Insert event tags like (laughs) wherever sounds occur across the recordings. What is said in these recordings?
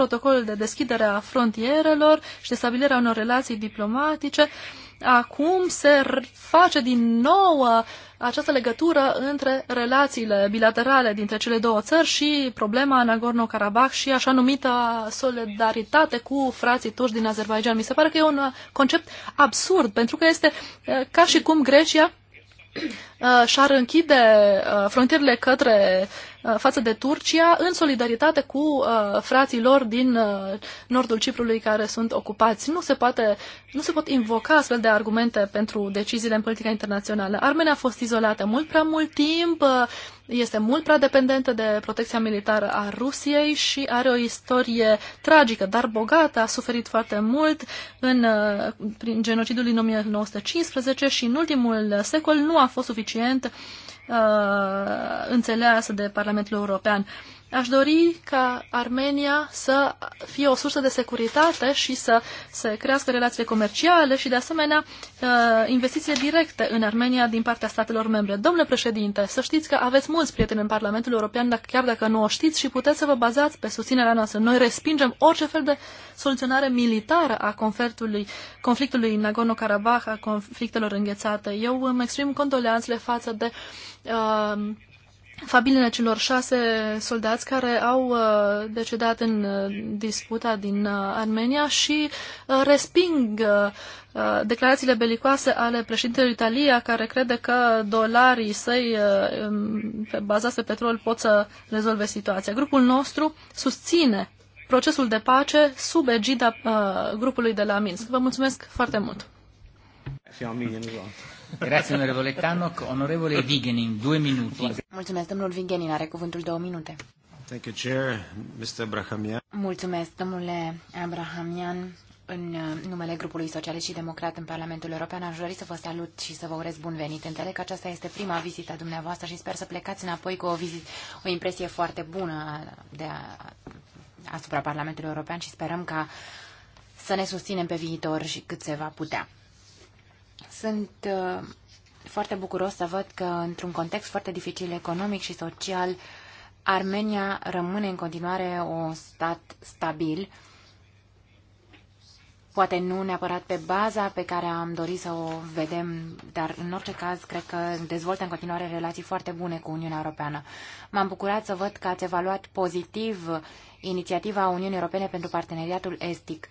protocolul de deschidere a frontierelor și de stabilirea unor relații diplomatice, acum se face din nou uh, această legătură între relațiile bilaterale dintre cele două țări și problema Nagorno-Karabakh și așa numita solidaritate cu frații turci din Azerbaijan. Mi se pare că e un uh, concept absurd, pentru că este uh, ca și cum Grecia și-ar închide frontierele către Uh, față de Turcia în solidaritate cu uh, frații lor din uh, nordul Ciprului care sunt ocupați. Nu se, poate, nu se pot invoca astfel de argumente pentru deciziile în politica internațională. Armenia a fost izolată mult prea mult timp, este mult prea dependentă de protecția militară a Rusiei și are o istorie tragică, dar bogată, a suferit foarte mult în, prin genocidul din 1915 și în ultimul secol nu a fost suficient uh, Uh, înțeleasă de Parlamentul European. Aș dori ca Armenia să fie o sursă de securitate și să să crească relațiile comerciale și, de asemenea, uh, investiții directe în Armenia din partea statelor membre. Domnule președinte, să știți că aveți mulți prieteni în Parlamentul European, chiar dacă nu o știți, și puteți să vă bazați pe susținerea noastră. Noi respingem orice fel de soluționare militară a conflictului, conflictului Nagorno-Karabakh, a conflictelor înghețate. Eu îmi exprim condoleanțele față de. Uh, familiile celor șase soldați care au uh, decedat în uh, disputa din uh, Armenia și resping declarațiile belicoase ale președintelui Italia, care crede că dolarii săi um, bazați pe petrol pot să rezolve situația. Grupul nostru susține procesul de pace sub egida grupului de la Minsk. Vă mulțumesc foarte mult! Grazie, onorevole Tannock. Onorevole Mulțumesc, domnul Vigenin, are cuvântul două minute. Thank you, Chair. Mr. Abrahamian. Mulțumesc, domnule Abrahamian. În uh, numele grupului socialist și democrat în Parlamentul European aș dori să vă salut și să vă urez bun venit. Înțeleg că aceasta este prima vizită a dumneavoastră și sper să plecați înapoi cu o, vizit, o impresie foarte bună de a, asupra Parlamentului European și sperăm ca să ne susținem pe viitor și cât se va putea. Sunt uh, foarte bucuros să văd că, într-un context foarte dificil economic și social, Armenia rămâne în continuare un stat stabil, poate nu neapărat pe baza pe care am dorit să o vedem, dar în orice caz cred că dezvoltă în continuare relații foarte bune cu Uniunea Europeană. M-am bucurat să văd că ați evaluat pozitiv inițiativa Uniunii Europene pentru Parteneriatul Estic.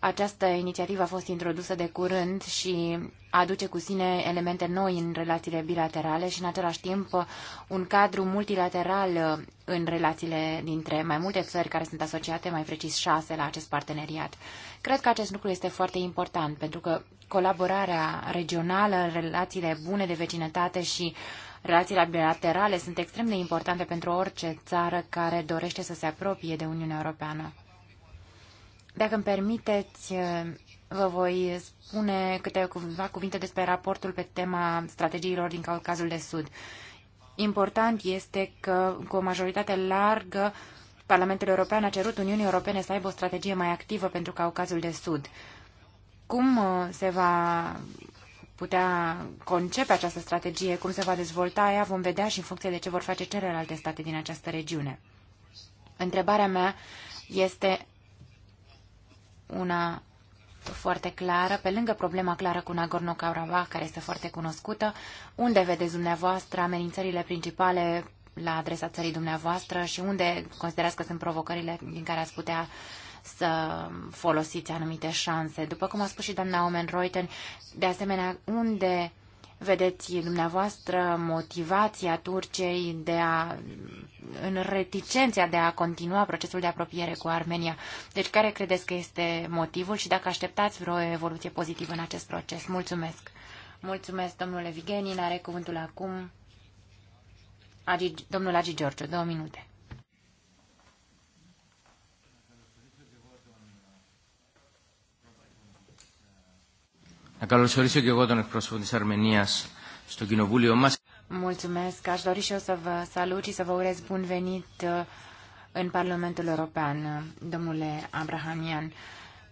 Această inițiativă a fost introdusă de curând și aduce cu sine elemente noi în relațiile bilaterale și, în același timp, un cadru multilateral în relațiile dintre mai multe țări care sunt asociate, mai precis șase, la acest parteneriat. Cred că acest lucru este foarte important, pentru că colaborarea regională, relațiile bune de vecinătate și relațiile bilaterale sunt extrem de importante pentru orice țară care dorește să se apropie de Uniunea Europeană. Dacă îmi permiteți, vă voi spune câteva cuvinte despre raportul pe tema strategiilor din Caucazul de Sud. Important este că, cu o majoritate largă, Parlamentul European a cerut Uniunii Europene să aibă o strategie mai activă pentru Caucazul de Sud. Cum uh, se va putea concepe această strategie, cum se va dezvolta ea, vom vedea și în funcție de ce vor face celelalte state din această regiune. Întrebarea mea este una foarte clară, pe lângă problema clară cu Nagorno-Karabakh, care este foarte cunoscută, unde vedeți dumneavoastră amenințările principale la adresa țării dumneavoastră și unde considerați că sunt provocările din care ați putea să folosiți anumite șanse. După cum a spus și doamna Omen Reuten, de asemenea, unde vedeți dumneavoastră motivația Turciei de a în reticența de a continua procesul de apropiere cu Armenia. Deci care credeți că este motivul și dacă așteptați vreo evoluție pozitivă în acest proces? Mulțumesc! Mulțumesc, domnule Vigenin. Are cuvântul acum Agi, domnul Agi Giorgio. Două minute. Να καλωσορίσω και εγώ τον εκπρόσωπο της Αρμενίας στο κοινοβούλιο μας. Mulțumesc. Aș dori și eu să vă salut și să vă urez bun venit uh, în Parlamentul European, uh, domnule Abrahamian.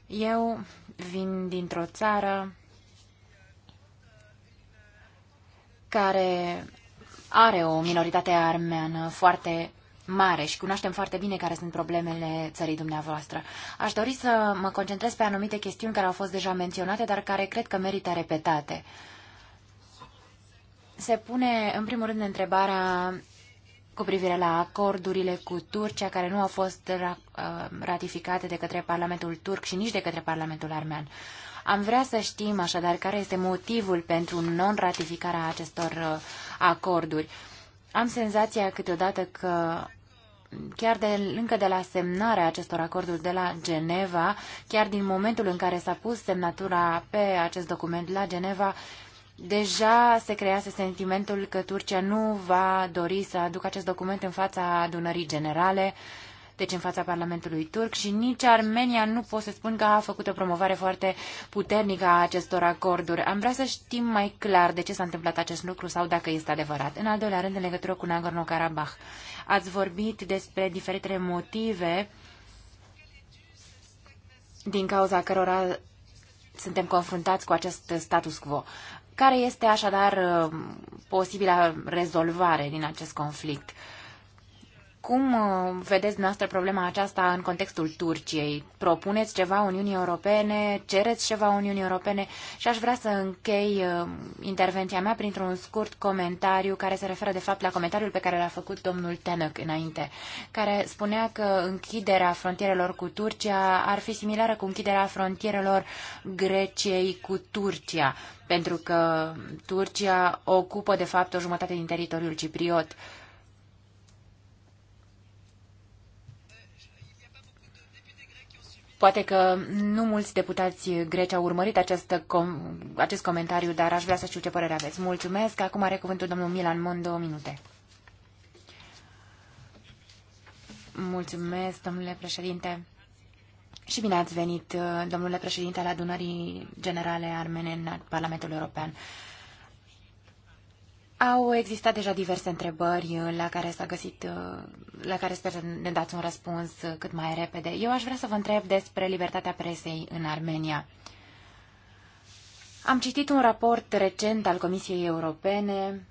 Eu vin dintr-o țară care are o minoritate armeană foarte mare și cunoaștem foarte bine care sunt problemele țării dumneavoastră. Aș dori să mă concentrez pe anumite chestiuni care au fost deja menționate, dar care cred că merită repetate. Uh, se pune în primul rând întrebarea cu privire la acordurile cu Turcia care nu au fost uh, ratificate de către Parlamentul turc și nici de către Parlamentul armean. Am vrea să știm așadar care este motivul pentru non-ratificarea acestor uh, acorduri. Am senzația câteodată că chiar de, încă de la semnarea acestor acorduri de la Geneva, chiar din momentul în care s-a pus semnatura pe acest document la Geneva, Deja se crease sentimentul că Turcia nu va dori să aducă acest document în fața adunării generale, deci în fața Parlamentului turc și nici Armenia nu pot să spun că a făcut o promovare foarte puternică a acestor acorduri. Am vrea să știm mai clar de ce s-a întâmplat acest lucru sau dacă este adevărat. În al doilea rând, în legătură cu Nagorno-Karabakh, ați vorbit despre diferitele motive din cauza cărora suntem confruntați cu acest status quo. Care este așadar uh, posibilă rezolvare din acest conflict? Cum uh, vedeți dumneavoastră problema aceasta în contextul Turciei? Propuneți ceva Uniunii Europene? Cereți ceva Uniunii Europene? Și aș vrea să închei uh, intervenția mea printr-un scurt comentariu care se referă de fapt la comentariul pe care l-a făcut domnul Tenăc înainte, care spunea că închiderea frontierelor cu Turcia ar fi similară cu închiderea frontierelor Greciei cu Turcia, pentru că Turcia ocupă de fapt o jumătate din teritoriul cipriot Poate că nu mulți deputați greci au urmărit acest, com acest comentariu, dar aș vrea să știu ce părere aveți. Mulțumesc. Acum are cuvântul domnul Milan Mon, două minute. Mulțumesc, domnule președinte. Și bine ați venit, domnule președinte, al adunării generale armene în Parlamentul European. Au existat deja diverse întrebări uh, la care s-a găsit, uh, la care sper să ne dați un răspuns uh, cât mai repede. Eu aș vrea să vă întreb despre libertatea presei în Armenia. Am citit un raport recent al Comisiei Europene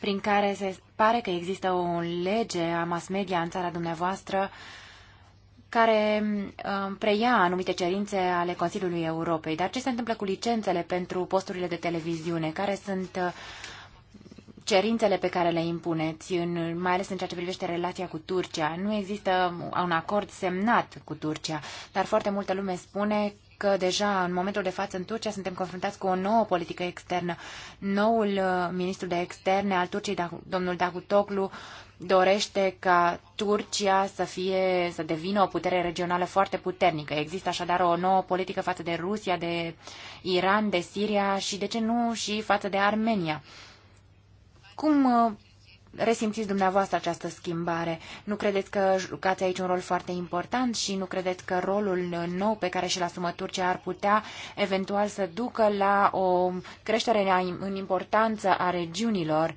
prin care se pare că există o lege a mass media în țara dumneavoastră uh, care uh, preia anumite cerințe ale Consiliului Europei. Dar ce se întâmplă cu licențele pentru posturile de televiziune? Care sunt uh, cerințele pe care le impuneți, în, mai ales în ceea ce privește relația cu Turcia? Nu există un acord semnat cu Turcia, dar foarte multă lume spune că deja în momentul de față în Turcia suntem confruntați cu o nouă politică externă. Noul uh, ministru de externe al Turciei, domnul Dagutoglu, dorește ca Turcia să, fie, să devină o putere regională foarte puternică. Există așadar o nouă politică față de Rusia, de Iran, de Siria și, de ce nu, și față de Armenia. Cum uh, resimțiți dumneavoastră această schimbare? Nu credeți că jucați aici un rol foarte important și nu credeți că rolul uh, nou pe care și-l asumă Turcia ar putea eventual să ducă la o creștere în importanță a regiunilor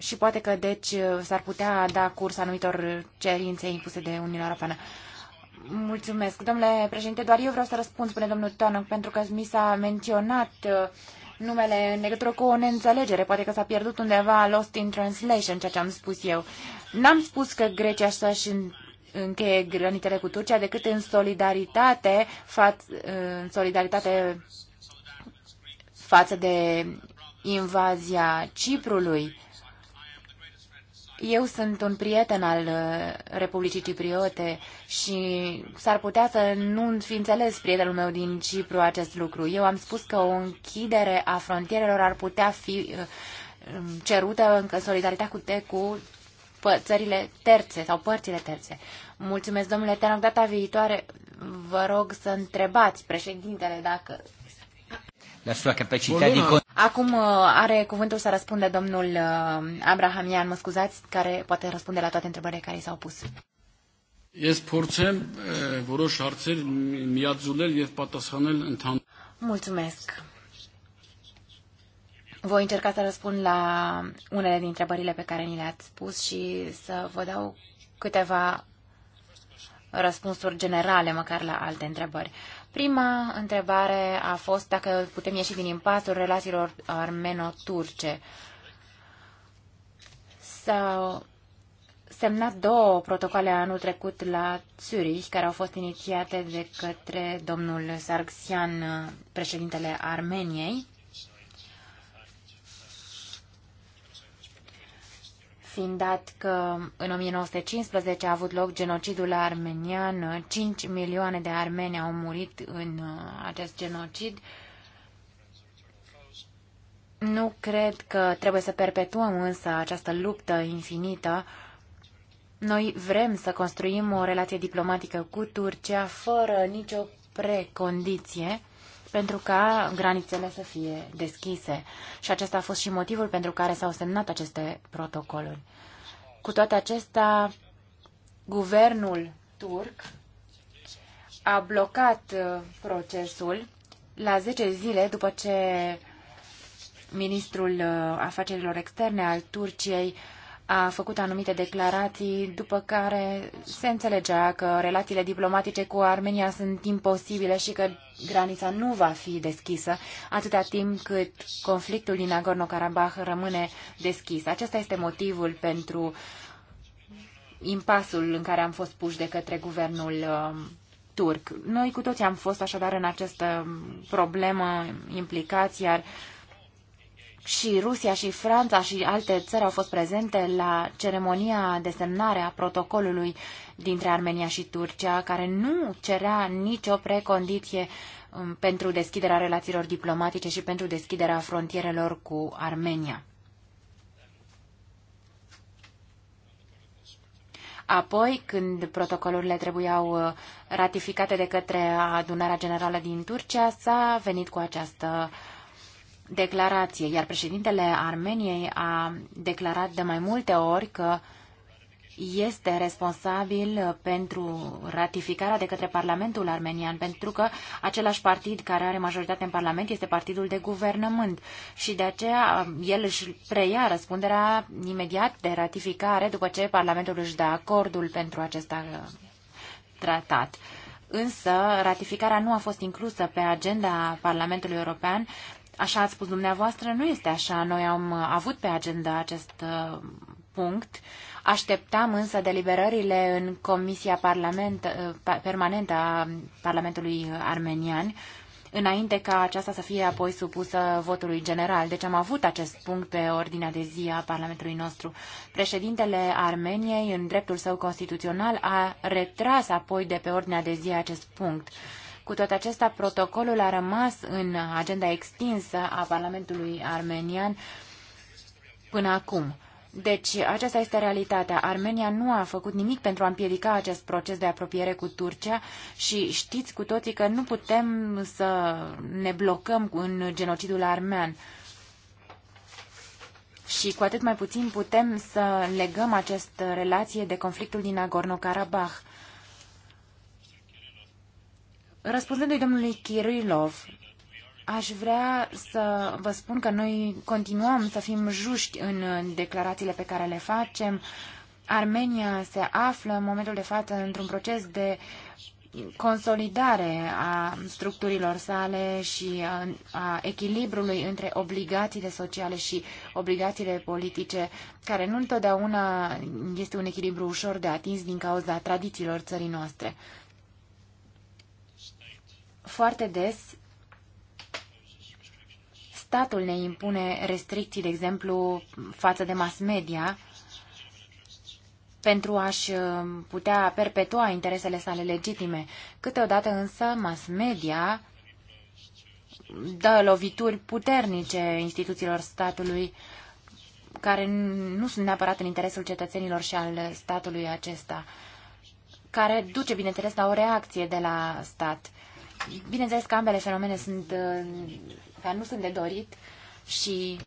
și poate că deci s-ar putea da curs anumitor cerințe impuse de Uniunea Europeană. Mulțumesc. Domnule președinte, doar eu vreau să răspund, spune domnul Toanoc, pentru că mi s-a menționat uh, numele în legătură cu o neînțelegere. Poate că s-a pierdut undeva lost in translation ceea ce am spus eu. N-am spus că Grecia să-și încheie granițele cu Turcia decât în solidaritate, faț- în solidaritate față de invazia Ciprului eu sunt un prieten al uh, Republicii Cipriote și s-ar putea să nu fi înțeles prietenul meu din Cipru acest lucru. Eu am spus că o închidere a frontierelor ar putea fi uh, cerută în solidaritate cu, te cu țările terțe sau părțile terțe. Mulțumesc, domnule Tenoc. Data viitoare vă rog să întrebați președintele dacă la sua capacità di... Acum uh, are cuvântul să răspunde domnul uh, Abrahamian, mă scuzați, care poate răspunde la toate întrebările care i s-au pus։ Ես փորձեմ uh, որոշ հարցեր միաձուլել եւ պատասխանել ընդհանուր Mulțumesc. Voi încerca să răspund la unele din întrebările pe care ni le-ați pus și să vă dau câteva răspunsuri generale, măcar la alte întrebări. Uh, Prima întrebare a fost dacă putem ieși din impasul relațiilor armeno-turce. S-au semnat două protocoale anul trecut la Zurich, care au fost inițiate de către domnul Sargsian, președintele Armeniei, fiind dat că în 1915 a avut loc genocidul armenian, 5 milioane de armeni au murit în uh, acest genocid. Nu cred că trebuie să perpetuăm însă această luptă infinită. Noi vrem să construim o relație diplomatică cu Turcia fără nicio precondiție pentru ca granițele să fie deschise. Și acesta a fost și motivul pentru care s-au semnat aceste protocoluri. Cu toate acestea, guvernul turc a blocat uh, procesul la 10 zile după ce ministrul uh, afacerilor externe al Turciei a făcut anumite declarații, după care se înțelegea că relațiile diplomatice cu Armenia sunt imposibile și că granița nu va fi deschisă atâta timp cât conflictul din Nagorno-Karabakh rămâne deschis. Acesta este motivul pentru impasul în care am fost puși de către guvernul um, turc. Noi cu toții am fost așadar în această problemă implicați, iar și Rusia și Franța și alte țări au fost prezente la ceremonia de semnare a protocolului dintre Armenia și Turcia, care nu cerea nicio precondiție um, pentru deschiderea relațiilor diplomatice și pentru deschiderea frontierelor cu Armenia. Apoi, când protocolurile trebuiau uh, ratificate de către adunarea generală din Turcia, s-a venit cu această uh, declarație, iar președintele Armeniei a declarat de mai multe ori că este responsabil pentru ratificarea de către Parlamentul armenian, pentru că același partid care are majoritate în Parlament este partidul de guvernământ și de aceea um, el își preia răspunderea imediat de ratificare după ce Parlamentul își dă acordul pentru acest uh, tratat. Însă, ratificarea nu a fost inclusă pe agenda Parlamentului European așa ați spus dumneavoastră, nu este așa. Noi am avut pe agenda acest uh, punct. Așteptam însă deliberările în Comisia Parlament, uh, Permanentă a Parlamentului Armenian înainte ca aceasta să fie apoi supusă votului general. Deci am avut acest punct pe ordinea de zi a Parlamentului nostru. Președintele Armeniei, în dreptul său constituțional, a retras apoi de pe ordinea de zi acest punct. Cu toate acestea, protocolul a rămas în agenda extinsă a Parlamentului armenian până acum. Deci, aceasta este realitatea. Armenia nu a făcut nimic pentru a împiedica acest proces de apropiere cu Turcia și știți cu toții că nu putem să ne blocăm în genocidul armean. Și cu atât mai puțin putem să legăm această relație de conflictul din Nagorno-Karabakh. Răspunzându-i domnului Kirilov, aș vrea să vă spun că noi continuăm să fim juști în declarațiile pe care le facem. Armenia se află în momentul de față într-un proces de consolidare a structurilor sale și a echilibrului între obligațiile sociale și obligațiile politice, care nu întotdeauna este un echilibru ușor de atins din cauza tradițiilor țării noastre foarte des statul ne impune restricții, de exemplu, față de mass media, pentru a-și uh, putea perpetua interesele sale legitime. Câteodată însă mass media dă lovituri puternice instituțiilor statului care nu sunt neapărat în interesul cetățenilor și al statului acesta, care duce, bineînțeles, la o reacție de la stat. Bineînțeles că ambele fenomene sunt, uh, dar nu sunt de dorit și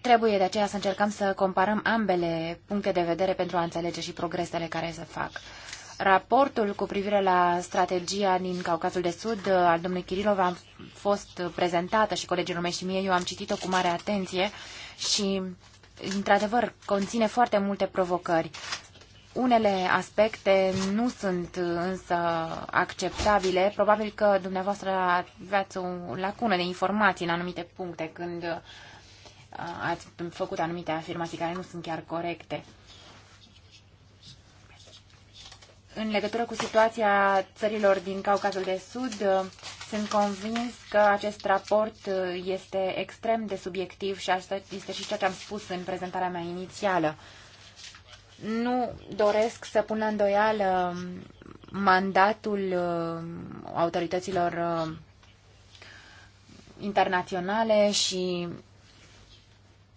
trebuie de aceea să încercăm să comparăm ambele puncte de vedere pentru a înțelege și progresele care se fac. Raportul cu privire la strategia din Caucazul de Sud uh, al domnului Kirilov a fost prezentată și colegilor mei și mie, eu am citit-o cu mare atenție și, într-adevăr, conține foarte multe provocări. Unele aspecte nu sunt însă acceptabile. Probabil că dumneavoastră aveați o lacună de informații în anumite puncte când uh, ați făcut anumite afirmații care nu sunt chiar corecte. În legătură cu situația țărilor din Caucazul de Sud, uh, sunt convins că acest raport uh, este extrem de subiectiv și asta este și ceea ce am spus în prezentarea mea inițială nu doresc să pună îndoială mandatul uh, autorităților uh, internaționale și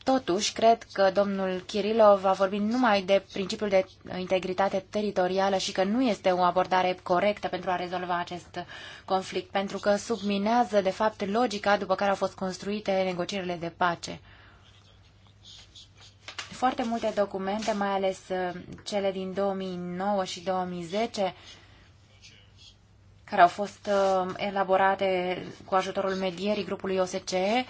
Totuși, cred că domnul Kirilov va vorbi numai de principiul de integritate teritorială și că nu este o abordare corectă pentru a rezolva acest conflict, pentru că subminează, de fapt, logica după care au fost construite negocierile de pace foarte multe documente, mai ales uh, cele din 2009 și 2010, care au fost uh, elaborate cu ajutorul medierii grupului OSCE,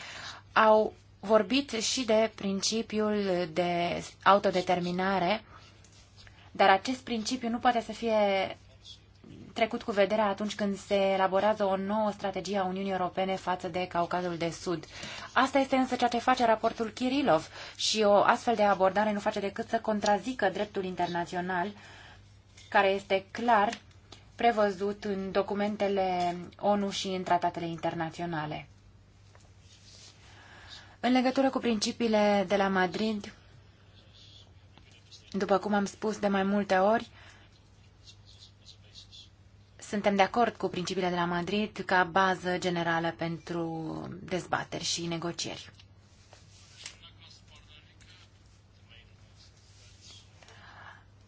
au vorbit și de principiul de autodeterminare, dar acest principiu nu poate să fie trecut cu vederea atunci când se elaborează o nouă strategie a Uniunii Europene față de Caucazul de Sud. Asta este însă ceea ce face raportul Kirilov și o astfel de abordare nu face decât să contrazică dreptul internațional, care este clar prevăzut în documentele ONU și în tratatele internaționale. În legătură cu principiile de la Madrid, după cum am spus de mai multe ori, suntem de acord cu principiile de la Madrid ca bază generală pentru dezbateri și negocieri.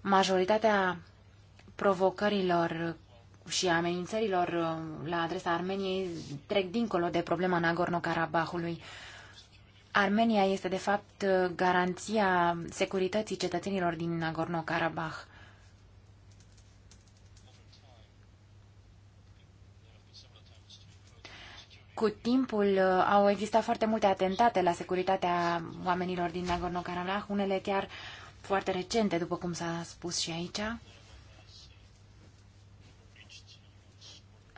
Majoritatea provocărilor și amenințărilor uh, la adresa Armeniei trec dincolo de problema Nagorno-Karabahului. Armenia este, de fapt, uh, garanția securității cetățenilor din nagorno karabah cu timpul uh, au existat foarte multe atentate la securitatea oamenilor din Nagorno-Karabakh, unele chiar foarte recente, după cum s-a spus și aici.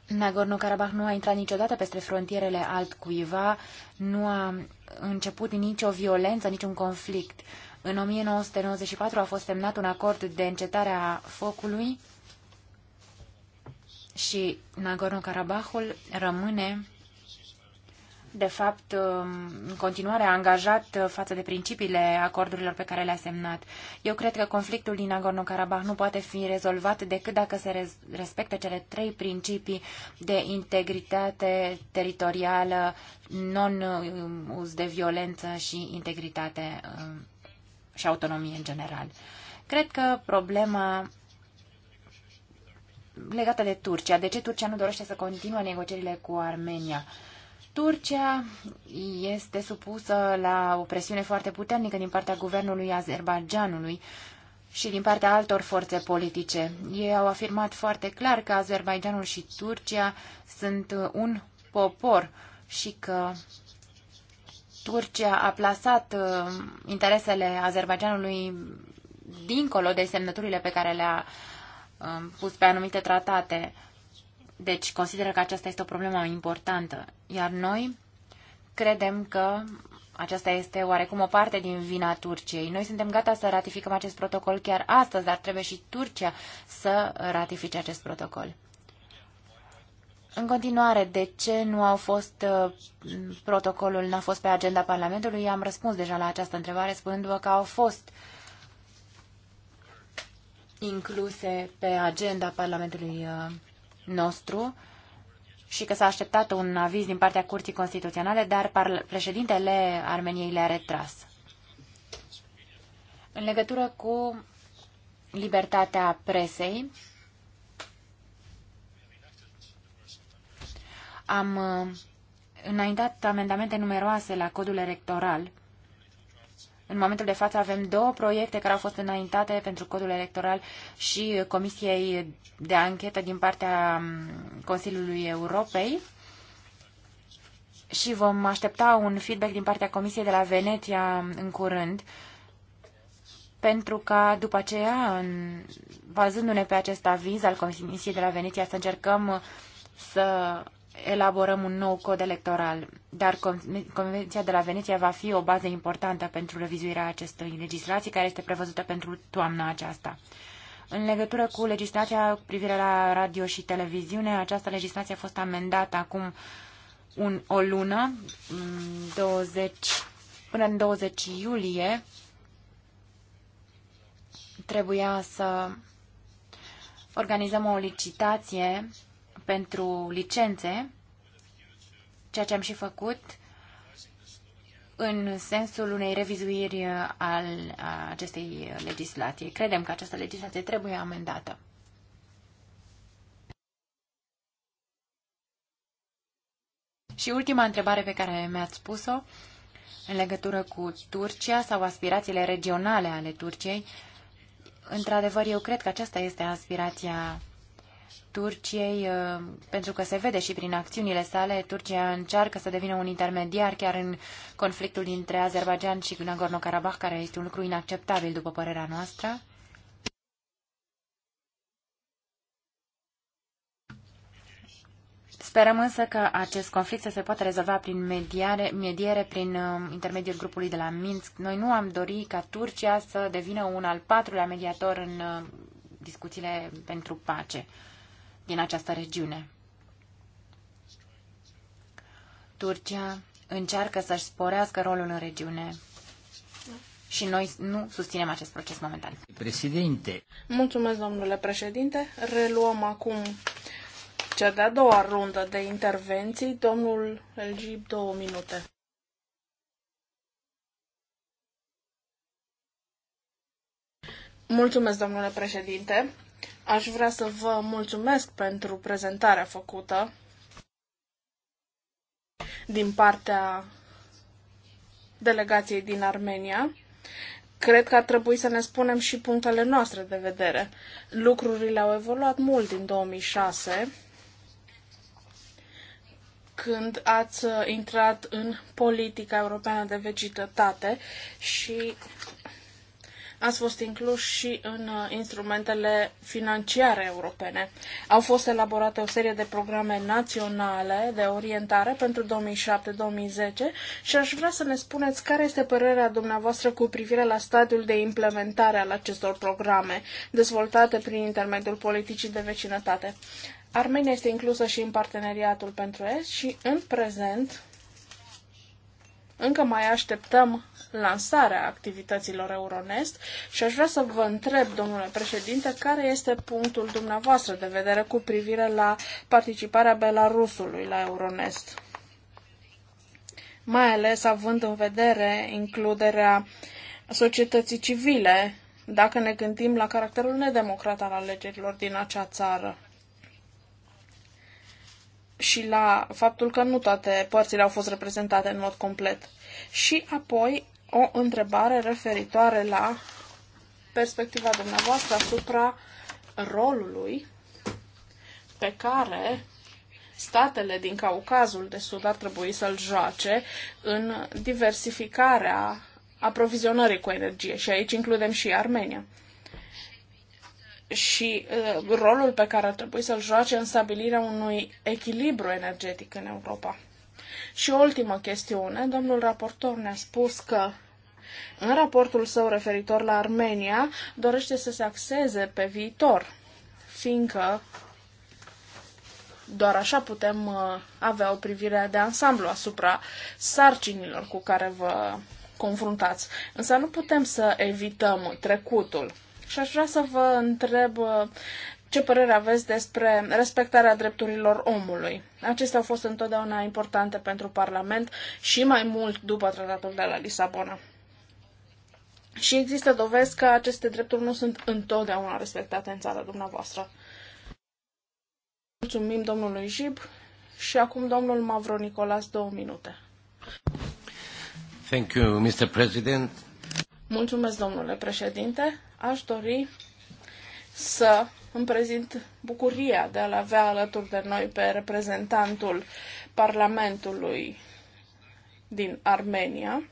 Nagorno-Karabakh nu a intrat niciodată peste frontierele altcuiva, nu a început nicio violență, niciun conflict. În 1994 a fost semnat un acord de încetare a focului și Nagorno-Karabahul rămâne de fapt, um, în continuare angajat față de principiile acordurilor pe care le-a semnat. Eu cred că conflictul din Nagorno-Karabakh nu poate fi rezolvat decât dacă se respectă cele trei principii de integritate teritorială, non-uz de violență și integritate um, și autonomie în general. Cred că problema legată de Turcia, de ce Turcia nu dorește să continue negocierile cu Armenia? Turcia este supusă la o presiune foarte puternică din partea guvernului Azerbaijanului și din partea altor forțe politice. Ei au afirmat foarte clar că Azerbaijanul și Turcia sunt un popor și că Turcia a plasat uh, interesele Azerbaijanului dincolo de semnăturile pe care le-a uh, pus pe anumite tratate. Deci consideră că aceasta este o problemă importantă, iar noi credem că aceasta este oarecum o parte din vina Turciei. Noi suntem gata să ratificăm acest protocol chiar astăzi, dar trebuie și Turcia să ratifice acest protocol. În continuare, de ce nu au fost uh, protocolul n-a fost pe agenda Parlamentului? Am răspuns deja la această întrebare spunându-vă că au fost incluse pe agenda Parlamentului uh, nostru și că s-a așteptat un aviz din partea Curții Constituționale, dar președintele Armeniei le-a retras. În legătură cu libertatea presei, am uh, înaintat amendamente numeroase la codul electoral în momentul de față avem două proiecte care au fost înaintate pentru codul electoral și Comisiei de anchetă din partea mm, Consiliului Europei și vom aștepta un feedback din partea Comisiei de la Veneția mm, în curând pentru ca după aceea, bazându-ne pe acest aviz al Comisiei de la Veneția, să încercăm să elaborăm un nou cod electoral, dar Convenția de la Veneția va fi o bază importantă pentru revizuirea acestei legislații, care este prevăzută pentru toamna aceasta. În legătură cu legislația cu privire la radio și televiziune, această legislație a fost amendată acum un, o lună, 20, până în 20 iulie, trebuia să organizăm o licitație pentru licențe, ceea ce am și făcut în sensul unei revizuiri al acestei legislații. Credem că această legislație trebuie amendată. Și ultima întrebare pe care mi-ați spus-o, în legătură cu Turcia sau aspirațiile regionale ale Turciei, într-adevăr, eu cred că aceasta este aspirația Turciei, uh, pentru că se vede și prin acțiunile sale, Turcia încearcă să devină un intermediar chiar în conflictul dintre Azerbaijan și Nagorno-Karabakh, care este un lucru inacceptabil, după părerea noastră. Sperăm însă că acest conflict să se poată rezolva prin mediare, mediere, prin uh, intermediul grupului de la Minsk. Noi nu am dori ca Turcia să devină un al patrulea mediator în uh, discuțiile pentru pace din această regiune. Turcia încearcă să-și sporească rolul în regiune și noi nu susținem acest proces momentan. Președinte. Mulțumesc, domnule președinte. Reluăm acum cea de-a doua rundă de intervenții. Domnul Elgib, două minute. Mulțumesc, domnule președinte. Aș vrea să vă mulțumesc pentru prezentarea făcută din partea delegației din Armenia. Cred că ar trebui să ne spunem și punctele noastre de vedere. Lucrurile au evoluat mult din 2006, când ați intrat în politica europeană de vegetătate și ați fost incluși și în uh, instrumentele financiare europene. Au fost elaborate o serie de programe naționale de orientare pentru 2007-2010 și aș vrea să ne spuneți care este părerea dumneavoastră cu privire la stadiul de implementare al acestor programe dezvoltate prin intermediul politicii de vecinătate. Armenia este inclusă și în parteneriatul pentru Est și în prezent încă mai așteptăm lansarea activităților Euronest și aș vrea să vă întreb, domnule președinte, care este punctul dumneavoastră de vedere cu privire la participarea Belarusului la Euronest? Mai ales având în vedere includerea societății civile, dacă ne gândim la caracterul nedemocrat al alegerilor din acea țară și la faptul că nu toate părțile au fost reprezentate în mod complet. Și apoi o întrebare referitoare la perspectiva dumneavoastră asupra rolului pe care statele din Caucazul de Sud ar trebui să-l joace în diversificarea aprovizionării cu energie și aici includem și Armenia. Și uh, rolul pe care ar trebui să-l joace în stabilirea unui echilibru energetic în Europa. Și o ultimă chestiune, domnul raportor ne-a spus că în raportul său referitor la Armenia dorește să se axeze pe viitor, fiindcă doar așa putem uh, avea o privire de ansamblu asupra sarcinilor cu care vă confruntați. Însă nu putem să evităm trecutul. Și aș vrea să vă întreb uh, ce părere aveți despre respectarea drepturilor omului? Acestea au fost întotdeauna importante pentru Parlament și mai mult după tratatul de la Lisabona. Și există dovezi că aceste drepturi nu sunt întotdeauna respectate în țara dumneavoastră. Mulțumim domnului Jib și acum domnul Mavro Nicolas, două minute. Thank you, Mr. President. Mulțumesc, domnule președinte. Aș dori să îmi prezint bucuria de a-l avea alături de noi pe reprezentantul Parlamentului din Armenia.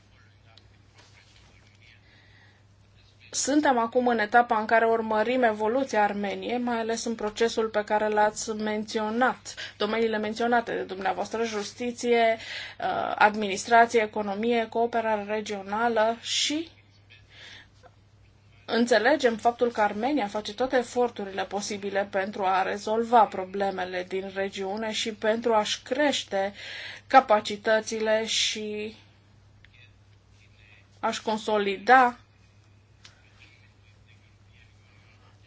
Suntem acum în etapa în care urmărim evoluția Armeniei, mai ales în procesul pe care l-ați menționat, domeniile menționate de dumneavoastră, justiție, uh, administrație, economie, cooperare regională și Înțelegem faptul că Armenia face toate eforturile posibile pentru a rezolva problemele din regiune și pentru a-și crește capacitățile și a-și consolida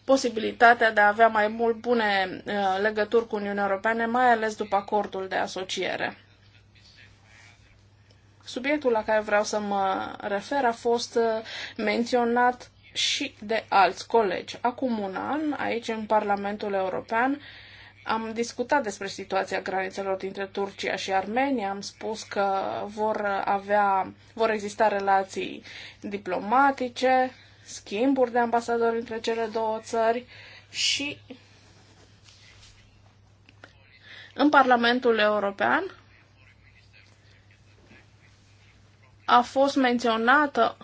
posibilitatea de a avea mai mult bune uh, legături cu Uniunea Europeană, mai ales după acordul de asociere. Subiectul la care vreau să mă refer a fost uh, menționat și de alți colegi. Acum un an, aici în Parlamentul European, am discutat despre situația granițelor dintre Turcia și Armenia, am spus că vor avea, vor exista relații diplomatice, schimburi de ambasadori între cele două țări și în Parlamentul European a fost menționată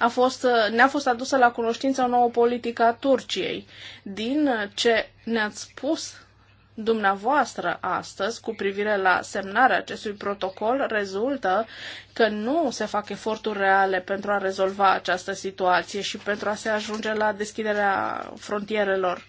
a fost, ne-a fost adusă la cunoștință o nouă politică a Turciei. Din ce ne-ați spus dumneavoastră astăzi cu privire la semnarea acestui protocol rezultă că nu se fac eforturi reale pentru a rezolva această situație și pentru a se ajunge la deschiderea frontierelor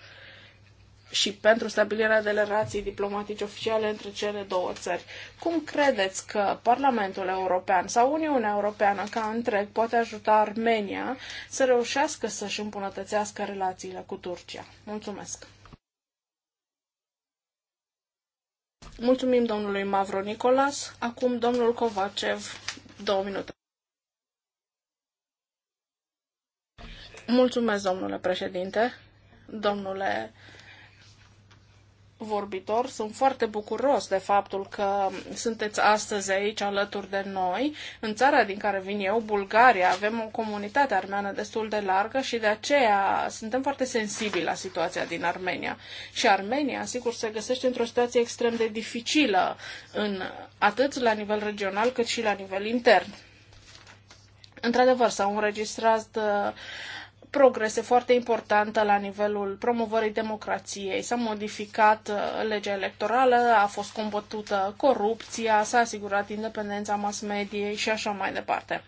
și pentru stabilirea de relații diplomatice oficiale între cele două țări. Cum credeți că Parlamentul European sau Uniunea Europeană ca întreg poate ajuta Armenia să reușească să-și îmbunătățească relațiile cu Turcia? Mulțumesc! Mulțumim domnului Mavro Nicolas. Acum domnul Kovacev, două minute. Mulțumesc, domnule președinte, domnule vorbitor. Sunt foarte bucuros de faptul că sunteți astăzi aici alături de noi. În țara din care vin eu, Bulgaria, avem o comunitate armeană destul de largă și de aceea suntem foarte sensibili la situația din Armenia. Și Armenia, sigur, se găsește într-o situație extrem de dificilă, în, atât la nivel regional cât și la nivel intern. Într-adevăr, s-au înregistrat uh, progrese foarte importante la nivelul promovării democrației. S-a modificat uh, legea electorală, a fost combătută corupția, s-a asigurat independența mass mediei și așa mai departe.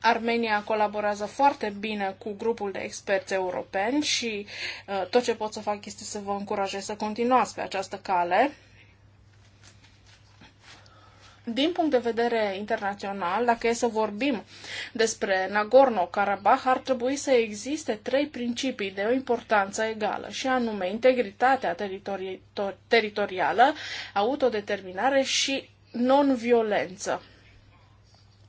Armenia colaborează foarte bine cu grupul de experți europeni și uh, tot ce pot să fac este să vă încurajez să continuați pe această cale. Din punct de vedere internațional, dacă e să vorbim despre Nagorno-Karabakh, ar trebui să existe trei principii de o importanță egală, și anume integritatea teritori- teritorială, autodeterminare și non-violență.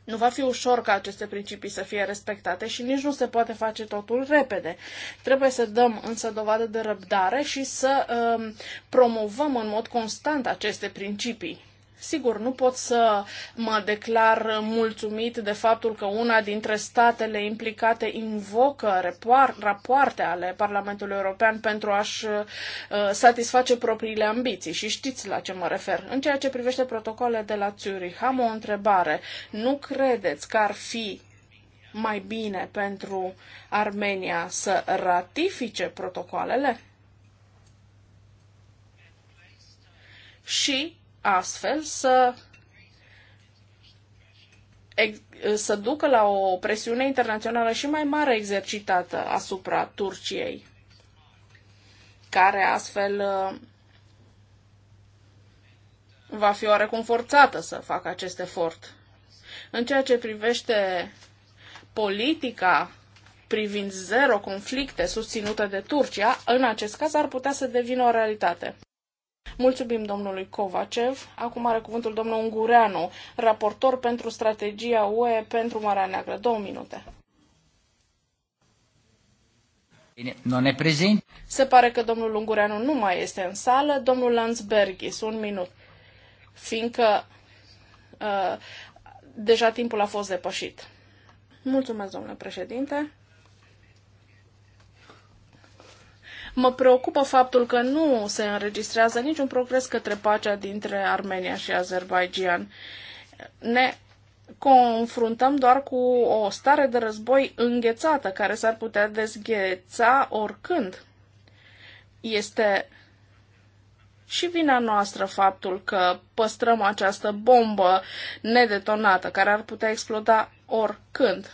Nu va fi ușor ca aceste principii să fie respectate și nici nu se poate face totul repede. Trebuie să dăm însă dovadă de răbdare și să um, promovăm în mod constant aceste principii. Sigur, nu pot să mă declar mulțumit de faptul că una dintre statele implicate invocă rapoarte ale Parlamentului European pentru a-și uh, satisface propriile ambiții și știți la ce mă refer. În ceea ce privește protocolele de la Zurich, am o întrebare. Nu credeți că ar fi mai bine pentru Armenia să ratifice protocoalele? Și astfel să să ducă la o presiune internațională și mai mare exercitată asupra Turciei, care astfel uh, va fi oarecum forțată să facă acest efort. În ceea ce privește politica privind zero conflicte susținută de Turcia, în acest caz ar putea să devină o realitate. Mulțumim domnului Kovacev. Acum are cuvântul domnul Ungureanu, raportor pentru strategia UE pentru Marea Neagră. Două minute. nu ne prezint. Se pare că domnul Ungureanu nu mai este în sală. Domnul Landsbergis, un minut. Fiindcă uh, deja timpul a fost depășit. Mulțumesc, domnule președinte. Mă preocupă faptul că nu se înregistrează niciun progres către pacea dintre Armenia și Azerbaijan. Ne confruntăm doar cu o stare de război înghețată, care s-ar putea dezgheța oricând. Este și vina noastră faptul că păstrăm această bombă nedetonată, care ar putea exploda oricând.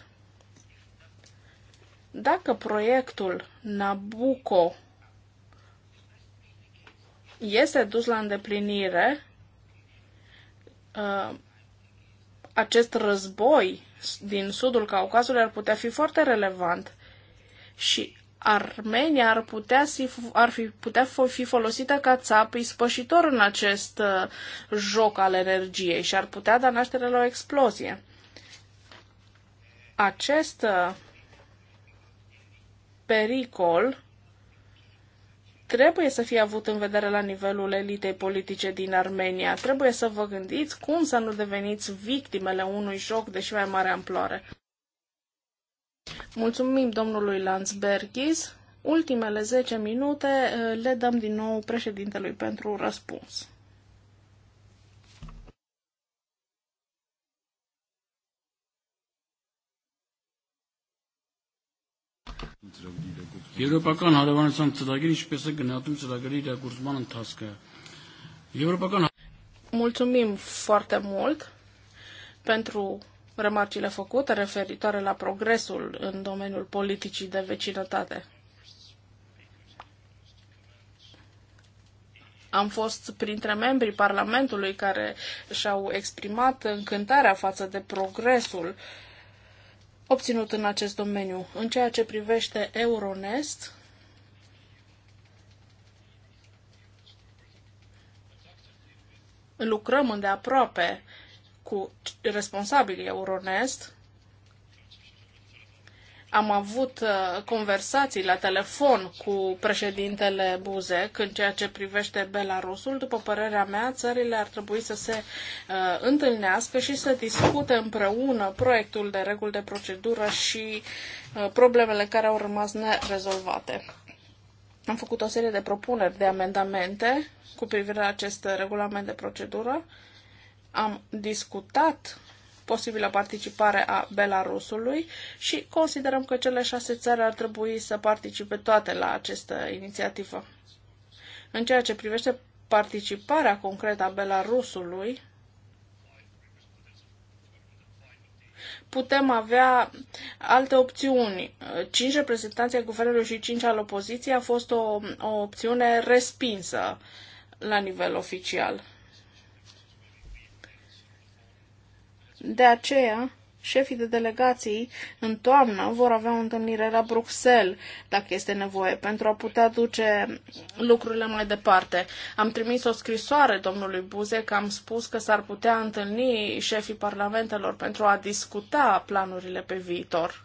Dacă proiectul Nabucco este dus la îndeplinire uh, acest război din sudul Caucazului ar putea fi foarte relevant și Armenia ar putea, fi ar fi, putea fi folosită ca țap ispășitor în acest uh, joc al energiei și ar putea da naștere la o explozie. Acest uh, pericol trebuie să fie avut în vedere la nivelul elitei politice din Armenia. Trebuie să vă gândiți cum să nu deveniți victimele unui joc de și mai mare amploare. Mulțumim domnului Landsbergis. Ultimele 10 minute eh, le dăm din nou președintelui pentru răspuns. Mulțumim. Եվրոպական հարավանության ծրագիրը ինչպես է գնահատում ծրագրի իրագործման ընթացքը։ Եվրոպական Mulțumim foarte mult pentru remarcile făcute referitoare la progresul în domeniul politicii de vecinătate. Am fost printre membrii Parlamentului care și-au exprimat încântarea față de progresul uh, obținut în acest domeniu. În ceea ce privește Euronest, lucrăm îndeaproape cu responsabilii Euronest am avut uh, conversații la telefon cu președintele Buzek în ceea ce privește Belarusul. După părerea mea, țările ar trebui să se uh, întâlnească și să discute împreună proiectul de reguli de procedură și uh, problemele care au rămas nerezolvate. Am făcut o serie de propuneri de amendamente cu privire la acest regulament de procedură. Am discutat posibilă participare a Belarusului și considerăm că cele șase țări ar trebui să participe toate la această inițiativă. În ceea ce privește participarea concretă a Belarusului, putem avea alte opțiuni. Cinci reprezentanți ai guvernului și cinci al opoziției a fost o, o opțiune respinsă la nivel oficial. De aceea, șefii de delegații în toamnă vor avea o întâlnire la Bruxelles, dacă este nevoie, pentru a putea duce lucrurile mai departe. Am trimis o scrisoare domnului Buzek, am spus că s-ar putea întâlni șefii parlamentelor pentru a discuta planurile pe viitor.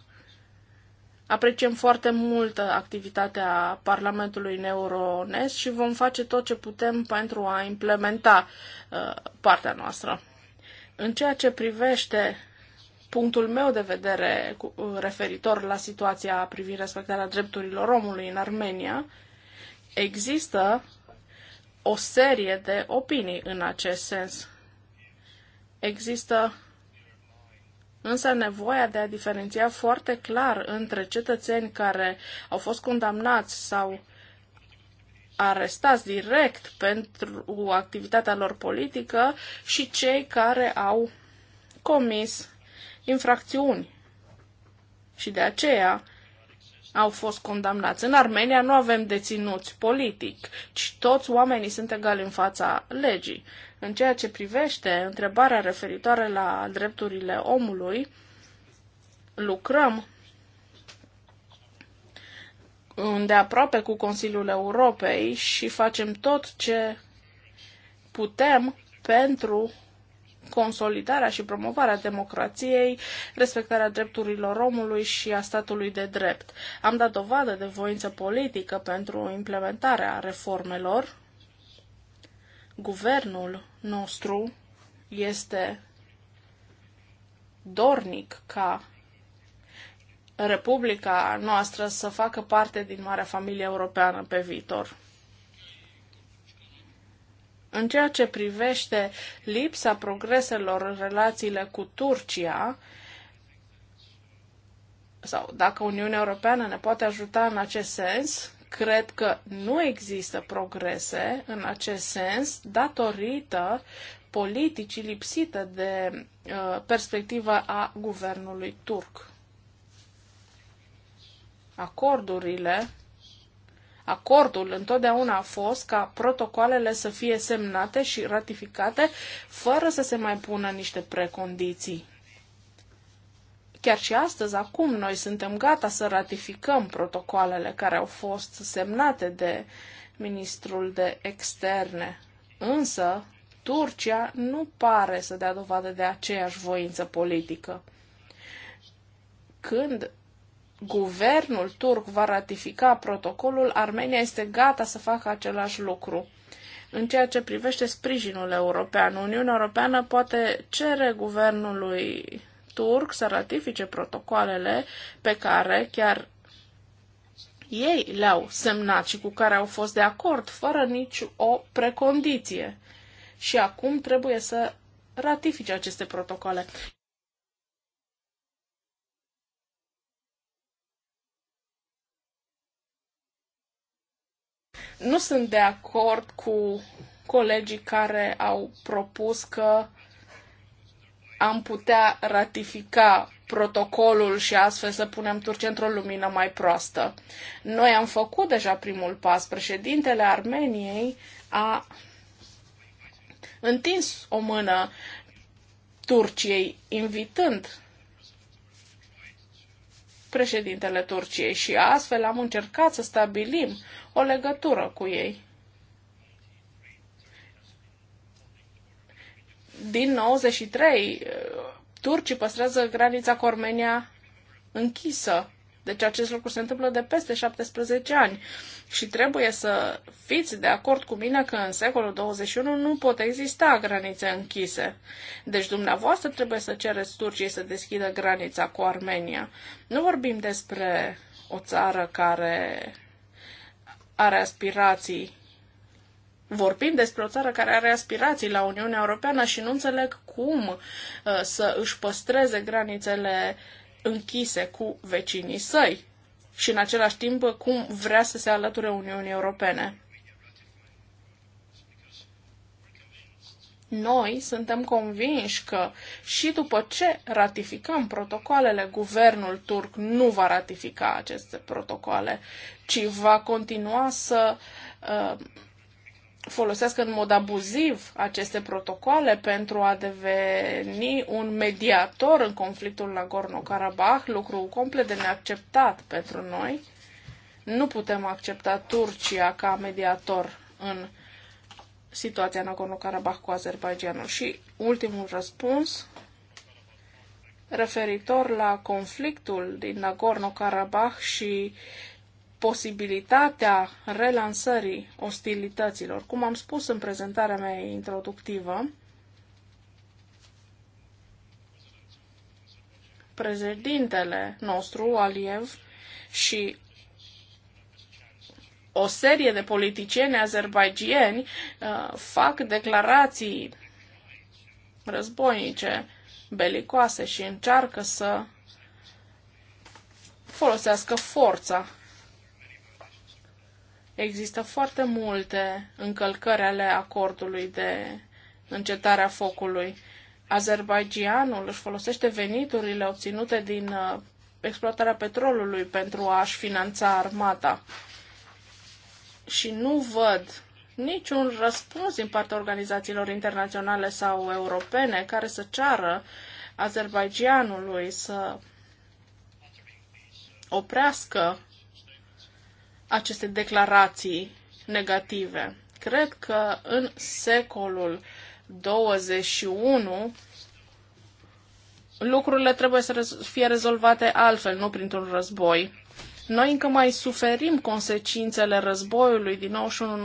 Apreciem foarte mult activitatea Parlamentului Neuronest și vom face tot ce putem pentru a implementa uh, partea noastră. În ceea ce privește punctul meu de vedere referitor la situația privind respectarea drepturilor omului în Armenia, există o serie de opinii în acest sens. Există însă nevoia de a diferenția foarte clar între cetățeni care au fost condamnați sau arestați direct pentru activitatea lor politică și cei care au comis infracțiuni. Și de aceea au fost condamnați. În Armenia nu avem deținuți politic, ci toți oamenii sunt egali în fața legii. În ceea ce privește întrebarea referitoare la drepturile omului, lucrăm îndeaproape cu Consiliul Europei și facem tot ce putem pentru consolidarea și promovarea democrației, respectarea drepturilor omului și a statului de drept. Am dat dovadă de voință politică pentru implementarea reformelor. Guvernul nostru este dornic ca Republica noastră să facă parte din marea familie europeană pe viitor. În ceea ce privește lipsa progreselor în relațiile cu Turcia, sau dacă Uniunea Europeană ne poate ajuta în acest sens, cred că nu există progrese în acest sens datorită politicii lipsite de uh, perspectiva a guvernului turc acordurile, acordul întotdeauna a fost ca protocoalele să fie semnate și ratificate fără să se mai pună niște precondiții. Chiar și astăzi, acum, noi suntem gata să ratificăm protocoalele care au fost semnate de ministrul de externe. Însă, Turcia nu pare să dea dovadă de aceeași voință politică. Când guvernul turc va ratifica protocolul, Armenia este gata să facă același lucru. În ceea ce privește sprijinul european, Uniunea Europeană poate cere guvernului turc să ratifice protocoalele pe care chiar ei le-au semnat și cu care au fost de acord, fără nici o precondiție. Și acum trebuie să ratifice aceste protocoale. Nu sunt de acord cu colegii care au propus că am putea ratifica protocolul și astfel să punem Turcia într-o lumină mai proastă. Noi am făcut deja primul pas. Președintele Armeniei a întins o mână Turciei, invitând președintele Turciei și astfel am încercat să stabilim o legătură cu ei. Din 93, eh, turcii păstrează granița cu Armenia închisă. Deci acest lucru se întâmplă de peste 17 ani și trebuie să fiți de acord cu mine că în secolul 21 nu pot exista granițe închise. Deci dumneavoastră trebuie să cereți Turciei să deschidă granița cu Armenia. Nu vorbim despre o țară care are aspirații Vorbim despre o țară care are aspirații la Uniunea Europeană și nu înțeleg cum uh, să își păstreze granițele închise cu vecinii săi și în același timp cum vrea să se alăture Uniunii Europene. Noi suntem convinși că și după ce ratificăm protocoalele, guvernul turc nu va ratifica aceste protocoale, ci va continua să uh, folosească în mod abuziv aceste protocoale pentru a deveni un mediator în conflictul Nagorno-Karabakh, lucru complet de neacceptat pentru noi. Nu putem accepta Turcia ca mediator în situația Nagorno-Karabakh cu Azerbaijanul. Și ultimul răspuns referitor la conflictul din Nagorno-Karabakh și posibilitatea relansării ostilităților. Cum am spus în prezentarea mea introductivă, președintele nostru, Aliev, și o serie de politicieni azerbaidjieni uh, fac declarații războinice, belicoase și încearcă să folosească forța Există foarte multe încălcări ale acordului de încetare a focului. Azerbaijanul își folosește veniturile obținute din uh, exploatarea petrolului pentru a-și finanța armata. Și nu văd niciun răspuns din partea organizațiilor internaționale sau europene care să ceară Azerbaijanului să oprească aceste declarații negative. Cred că în secolul 21 lucrurile trebuie să fie rezolvate altfel, nu printr-un război. Noi încă mai suferim consecințele războiului din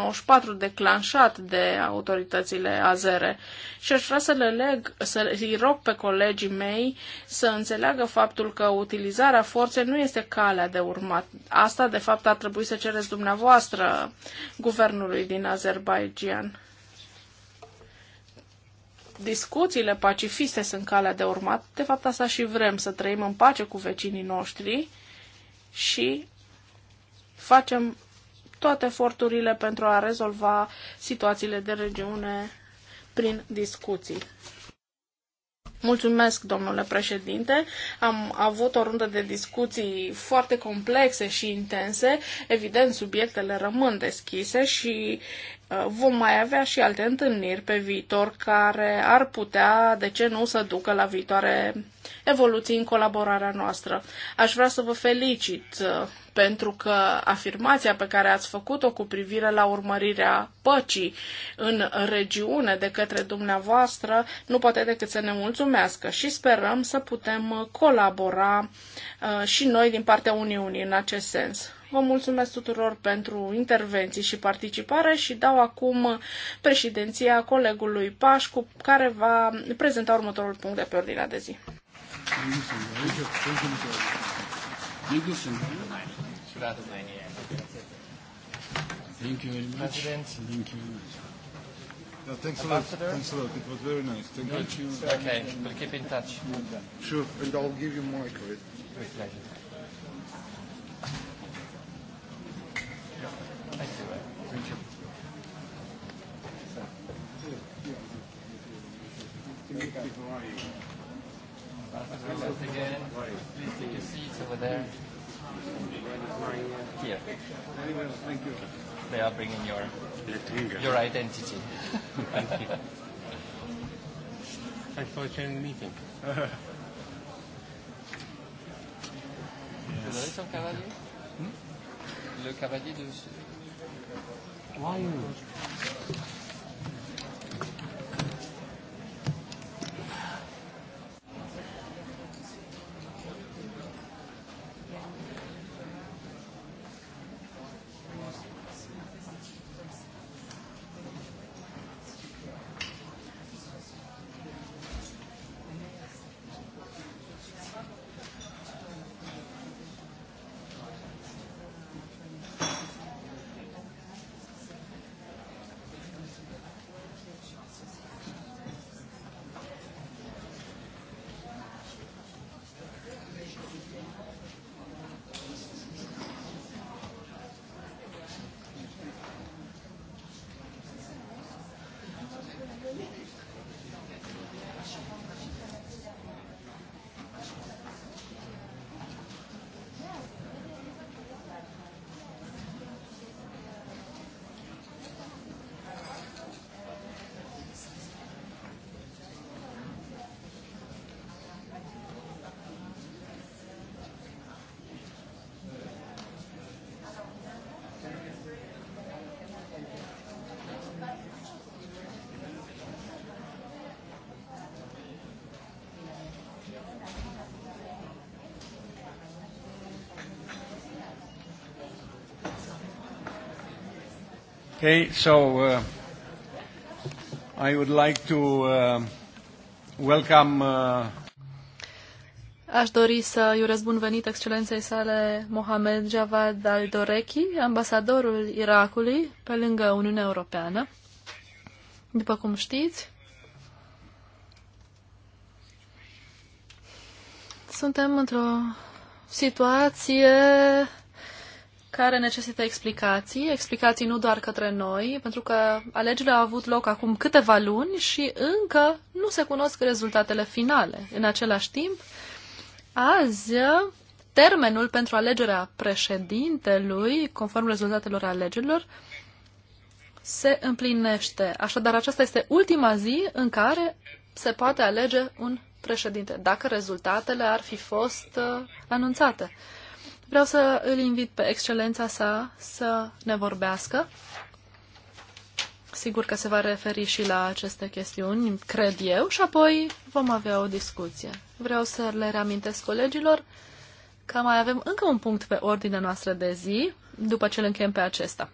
91-94 declanșat de autoritățile azere și aș vrea să le leg, să îi rog pe colegii mei să înțeleagă faptul că utilizarea forței nu este calea de urmat. Asta, de fapt, ar trebui să cereți dumneavoastră guvernului din Azerbaijan discuțiile pacifiste sunt calea de urmat. De fapt, asta și vrem, să trăim în pace cu vecinii noștri și facem toate eforturile pentru a rezolva situațiile de regiune prin discuții. Mulțumesc, domnule președinte. Am avut o rundă de discuții foarte complexe și intense. Evident, subiectele rămân deschise și Uh, vom mai avea și alte întâlniri pe viitor care ar putea, de ce nu, să ducă la viitoare evoluții în colaborarea noastră. Aș vrea să vă felicit uh, pentru că afirmația pe care ați făcut-o cu privire la urmărirea păcii în regiune de către dumneavoastră nu poate decât să ne mulțumească și sperăm să putem colabora uh, și noi din partea Uniunii în acest sens. Vă mulțumesc tuturor pentru intervenții și participare și dau acum președinția colegului Pașcu, care va prezenta următorul punct de pe ordinea de zi. Thank you very much. Thank you. No, thanks a lot. Thanks a lot. It was very nice. Thank you. Okay, we'll keep in touch. Sure, and I'll give you my credit. With pleasure. Andrea bringing your your identity. Thank you. Thanks for joining the meeting. Vous avez son cavalier hmm? Le cavalier de... Why you? Okay, so uh, I would like to uh, welcome. Uh... Aș dori să îi urez bun venit excelenței sale Mohamed Javad al Doreki, ambasadorul Irakului pe lângă Uniunea Europeană. După cum știți, suntem într-o situație care necesită explicații, explicații nu doar către noi, pentru că alegerile au avut loc acum câteva luni și încă nu se cunosc rezultatele finale. În același timp, azi, termenul pentru alegerea președintelui, conform rezultatelor alegerilor, se împlinește. Așadar, aceasta este ultima zi în care se poate alege un președinte, dacă rezultatele ar fi fost uh, anunțate. Vreau să îl invit pe excelența sa să ne vorbească. Sigur că se va referi și la aceste chestiuni, cred eu, și apoi vom avea o discuție. Vreau să le reamintesc colegilor că mai avem încă un punct pe ordinea noastră de zi, după ce îl încheiem pe acesta.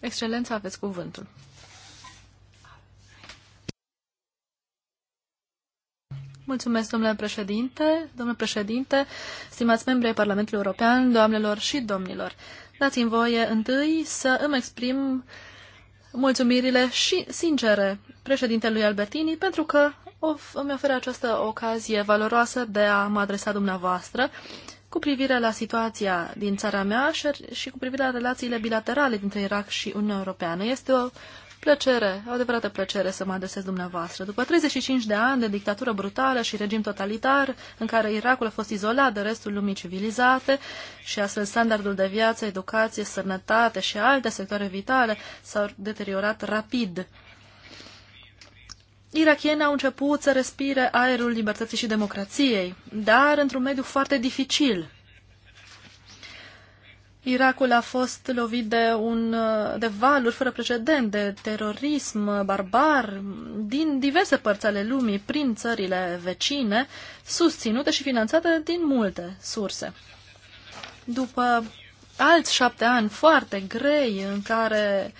Excelența, aveți cuvântul. Mulțumesc, domnule președinte, domnule președinte, stimați membri ai Parlamentului European, doamnelor și domnilor. Dați-mi voie întâi să îmi exprim mulțumirile și sincere președintelui Albertini pentru că of, îmi oferă această ocazie valoroasă de a mă adresa dumneavoastră cu privire la situația din țara mea și, și cu privire la relațiile bilaterale dintre Irak și Uniunea Europeană. Este o plăcere, o adevărată plăcere să mă adresez dumneavoastră. După 35 de ani de dictatură brutală și regim totalitar, în care Irakul a fost izolat de restul lumii civilizate și astfel standardul de viață, educație, sănătate și alte sectoare vitale s-au deteriorat rapid. Irakienii au început să respire aerul libertății și democrației, dar într-un mediu foarte dificil, Irakul a fost lovit de, un, de valuri fără precedent de terorism barbar din diverse părți ale lumii, prin țările vecine, susținute și finanțate din multe surse. După alți șapte ani foarte grei în care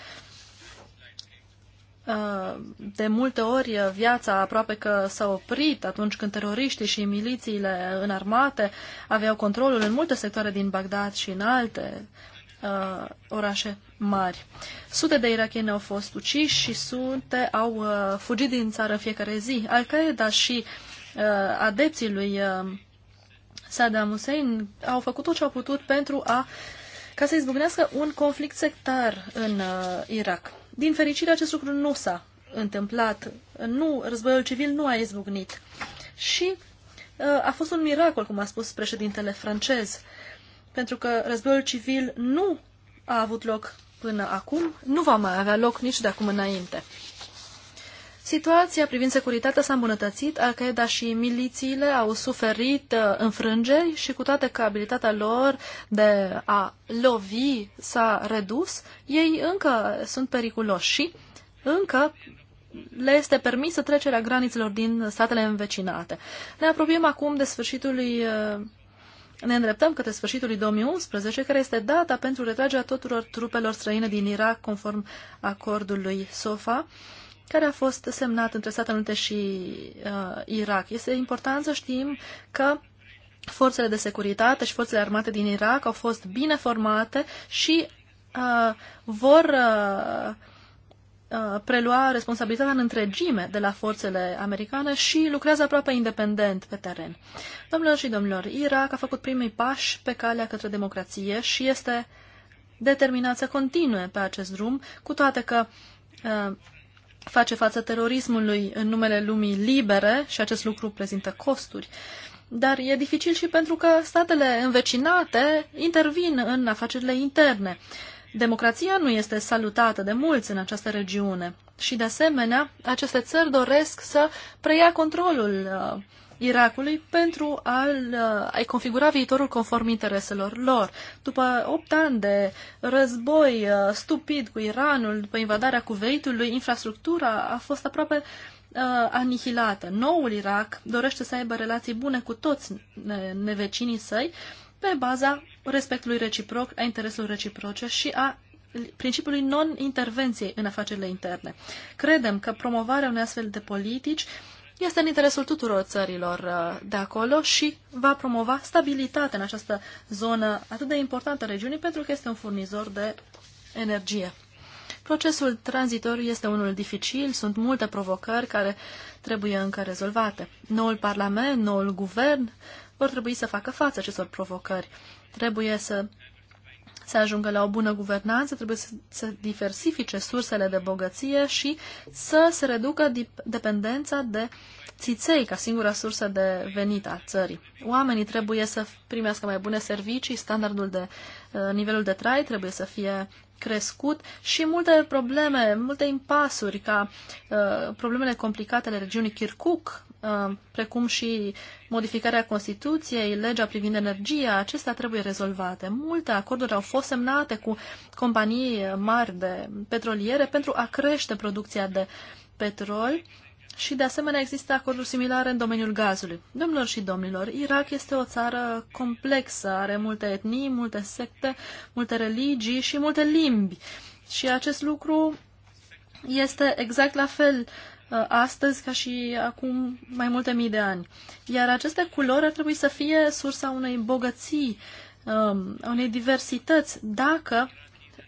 Uh, de multe ori uh, viața aproape că s-a oprit atunci când teroriștii și milițiile înarmate aveau controlul în multe sectoare din Bagdad și în alte uh, orașe mari. Sute de irakieni au fost uciși și sute au uh, fugit din țară în fiecare zi. Al-Qaeda și uh, adepții lui uh, Saddam Hussein au făcut tot ce au putut pentru a ca să izbucnească un conflict sectar în uh, Irak. Din fericire, acest lucru nu s-a întâmplat. Nu, războiul civil nu a izbucnit. Și uh, a fost un miracol, cum a spus președintele francez, pentru că războiul civil nu a avut loc până acum, nu va mai avea loc nici de acum înainte. Situația privind securitatea s-a îmbunătățit, Al-Qaeda și milițiile au suferit uh, înfrângeri și cu toate că abilitatea lor de a lovi s-a redus, ei încă sunt periculoși și încă le este permisă trecerea granițelor din statele învecinate. Ne apropiem acum de sfârșitul uh, ne îndreptăm către sfârșitul 2011, care este data pentru retragerea tuturor trupelor străine din Irak, conform acordului SOFA care a fost semnat între Statele Unite și uh, Irak. Este important să știm că forțele de securitate și forțele armate din Irak au fost bine formate și uh, vor uh, uh, prelua responsabilitatea în întregime de la forțele americane și lucrează aproape independent pe teren. Domnilor și domnilor, Irak a făcut primii pași pe calea către democrație și este determinat să continue pe acest drum, cu toate că uh, face față terorismului în numele lumii libere și acest lucru prezintă costuri. Dar e dificil și pentru că statele învecinate intervin în afacerile interne. Democrația nu este salutată de mulți în această regiune și, de asemenea, aceste țări doresc să preia controlul uh, Irakului pentru a a configura viitorul conform intereselor lor. După 8 ani de război uh, stupid cu Iranul, după invadarea Cuveitului, infrastructura a fost aproape uh, anihilată. Noul Irak dorește să aibă relații bune cu toți nevecinii săi pe baza respectului reciproc, a intereselor reciproce și a principiului non-intervenției în afacerile interne. Credem că promovarea unei astfel de politici uh, este în interesul tuturor țărilor uh, de acolo și va promova stabilitatea în această zonă atât de importantă a regiunii pentru că este un furnizor de energie. Procesul tranzitor este unul dificil, sunt multe provocări care trebuie încă rezolvate. Noul Parlament, noul Guvern vor trebui să facă față acestor provocări. Trebuie să să ajungă la o bună guvernanță, trebuie să, să diversifice sursele de bogăție și să se reducă dependența de țiței ca singura sursă de venit a țării. Oamenii trebuie să primească mai bune servicii, standardul de uh, nivelul de trai trebuie să fie crescut și multe probleme, multe impasuri, ca uh, problemele complicate ale regiunii Kirkuk, Uh, precum și modificarea Constituției, legea privind energia, acestea trebuie rezolvate. Multe acorduri au fost semnate cu companii mari de petroliere pentru a crește producția de petrol și, de asemenea, există acorduri similare în domeniul gazului. Domnilor și domnilor, Irak este o țară complexă, are multe etnii, multe secte, multe religii și multe limbi. Și acest lucru este exact la fel Uh, astăzi ca și acum mai multe mii de ani. Iar aceste culori ar trebui să fie sursa unei bogății, um, a unei diversități, dacă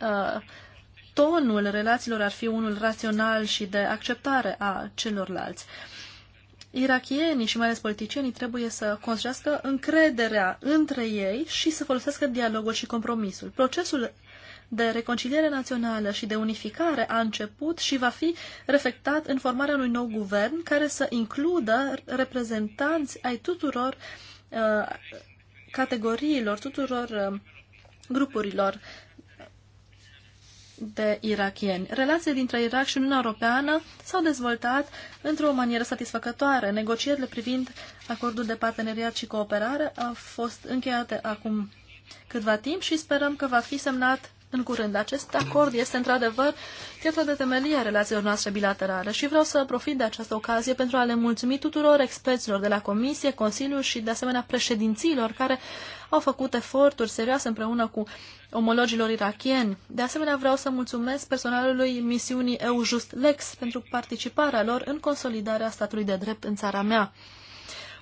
uh, tonul relațiilor ar fi unul rațional și de acceptare a celorlalți. Irachienii și mai ales politicienii trebuie să construiască încrederea între ei și să folosească dialogul și compromisul. Procesul de reconciliere națională și de unificare a început și va fi reflectat în formarea unui nou guvern care să includă reprezentanți ai tuturor uh, categoriilor, tuturor uh, grupurilor de irakieni. Relațiile dintre Irak și Uniunea Europeană s-au dezvoltat într-o manieră satisfăcătoare. Negocierile privind acordul de parteneriat și cooperare au fost încheiate acum câtva timp și sperăm că va fi semnat în curând. Acest acord este într-adevăr pietra de temelie a relațiilor noastre bilaterale și vreau să profit de această ocazie pentru a le mulțumi tuturor experților de la Comisie, Consiliu și de asemenea președinților care au făcut eforturi serioase împreună cu omologilor irakieni. De asemenea, vreau să mulțumesc personalului misiunii EUJUST Lex pentru participarea lor în consolidarea statului de drept în țara mea.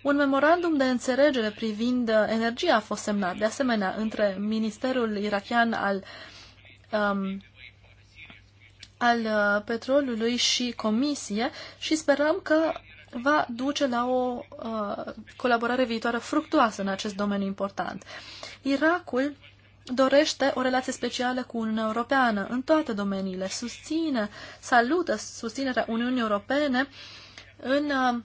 Un memorandum de înțelegere privind energia a fost semnat, de asemenea, între Ministerul Irachian al uh, um, al uh, petrolului și comisie și sperăm că va duce la o uh, colaborare viitoare fructuoasă în acest domeniu important. Irakul dorește o relație specială cu Uniunea Europeană în toate domeniile, susține, salută susținerea Uniunii Europene în uh,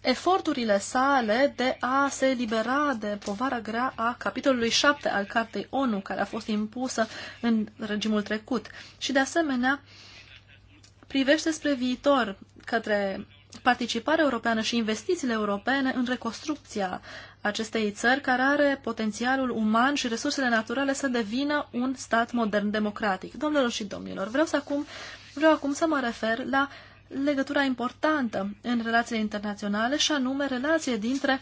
eforturile sale de a se libera de povara grea a capitolului 7 al Cartei ONU, care a fost impusă în regimul trecut. Și, de asemenea, privește spre viitor, către participarea europeană și investițiile europene în reconstrucția acestei țări, care are potențialul uman și resursele naturale să devină un stat modern democratic. Domnilor și domnilor, vreau să acum, vreau acum să mă refer la legătura importantă în relațiile internaționale și anume relație dintre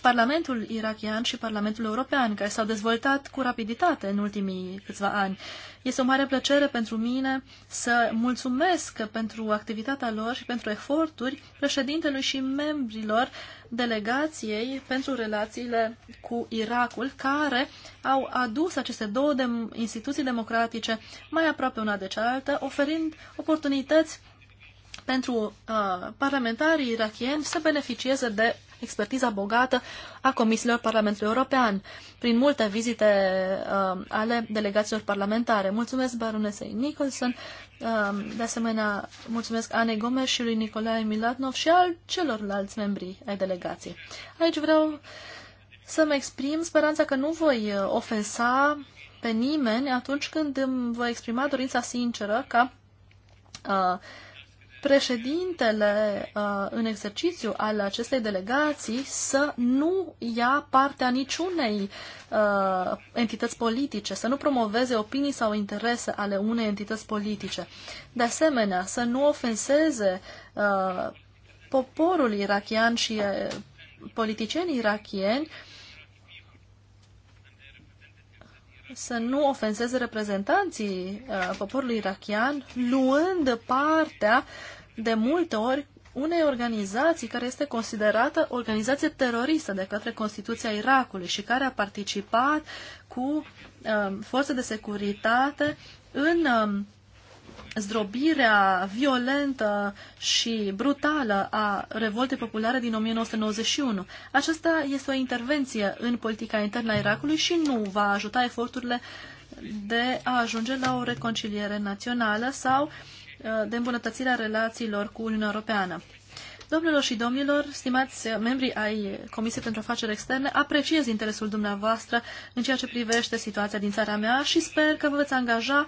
Parlamentul irachian și Parlamentul european, care s-au dezvoltat cu rapiditate în ultimii câțiva ani. Este o mare plăcere pentru mine să mulțumesc pentru activitatea lor și pentru eforturi președintelui și membrilor delegației pentru relațiile cu Irakul, care au adus aceste două de instituții democratice mai aproape una de cealaltă, oferind oportunități pentru uh, parlamentarii irachieni să beneficieze de expertiza bogată a comisiilor Parlamentului European, prin multe vizite uh, ale delegațiilor parlamentare. Mulțumesc baronesei Nicholson, uh, de asemenea mulțumesc Ane Gomes și lui Nicolae Milatnov și al celorlalți membri ai delegației. Aici vreau să-mi exprim speranța că nu voi uh, ofensa pe nimeni atunci când îmi voi exprima dorința sinceră ca uh, președintele uh, în exercițiu al acestei delegații să nu ia partea niciunei uh, entități politice, să nu promoveze opinii sau interese ale unei entități politice. De asemenea, să nu ofenseze uh, poporul irachian și uh, politicienii irachieni să nu ofenseze reprezentanții uh, poporului irachian, luând partea de multe ori unei organizații care este considerată organizație teroristă de către Constituția Irakului și care a participat cu uh, um, forțe de securitate în uh, zdrobirea violentă și brutală a revoltei populare din 1991. Aceasta este o intervenție în politica internă a Irakului și nu va ajuta eforturile de a ajunge la o reconciliere națională sau uh, Uh, de îmbunătățire a relațiilor cu Uniunea Europeană. Domnilor și domnilor, stimați membri ai Comisiei pentru Afaceri Externe, apreciez interesul dumneavoastră în ceea ce privește situația din țara mea și sper că vă veți angaja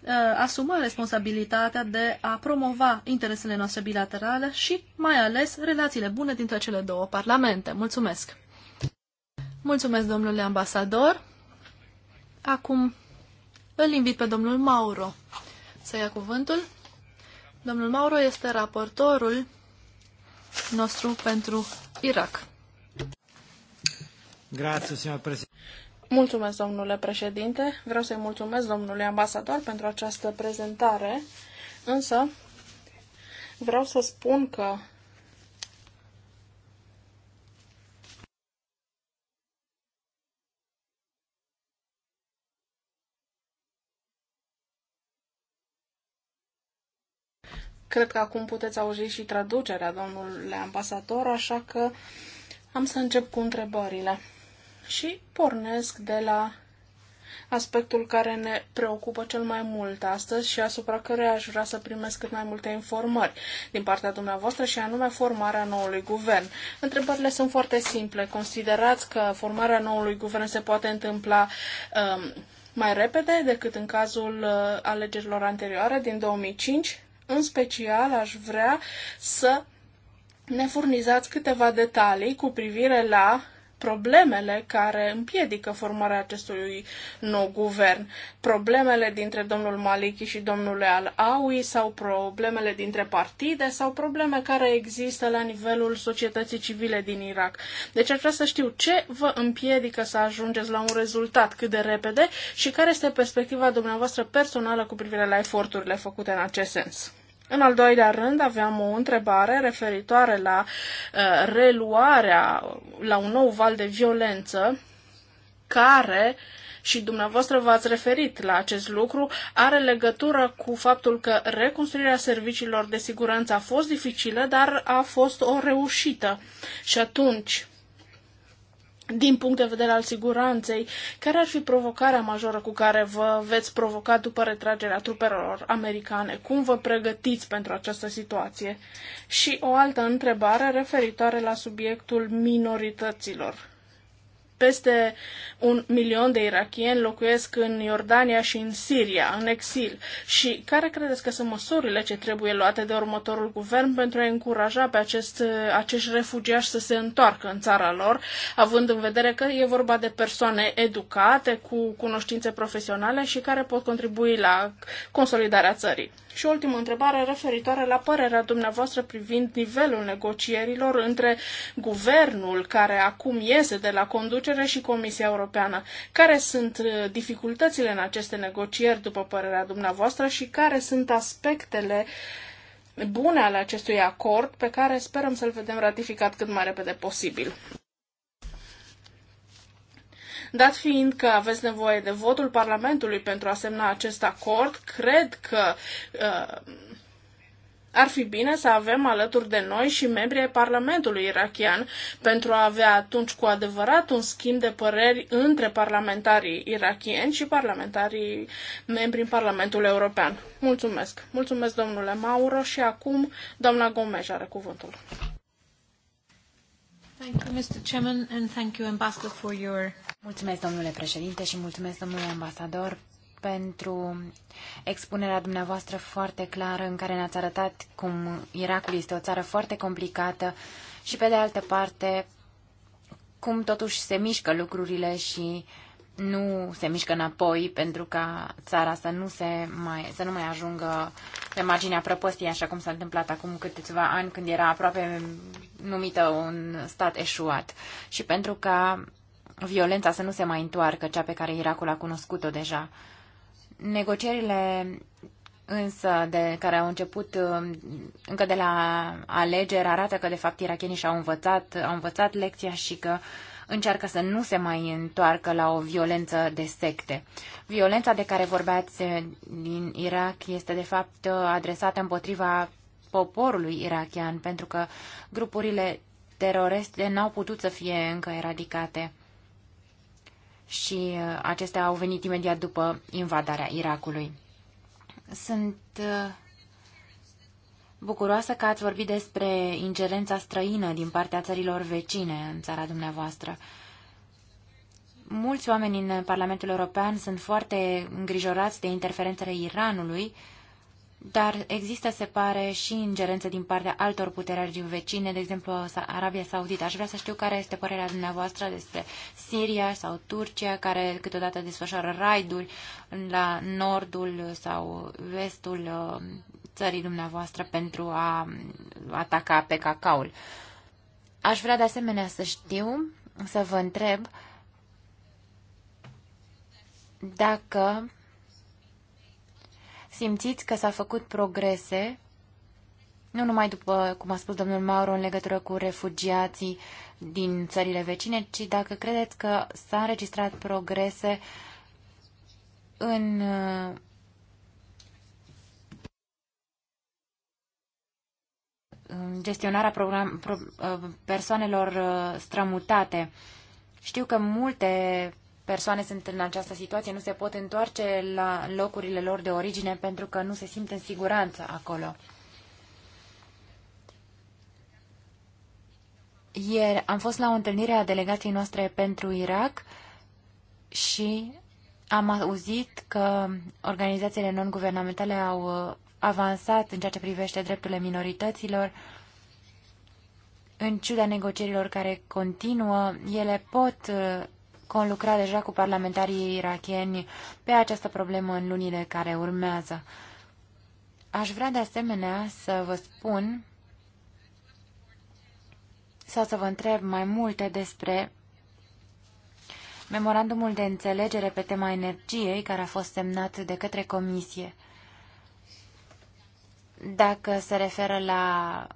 uh, asuma responsabilitatea de a promova interesele noastre bilaterale și, mai ales, relațiile bune dintre cele două parlamente. Mulțumesc! Mulțumesc, domnule ambasador! Acum îl invit pe domnul Mauro să ia cuvântul. Domnul Mauro este raportorul nostru pentru Irak. Grazie, Mulțumesc, domnule președinte. Vreau să-i mulțumesc domnului ambasador pentru această prezentare, însă vreau să spun că Cred că acum puteți auzi și traducerea, domnule ambasador, așa că am să încep cu întrebările. Și pornesc de la aspectul care ne preocupă cel mai mult astăzi și asupra căruia aș vrea să primesc cât mai multe informări din partea dumneavoastră și anume formarea noului guvern. Întrebările sunt foarte simple. Considerați că formarea noului guvern se poate întâmpla um, mai repede decât în cazul uh, alegerilor anterioare din 2005? în special aș vrea să ne furnizați câteva detalii cu privire la problemele care împiedică formarea acestui nou guvern, problemele dintre domnul Maliki și domnul al Aui sau problemele dintre partide sau probleme care există la nivelul societății civile din Irak. Deci aș vrea să știu ce vă împiedică să ajungeți la un rezultat cât de repede și care este perspectiva dumneavoastră personală cu privire la eforturile făcute în acest sens. În al doilea rând, aveam o întrebare referitoare la uh, reluarea la un nou val de violență care și dumneavoastră v-ați referit la acest lucru, are legătură cu faptul că reconstruirea serviciilor de siguranță a fost dificilă, dar a fost o reușită. Și atunci, din punct de vedere al siguranței, care ar fi provocarea majoră cu care vă veți provoca după retragerea trupelor americane? Cum vă pregătiți pentru această situație? Și o altă întrebare referitoare la subiectul minorităților. Peste un milion de irachieni locuiesc în Iordania și în Siria, în exil. Și care credeți că sunt măsurile ce trebuie luate de următorul guvern pentru a încuraja pe acest, acești refugiași să se întoarcă în țara lor, având în vedere că e vorba de persoane educate, cu cunoștințe profesionale și care pot contribui la consolidarea țării? Și ultima întrebare referitoare la părerea dumneavoastră privind nivelul negocierilor între guvernul care acum iese de la conducere afaceri și Comisia Europeană. Care sunt uh, dificultățile în aceste negocieri, după părerea dumneavoastră, și care sunt aspectele bune ale acestui acord pe care sperăm să-l vedem ratificat cât mai repede posibil? Dat fiind că aveți nevoie de votul Parlamentului pentru a semna acest acord, cred că uh, ar fi bine să avem alături de noi și membrii ai Parlamentului irachian pentru a avea atunci cu adevărat un schimb de păreri între parlamentarii irachieni și parlamentarii membri în Parlamentul European. Mulțumesc! Mulțumesc, domnule Mauro, și acum doamna Gomes are cuvântul. Mulțumesc, domnule președinte, și mulțumesc, domnule ambasador, pentru expunerea dumneavoastră foarte clară în care ne-ați arătat cum Irakul este o țară foarte complicată și, pe de altă parte, cum totuși se mișcă lucrurile și nu se mișcă înapoi pentru ca țara să nu, se mai, să nu mai ajungă pe marginea prăpăstiei, așa cum s-a întâmplat acum câteva ani, când era aproape numită un stat eșuat. Și pentru ca violența să nu se mai întoarcă, cea pe care Irakul a cunoscut-o deja. Negocierile însă de, care au început um, încă de la alegeri arată că de fapt irachienii și-au învățat, au învățat lecția și că încearcă să nu se mai întoarcă la o violență de secte. Violența de care vorbeați din Irak este de fapt adresată împotriva poporului irachian, pentru că grupurile teroriste n-au putut să fie încă eradicate și uh, acestea au venit imediat după invadarea Irakului. Sunt uh, bucuroasă că ați vorbit despre ingerența străină din partea țărilor vecine în țara dumneavoastră. Mulți oameni în Parlamentul European sunt foarte îngrijorați de interferențele Iranului dar există, se pare, și ingerențe din partea altor puteri vecine, de exemplu Arabia Saudită. Aș vrea să știu care este părerea dumneavoastră despre Siria sau Turcia, care câteodată desfășoară raiduri la nordul sau vestul uh, țării dumneavoastră pentru a mm, ataca pe cacaul. Aș vrea de asemenea să știu, să vă întreb dacă simțiți că s-a făcut progrese, nu numai după, cum a spus domnul Mauro, în legătură cu refugiații din țările vecine, ci dacă credeți că s-a înregistrat progrese în gestionarea program, pro, uh, persoanelor uh, strămutate. Știu că multe persoane sunt în această situație, nu se pot întoarce la locurile lor de origine pentru că nu se simt în siguranță acolo. Ieri am fost la o întâlnire a delegației noastre pentru Irak și am auzit că organizațiile non-guvernamentale au uh, avansat în ceea ce privește drepturile minorităților. În ciuda negocierilor care continuă, ele pot uh, conlucra deja cu parlamentarii irakieni pe această problemă în lunile care urmează. Aș vrea de asemenea să vă spun sau să vă întreb mai multe despre memorandumul de înțelegere pe tema energiei care a fost semnat de către Comisie. Dacă se referă la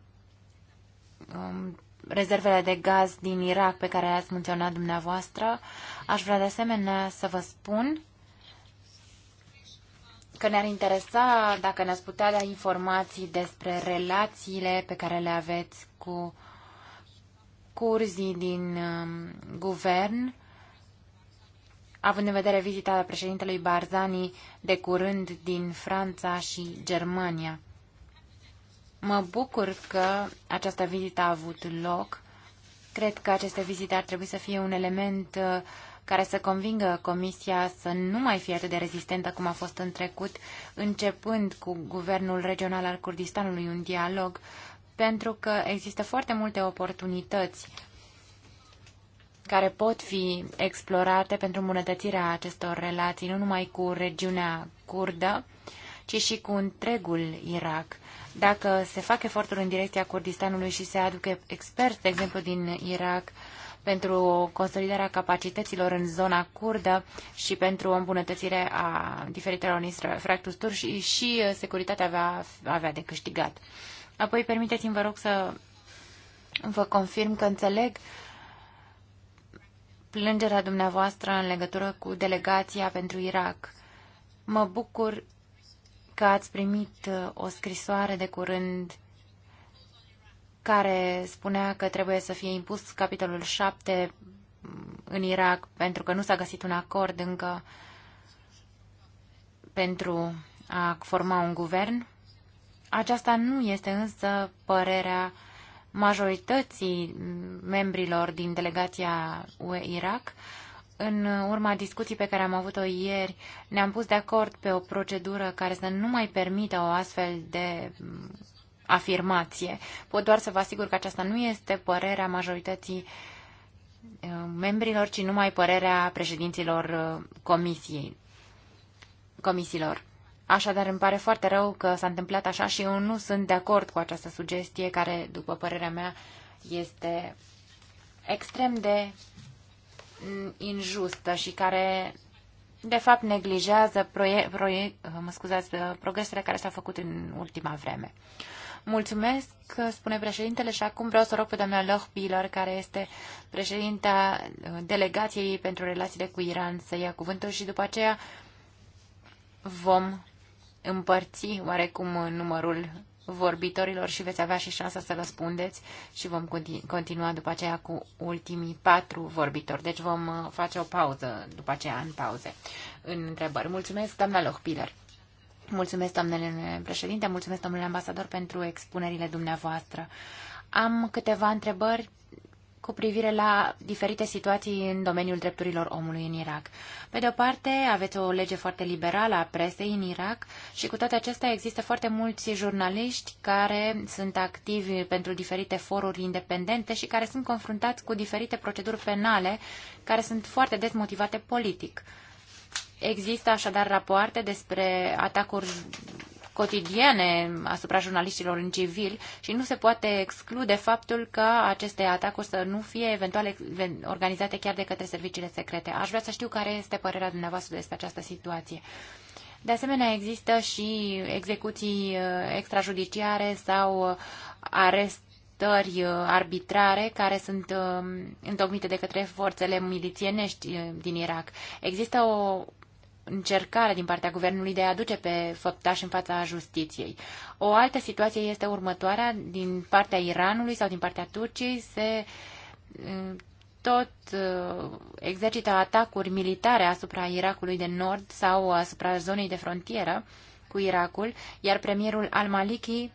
um, rezervele de gaz din Irak pe care le-ați menționat dumneavoastră, aș vrea de asemenea să vă spun că ne-ar interesa dacă ne-ați putea da informații despre relațiile pe care le aveți cu curzii din um, guvern, având în vedere vizita președintelui Barzani de curând din Franța și Germania. Mă bucur că această vizită a avut loc. Cred că aceste vizite ar trebui să fie un element uh, care să convingă Comisia să nu mai fie atât de rezistentă cum a fost în trecut, începând cu Guvernul Regional al Kurdistanului un dialog, pentru că există foarte multe oportunități care pot fi explorate pentru îmbunătățirea acestor relații, nu numai cu regiunea kurdă, ci și cu întregul Irak. Dacă se fac eforturi în direcția Kurdistanului și se aduc experți, de exemplu, din Irak, pentru consolidarea capacităților în zona curdă și pentru o îmbunătățire a diferitelor infrastructuri și, și securitatea avea, avea de câștigat. Apoi, permiteți-mi, vă rog, să vă confirm că înțeleg plângerea dumneavoastră în legătură cu delegația pentru Irak. Mă bucur că ați primit uh, o scrisoare de curând care spunea că trebuie să fie impus capitolul 7 mm, în Irak pentru că nu s-a găsit un acord încă pentru a forma un guvern. Aceasta nu este însă părerea majorității mm, membrilor din delegația UE Irak, în urma discuției pe care am avut-o ieri, ne-am pus de acord pe o procedură care să nu mai permită o astfel de mm, afirmație. Pot doar să vă asigur că aceasta nu este părerea majorității mm, membrilor, ci numai părerea președinților mm, comisiei, comisiilor. Așadar, îmi pare foarte rău că s-a întâmplat așa și eu nu sunt de acord cu această sugestie care, după părerea mea, este extrem de Mm, injustă și care, de fapt, neglijează proie, proie, mă scuzați, uh, progresele care s-au făcut în ultima vreme. Mulțumesc, uh, spune președintele, și acum vreau să rog pe doamna Lochbiller, care este președinta uh, delegației pentru relațiile cu Iran, să ia cuvântul și după aceea vom împărți oarecum numărul vorbitorilor și veți avea și șansa să răspundeți și vom continua după aceea cu ultimii patru vorbitori. Deci vom uh, face o pauză după aceea în pauze în întrebări. Mulțumesc, doamna Lohpiller. Mulțumesc, doamnele președinte, mulțumesc, domnule ambasador, pentru expunerile dumneavoastră. Am câteva întrebări cu privire la diferite situații în domeniul drepturilor omului în Irak. Pe de o parte, aveți o lege foarte liberală a presei în Irak și cu toate acestea există foarte mulți jurnaliști care sunt activi pentru diferite foruri independente și care sunt confruntați cu diferite proceduri penale care sunt foarte des motivate politic. Există așadar rapoarte despre atacuri cotidiene asupra jurnaliștilor în civil și nu se poate exclude faptul că aceste atacuri să nu fie eventual organizate chiar de către serviciile secrete. Aș vrea să știu care este părerea dumneavoastră despre această situație. De asemenea, există și execuții uh, extrajudiciare sau uh, arestări uh, arbitrare care sunt întocmite de către forțele milițienești din Irak. Există o încercare din partea guvernului de a aduce pe făptași în fața justiției. O altă situație este următoarea, din partea Iranului sau din partea Turciei se uh, tot uh, exercită atacuri militare asupra Irakului de nord sau asupra zonei de frontieră cu Irakul, iar premierul al-Maliki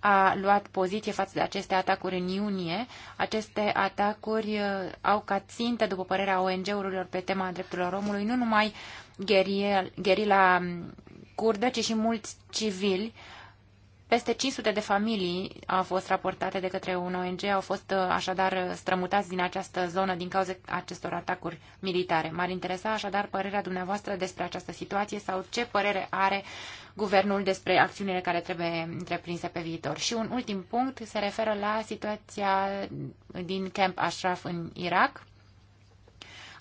a luat poziție față de aceste atacuri în iunie. Aceste atacuri uh, au ca țintă, după părerea ONG-urilor pe tema drepturilor omului, nu numai uh, gherila mm, kurdă, ci și mulți civili. Peste 500 de familii au fost raportate de către un ONG, au fost uh, așadar uh, strămutați din această zonă din cauza acestor atacuri militare. M-ar interesa așadar părerea dumneavoastră despre această situație sau ce părere are guvernul despre acțiunile care trebuie întreprinse pe viitor. Și un ultim punct se referă la situația din Camp Ashraf în Irak.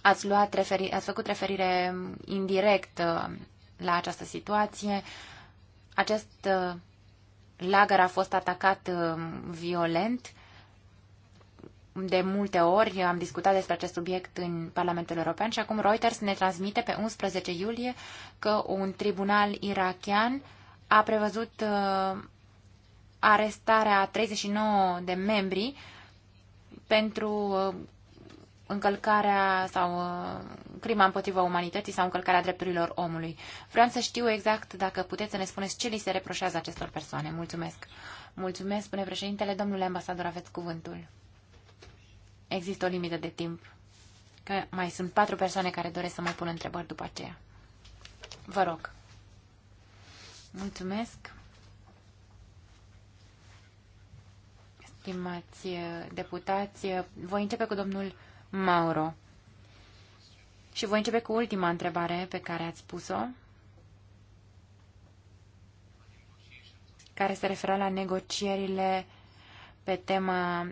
Ați, luat referi, ați făcut referire indirect uh, la această situație. Acest uh, lagăr a fost atacat uh, violent de multe ori am discutat despre acest subiect în Parlamentul European și acum Reuters ne transmite pe 11 iulie că un tribunal irachian a prevăzut arestarea 39 de membri pentru încălcarea sau uh, crima împotriva umanității sau încălcarea drepturilor omului. Vreau să știu exact dacă puteți să ne spuneți ce li se reproșează acestor persoane. Mulțumesc. Mulțumesc, spune președintele. Domnule ambasador, aveți cuvântul. Există o limită de timp. Că mai sunt patru persoane care doresc să mai pună întrebări după aceea. Vă rog. Mulțumesc. Stimați uh, deputați, uh, voi începe cu domnul Mauro. Și voi începe cu ultima întrebare pe care ați pus-o, care se referă la negocierile pe tema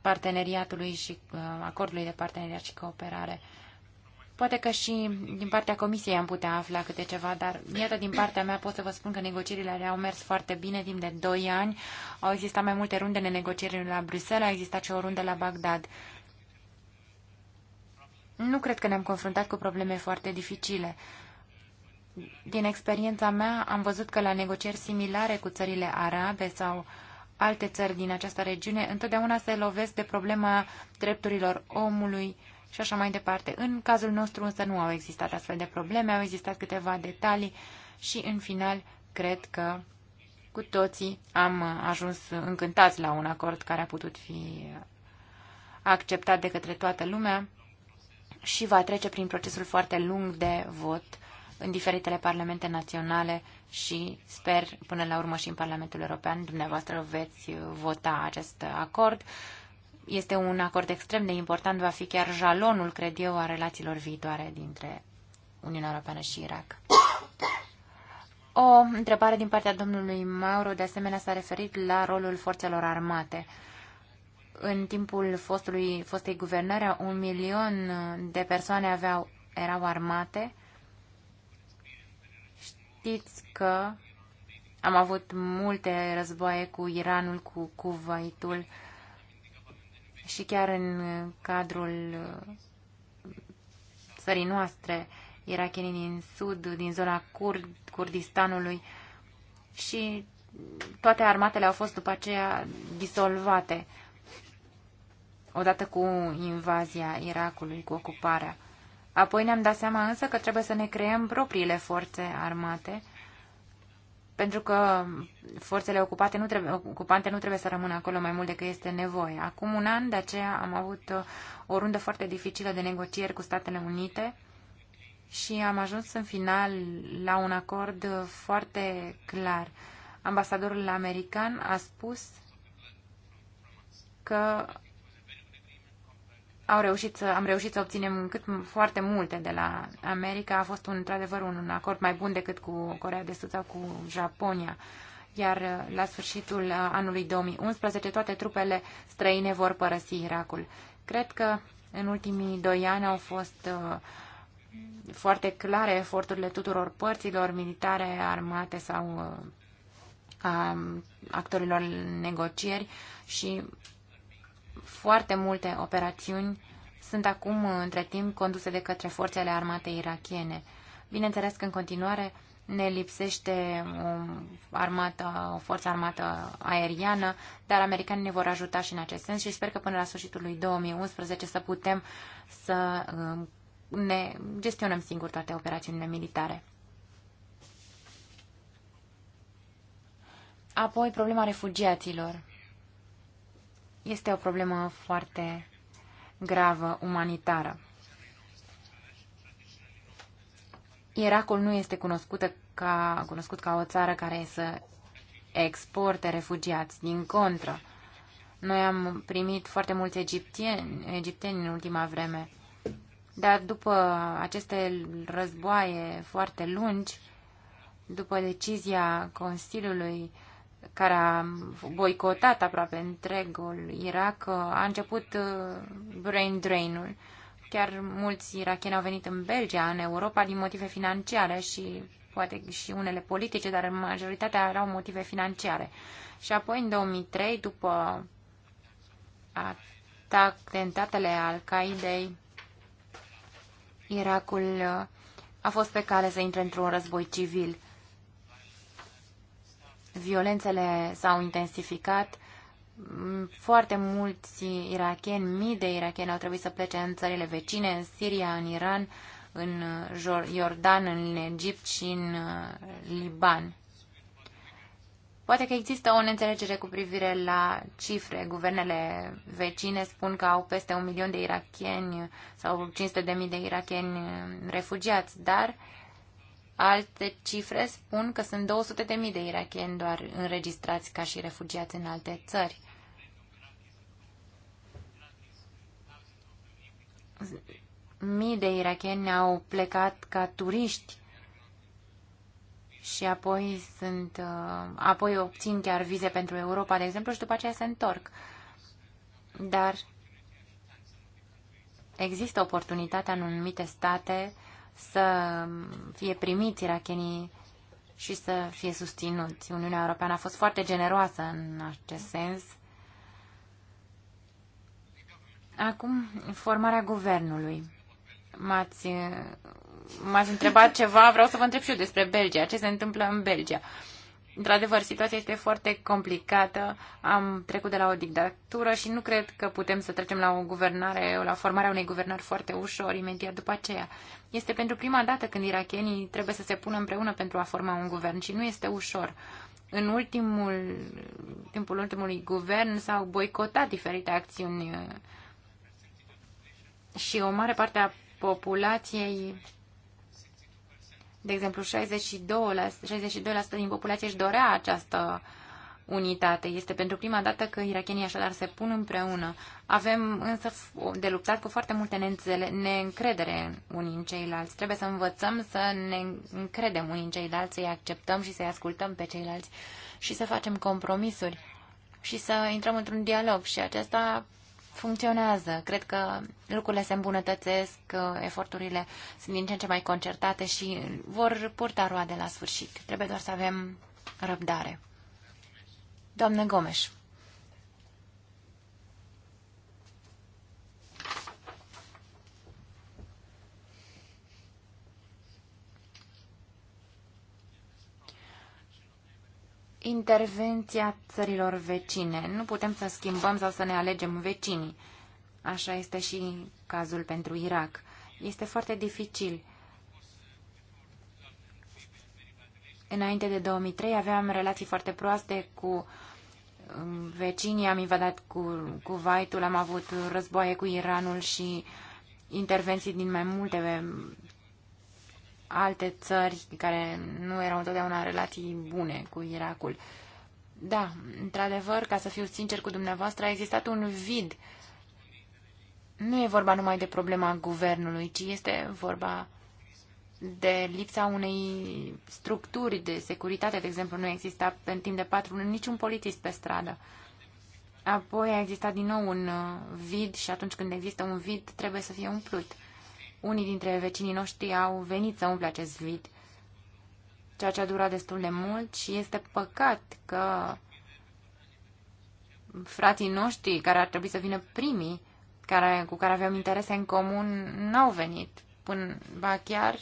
parteneriatului și uh, acordului de parteneriat și cooperare. Poate că și din partea comisiei am putea afla câte ceva, dar iată din partea mea pot să vă spun că negocierile au mers foarte bine timp de 2 ani. Au existat mai multe runde de negocieri la Bruxelles, a existat și o rundă la Bagdad nu cred că ne-am confruntat cu probleme foarte dificile. Din experiența mea am văzut că la negocieri similare cu țările arabe sau alte țări din această regiune întotdeauna se lovesc de problema drepturilor omului și așa mai departe. În cazul nostru însă nu au existat astfel de probleme, au existat câteva detalii și în final cred că cu toții am ajuns încântați la un acord care a putut fi acceptat de către toată lumea și va trece prin procesul foarte lung de vot în diferitele parlamente naționale și sper până la urmă și în Parlamentul European dumneavoastră veți uh, vota acest acord. Este un acord extrem de important, va fi chiar jalonul, cred eu, a relațiilor viitoare dintre Uniunea Europeană și Irak. O întrebare din partea domnului Mauro, de asemenea, s-a referit la rolul forțelor armate în timpul fostului, fostei guvernări, un milion de persoane aveau, erau armate. Știți că am avut multe războaie cu Iranul, cu Kuwaitul și chiar în cadrul țării noastre, irachenii din sud, din zona Kurd, Kurdistanului și toate armatele au fost după aceea disolvate odată cu invazia Irakului, cu ocuparea. Apoi ne-am dat seama însă că trebuie să ne creăm propriile forțe armate, pentru că forțele ocupate nu trebuie, ocupante nu trebuie să rămână acolo mai mult decât este nevoie. Acum un an, de aceea am avut uh, o rundă foarte dificilă de negocieri cu Statele Unite și am ajuns în final la un acord foarte clar. Ambasadorul american a spus că au reușit să, am reușit să obținem cât foarte multe de la America. A fost un, într-adevăr un, un acord mai bun decât cu Corea de Sud sau cu Japonia. Iar uh, la sfârșitul uh, anului 2011 toate trupele străine vor părăsi Irakul. Cred că în ultimii doi ani au fost uh, foarte clare eforturile tuturor părților militare, armate sau uh, a actorilor negocieri și foarte multe operațiuni sunt acum, între timp, conduse de către forțele armate irachiene. Bineînțeles că, în continuare, ne lipsește o armată, o forță armată aeriană, dar americanii ne vor ajuta și în acest sens și sper că până la sfârșitul lui 2011 să putem să um, ne gestionăm singur toate operațiunile militare. Apoi, problema refugiaților. Este o problemă foarte gravă, umanitară. Irakul nu este cunoscută ca, cunoscut ca o țară care să exporte refugiați. Din contră, noi am primit foarte mulți egipteni, egipteni în ultima vreme. Dar după aceste războaie foarte lungi, după decizia Consiliului care a boicotat aproape întregul Irak, uh, a început uh, brain drain-ul. Chiar mulți irakieni au venit în Belgia, în Europa, din motive financiare și poate și unele politice, dar majoritatea erau motive financiare. Și apoi, în 2003, după atac tentatele Al-Qaidei, Irakul uh, a fost pe cale să intre într-un război civil violențele s-au intensificat, mm, foarte mulți iracheni, mii de iracheni au trebuit să plece în țările vecine, în Siria, în Iran, în uh, Jordan, în Egipt și în uh, Liban. Poate că există o neînțelegere cu privire la cifre. Guvernele vecine spun că au peste un milion de iracheni sau 500 de mii de irakieni uh, refugiați, dar uh, Alte cifre spun că sunt 200.000 de irakieni doar înregistrați ca și refugiați în alte țări. Mii de irakieni au plecat ca turiști și apoi sunt uh, apoi obțin chiar vize pentru Europa, de exemplu, și după aceea se întorc. Dar există oportunitatea în anumite state să fie primiți irachenii și să fie susținuți. Uniunea Europeană a fost foarte generoasă în acest sens. Acum, formarea guvernului. M-ați, întrebat ceva, vreau să vă întreb și eu despre Belgia, ce se întâmplă în Belgia. Uh, Într-adevăr, situația este foarte complicată. Am trecut de la o dictatură și nu cred că putem să trecem la o guvernare, la formarea unei guvernări foarte ușor, imediat după aceea. Este pentru prima dată când irachenii trebuie să se pună împreună pentru a forma un guvern și nu este ușor. În ultimul, timpul ultimului guvern s-au boicotat diferite acțiuni și o mare parte a populației de exemplu, 62%, 62% din populație își dorea această unitate. Este pentru prima dată că irakienii așadar se pun împreună. Avem însă de luptat cu foarte multe neîncredere unii în ceilalți. Trebuie să învățăm să ne încredem unii în ceilalți, să-i acceptăm și să-i ascultăm pe ceilalți și să facem compromisuri și să intrăm într-un dialog. Și aceasta funcționează. Cred că lucrurile se îmbunătățesc, eforturile sunt din ce în ce mai concertate și vor purta roade la sfârșit. Trebuie doar să avem răbdare. Doamne Gomes. intervenția țărilor vecine. Nu putem să schimbăm sau să ne alegem vecinii. Așa este și cazul pentru Irak. Este foarte dificil. Înainte de 2003 aveam relații foarte proaste cu um, vecinii, am invadat cu cu Vaitul, am avut războaie cu Iranul și intervenții din mai multe alte țări care nu erau întotdeauna relații bune cu Irakul. Da, într-adevăr, ca să fiu sincer cu dumneavoastră, a existat un vid. Nu e vorba numai de problema guvernului, ci este vorba de lipsa unei structuri de securitate, de exemplu, nu exista în timp de patru luni niciun polițist pe stradă. Apoi a existat din nou un uh, vid și atunci când există un vid trebuie să fie umplut unii dintre vecinii noștri au venit să umple acest vid, ceea ce a durat destul de mult și este păcat că frații noștri care ar trebui să vină primii, care, cu care aveam interese în comun, n-au venit. Până, ba chiar,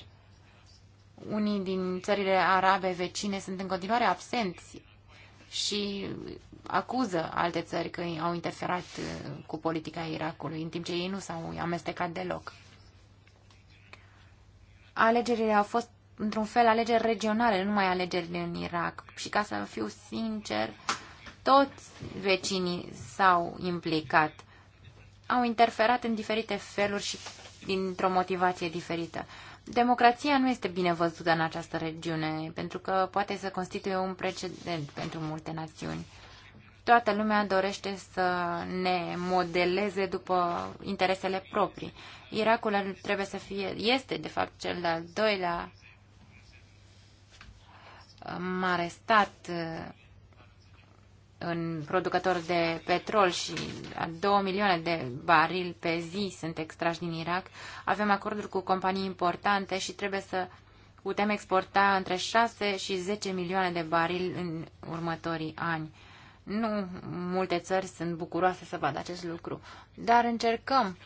unii din țările arabe vecine sunt în continuare absenți și acuză alte țări că au interferat uh, cu politica Irakului, în timp ce ei nu s-au amestecat deloc alegerile au fost într-un fel alegeri regionale, nu mai alegeri în Irak. Și ca să fiu sincer, toți vecinii s-au implicat. Au interferat în diferite feluri și dintr-o motivație diferită. Democrația nu este bine văzută în această regiune, pentru că poate să constituie un precedent pentru multe națiuni toată lumea dorește să ne modeleze după interesele proprii. Irakul trebuie să fie, este de fapt cel de-al doilea uh, mare stat uh, în producător de petrol și 2 milioane de barili pe zi sunt extrași din Irak. Avem acorduri cu companii importante și trebuie să putem exporta între 6 și 10 milioane de barili în următorii ani. Nu multe țări sunt bucuroase să vadă acest lucru, dar încercăm.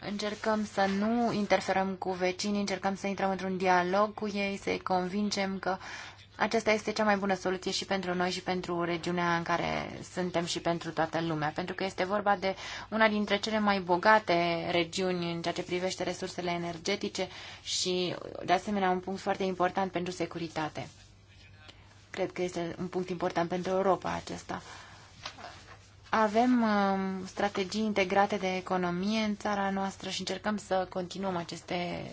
Încercăm să nu interferăm cu vecinii, încercăm să intrăm într-un dialog cu ei, să-i convingem că aceasta este cea mai bună soluție și pentru noi și pentru regiunea în care suntem și pentru toată lumea, pentru că este vorba de una dintre cele mai bogate regiuni în ceea ce privește resursele energetice și, de asemenea, un punct foarte important pentru securitate. Cred că este un punct important pentru Europa acesta. Avem um, strategii integrate de economie în țara noastră și încercăm să continuăm aceste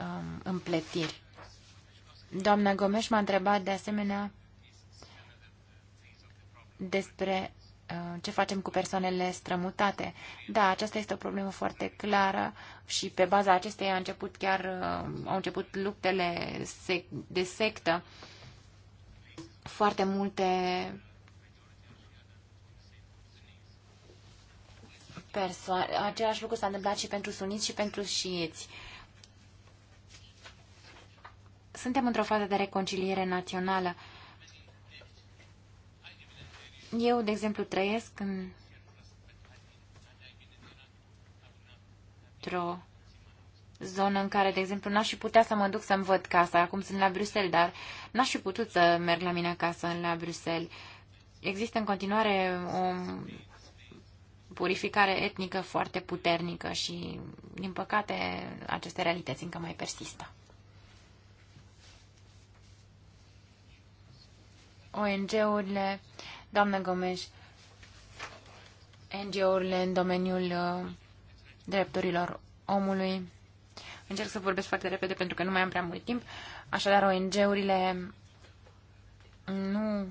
um, împletiri. Doamna Gomes m-a întrebat de asemenea despre uh, ce facem cu persoanele strămutate. Da, aceasta este o problemă foarte clară și pe baza acesteia a început chiar, uh, au început luptele de sectă. Foarte multe persoane. Același lucru s-a întâmplat și pentru suniți și pentru șieți. Suntem într-o fază de reconciliere națională. Eu, de exemplu, trăiesc în... într-o zonă în care, de exemplu, n-aș fi putea să mă duc să-mi văd casa. Acum sunt la Bruxelles, dar n-aș fi putut să merg la mine acasă la Bruxelles. Există în continuare o purificare etnică foarte puternică și, din păcate, aceste realități încă mai persistă. ONG-urile, doamnă Gomes, NGO-urile în domeniul uh, drepturilor omului. Încerc să vorbesc foarte repede pentru că nu mai am prea mult timp. Așadar, ONG-urile nu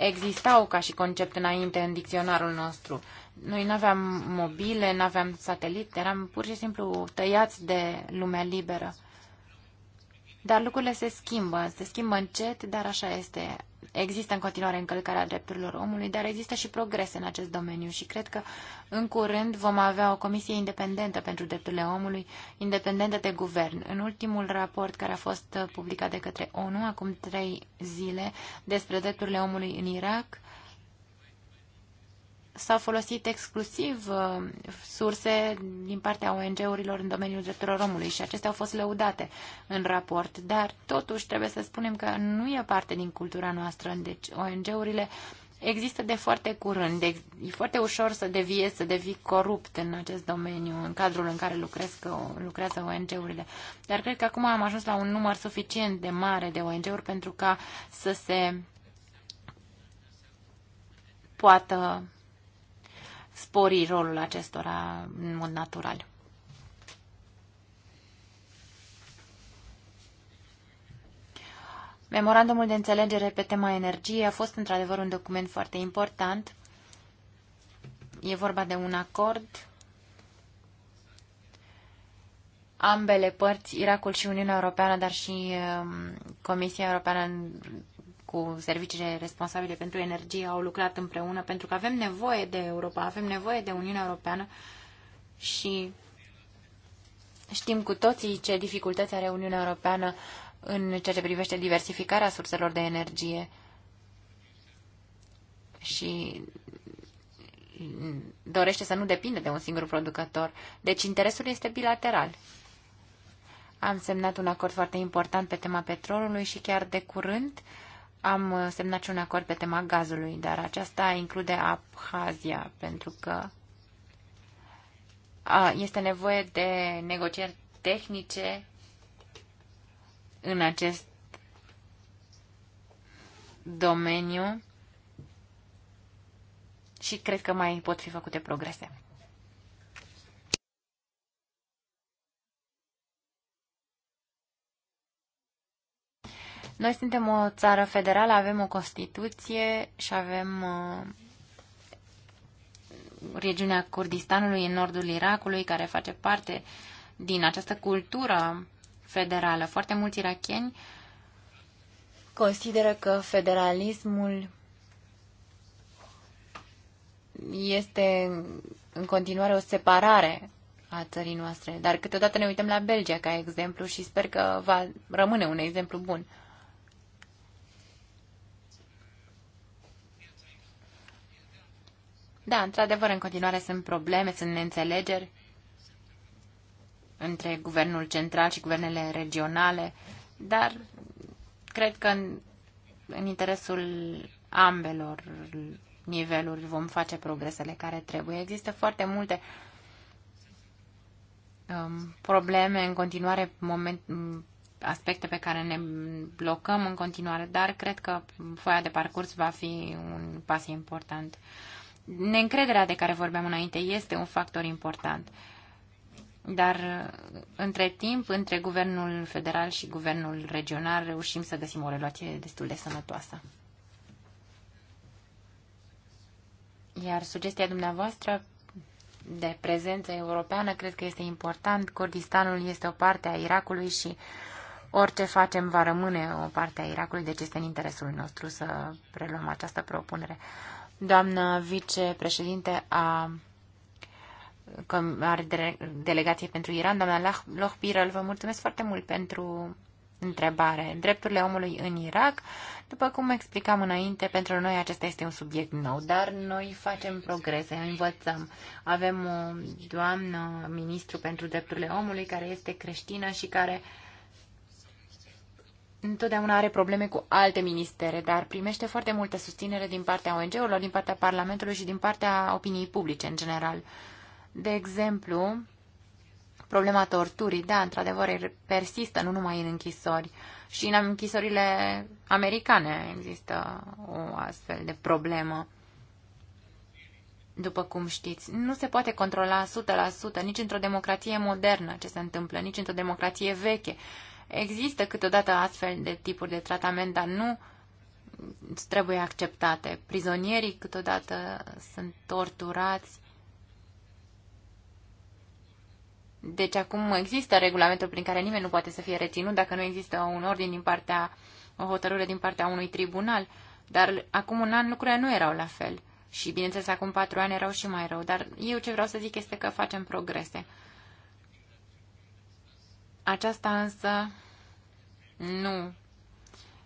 existau ca și concept înainte în dicționarul nostru. Noi nu aveam mobile, nu aveam satelit, eram pur și simplu tăiați de lumea liberă. Dar lucrurile se schimbă, se schimbă încet, dar așa este. Există în continuare încălcarea drepturilor omului, dar există și progrese în acest domeniu și cred că în curând vom avea o comisie independentă pentru drepturile omului, independentă de guvern. În ultimul raport care a fost publicat de către ONU acum trei zile despre drepturile omului în Irak, s-au folosit exclusiv uh, surse din partea ONG-urilor în domeniul drepturilor omului și acestea au fost lăudate în raport, dar totuși trebuie să spunem că nu e parte din cultura noastră, deci ONG-urile există de foarte curând, de, e foarte ușor să devie, să devii corupt în acest domeniu, în cadrul în care lucrează, lucrează ONG-urile. Dar cred că acum am ajuns la un număr suficient de mare de ONG-uri pentru ca să se poată spori rolul acestora în mod natural. Memorandumul de înțelegere pe tema energiei a fost într-adevăr un document foarte important. E vorba de un acord. Ambele părți, Irakul și Uniunea Europeană, dar și um, Comisia Europeană cu serviciile responsabile pentru energie au lucrat împreună pentru că avem nevoie de Europa, avem nevoie de Uniunea Europeană și știm cu toții ce dificultăți are Uniunea Europeană în ceea ce privește diversificarea surselor de energie. Și dorește să nu depindă de un singur producător. Deci interesul este bilateral. Am semnat un acord foarte important pe tema petrolului și chiar de curând uh, am uh, semnat și un acord pe tema gazului, dar aceasta include Abhazia, pentru că este nevoie de negocieri tehnice în acest domeniu și cred că mai pot fi făcute progrese. Noi suntem o țară federală, avem o Constituție și avem uh, regiunea Kurdistanului în nordul Irakului, care face parte din această cultură federală. Foarte mulți irachieni consideră că federalismul este în continuare o separare a țării noastre. Dar câteodată ne uităm la Belgia ca exemplu și sper că va rămâne un exemplu bun. Da, într-adevăr, în continuare sunt probleme, sunt neînțelegeri între guvernul central și guvernele regionale, dar cred că în, în interesul ambelor niveluri vom face progresele care trebuie. Există foarte multe um, probleme în continuare, moment, aspecte pe care ne blocăm în continuare, dar cred că foaia de parcurs va fi un pas important neîncrederea de care vorbeam înainte este un factor important. Dar între timp, între guvernul federal și guvernul regional, reușim să găsim o relație destul de sănătoasă. Iar sugestia dumneavoastră de prezență europeană cred că este important. Kurdistanul este o parte a Irakului și orice facem va rămâne o parte a Irakului, deci este în interesul nostru să preluăm această propunere doamnă vicepreședinte a delegației pentru Iran, doamna Lohbirăl, vă mulțumesc foarte mult pentru întrebare. Drepturile omului în Irak, după cum explicam înainte, pentru noi acesta este un subiect nou, dar noi facem progrese, învățăm. Avem o doamnă ministru pentru drepturile omului care este creștină și care uh, întotdeauna are probleme cu alte ministere, dar primește foarte multă susținere din partea ONG-urilor, din partea Parlamentului și din partea opiniei publice în general. De exemplu, problema torturii, da, într-adevăr, persistă nu numai în închisori. Și în închisorile americane există o astfel de problemă. După cum știți, nu se poate controla 100% nici într-o democrație modernă ce se întâmplă, nici într-o democrație veche. Există câteodată astfel de tipuri de tratament, dar nu trebuie acceptate. Prizonierii câteodată sunt torturați. Deci acum există regulamentul prin care nimeni nu poate să fie reținut dacă nu există un ordin din partea, o hotărâre din partea unui tribunal. Dar acum un an lucrurile nu erau la fel. Și bineînțeles acum patru ani erau și mai rău. Dar eu ce vreau să zic este că facem progrese. Aceasta însă nu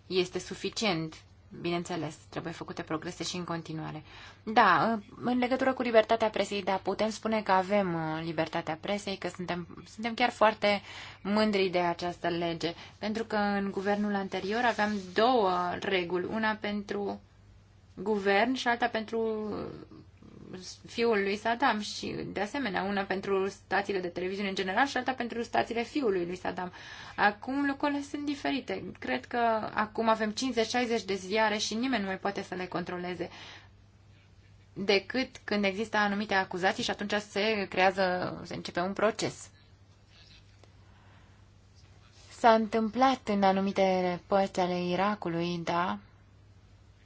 este suficient. Bineînțeles, trebuie făcute progrese și în continuare. Da, în legătură cu libertatea presei, da, putem spune că avem uh, libertatea presei, că suntem, suntem chiar foarte mândri de această lege, pentru că în guvernul anterior aveam două reguli, una pentru guvern și alta pentru fiul lui Saddam și, de asemenea, una pentru stațiile de televiziune în general și alta pentru stațiile fiului lui Saddam. Acum lucrurile sunt diferite. Cred că acum avem 50-60 de ziare și nimeni nu mai poate să le controleze decât când există anumite acuzații și atunci se creează, se începe un proces. S-a întâmplat în anumite părți ale Irakului, da,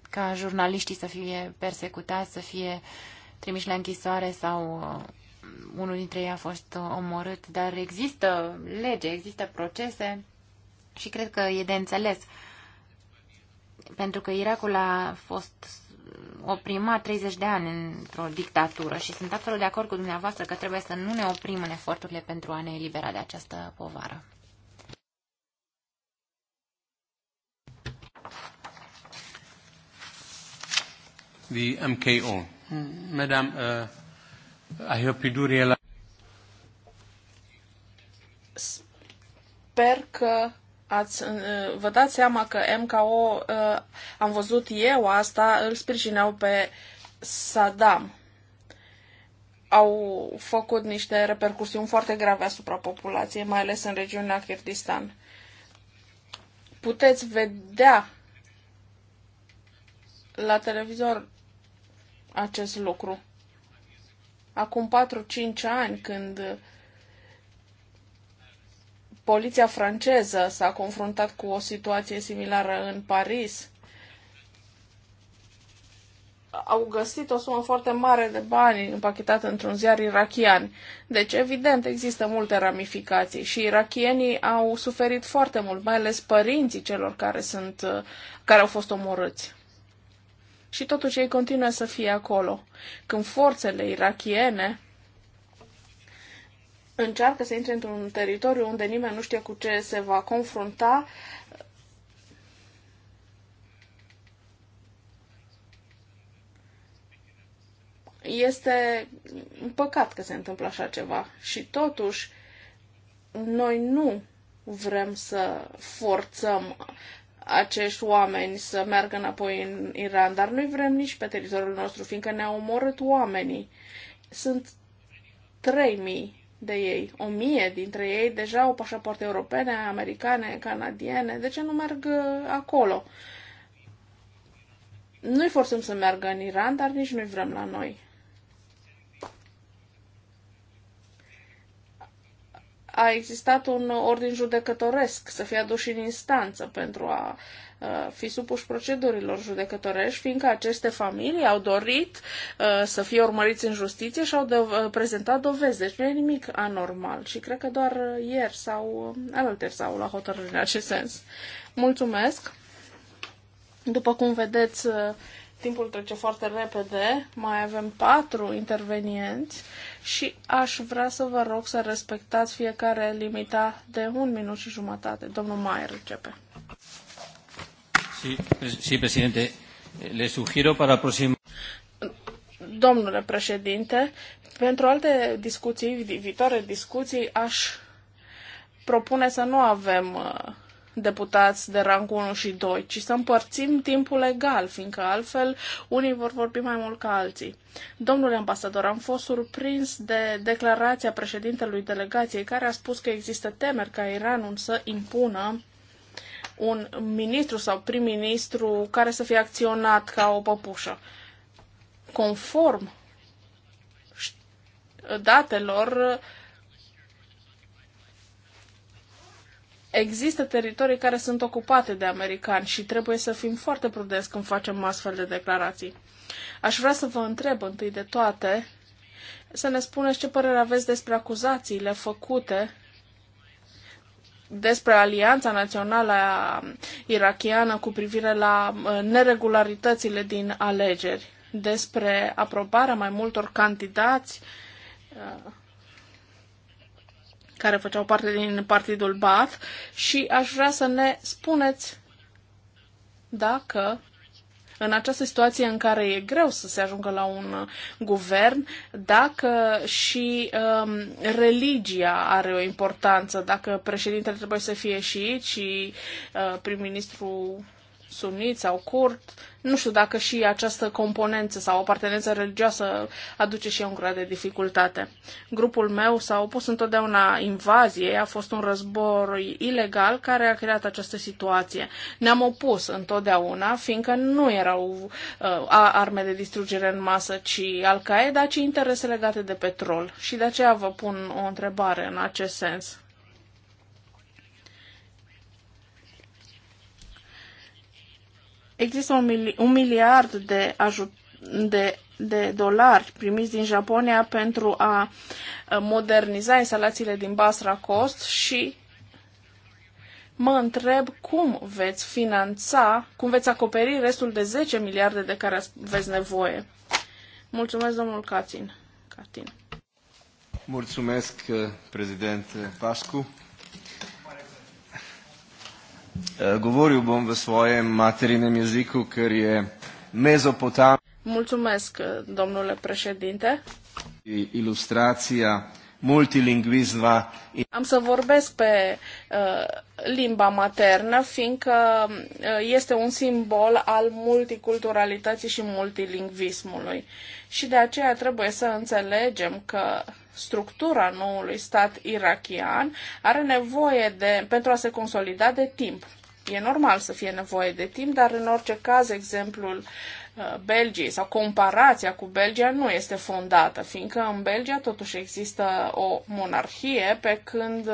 ca jurnaliștii să fie persecutați, să fie uh, trimiși la închisoare sau uh, unul dintre ei a fost uh, omorât, dar există lege, există procese și cred că e de înțeles. Pentru că Irakul a fost oprimat 30 de ani într-o dictatură și sunt absolut de acord cu dumneavoastră că trebuie să nu ne oprim în eforturile pentru a ne elibera de această povară. The MKO. Madame, uh, I hope you do Sper că ați, uh, vă dați seama că MKO, uh, am văzut eu asta, îl sprijineau pe Saddam. Au făcut niște repercusiuni foarte grave asupra populației, mai ales în regiunea Kurdistan. Puteți vedea la televizor acest lucru. Acum 4-5 ani, când poliția franceză s-a confruntat cu o situație similară în Paris, au găsit o sumă foarte mare de bani împachetată într-un ziar irachian. Deci, evident, există multe ramificații și irachienii au suferit foarte mult, mai ales părinții celor care, sunt, uh, care au fost omorâți și totuși ei continuă să fie acolo. Când forțele irachiene încearcă să intre într-un teritoriu unde nimeni nu știe cu ce se va confrunta, este păcat că se întâmplă așa ceva. Și totuși, noi nu vrem să forțăm acești oameni să meargă înapoi în Iran, dar nu-i vrem nici pe teritoriul nostru, fiindcă ne-au omorât oamenii. Sunt 3000 de ei, 1000 dintre ei deja au pașapoarte europene, americane, canadiene, de ce nu merg uh, acolo? Nu-i forțăm să meargă în Iran, dar nici nu-i vrem la noi. a existat un ordin judecătoresc să fie adus în instanță pentru a fi supuși procedurilor judecătorești, fiindcă aceste familii au dorit să fie urmăriți în justiție și au prezentat dovezi. Deci nu e nimic anormal și cred că doar ieri sau alte sau la hotărâri în acest sens. Mulțumesc! După cum vedeți, timpul trece foarte repede, mai avem patru intervenienți și aș vrea să vă rog să respectați fiecare limita de un minut și jumătate. Domnul Maier începe. Sí, sí, presidente. Le sugiero para próxima... Domnule președinte, pentru alte discuții, viitoare discuții, aș propune să nu avem uh, deputați de rang 1 și 2, ci să împărțim timpul egal, fiindcă altfel unii vor vorbi mai mult ca alții. Domnule ambasador, am fost surprins de declarația președintelui delegației care a spus că există temeri ca Iranul să impună un ministru sau prim-ministru care să fie acționat ca o păpușă. Conform datelor, uh, Există teritorii care sunt ocupate de americani și trebuie să fim foarte prudenți când facem astfel de declarații. Aș vrea să vă întreb întâi de toate să ne spuneți ce părere aveți despre acuzațiile făcute despre Alianța Națională Irachiană cu privire la uh, neregularitățile din alegeri, despre aprobarea mai multor candidați uh, care făceau parte din partidul Bath și aș vrea să ne spuneți dacă în această situație în care e greu să se ajungă la un guvern, dacă și um, religia are o importanță, dacă președintele trebuie să fie și și uh, prim-ministru sunit sau curt. Nu știu dacă și această componență sau apartenență religioasă aduce și ea un grad de dificultate. Grupul meu s-a opus întotdeauna invaziei, a fost un război ilegal care a creat această situație. Ne-am opus întotdeauna, fiindcă nu erau uh, arme de distrugere în masă, ci Al-Qaeda, ci interese legate de petrol. Și de aceea vă pun o întrebare în acest sens. Există un, mili- un miliard de, de, de dolari primiți din Japonia pentru a moderniza instalațiile din Basra Cost și mă întreb cum veți finanța, cum veți acoperi restul de 10 miliarde de care aveți nevoie. Mulțumesc, domnul Catin. Catin. Mulțumesc, prezident Pascu. Eh, govoril bom v svojem materinem jeziku, ker je Mezopotam. Mulțumesc, domnule președinte. Ilustrația multilingvizva. Am să vorbesc pe eh, limba maternă, fiindcă eh, este un simbol al multiculturalității și multilingvismului. Și de aceea trebuie să înțelegem că structura noului stat irachian are nevoie de, pentru a se consolida de timp. E normal să fie nevoie de timp, dar în orice caz exemplul Uh, Belgiei sau comparația cu Belgia nu este fondată, fiindcă în Belgia totuși există o monarhie, pe când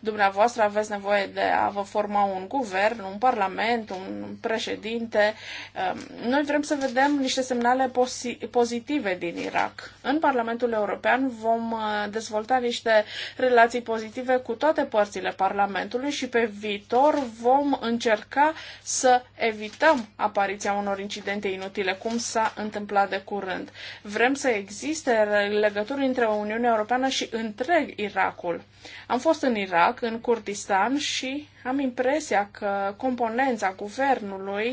dumneavoastră aveți nevoie de a vă forma un guvern, un parlament, un președinte. Um, noi vrem să vedem niște semnale pozitive din Irak. În Parlamentul European vom uh, dezvolta niște relații pozitive cu toate părțile Parlamentului și pe viitor vom încerca să evităm apariția unor incidente inutile utile, cum s-a întâmplat de curând. Vrem să existe legături între Uniunea Europeană și întreg Irakul. Am fost în Irak, în Kurdistan și am impresia că componența guvernului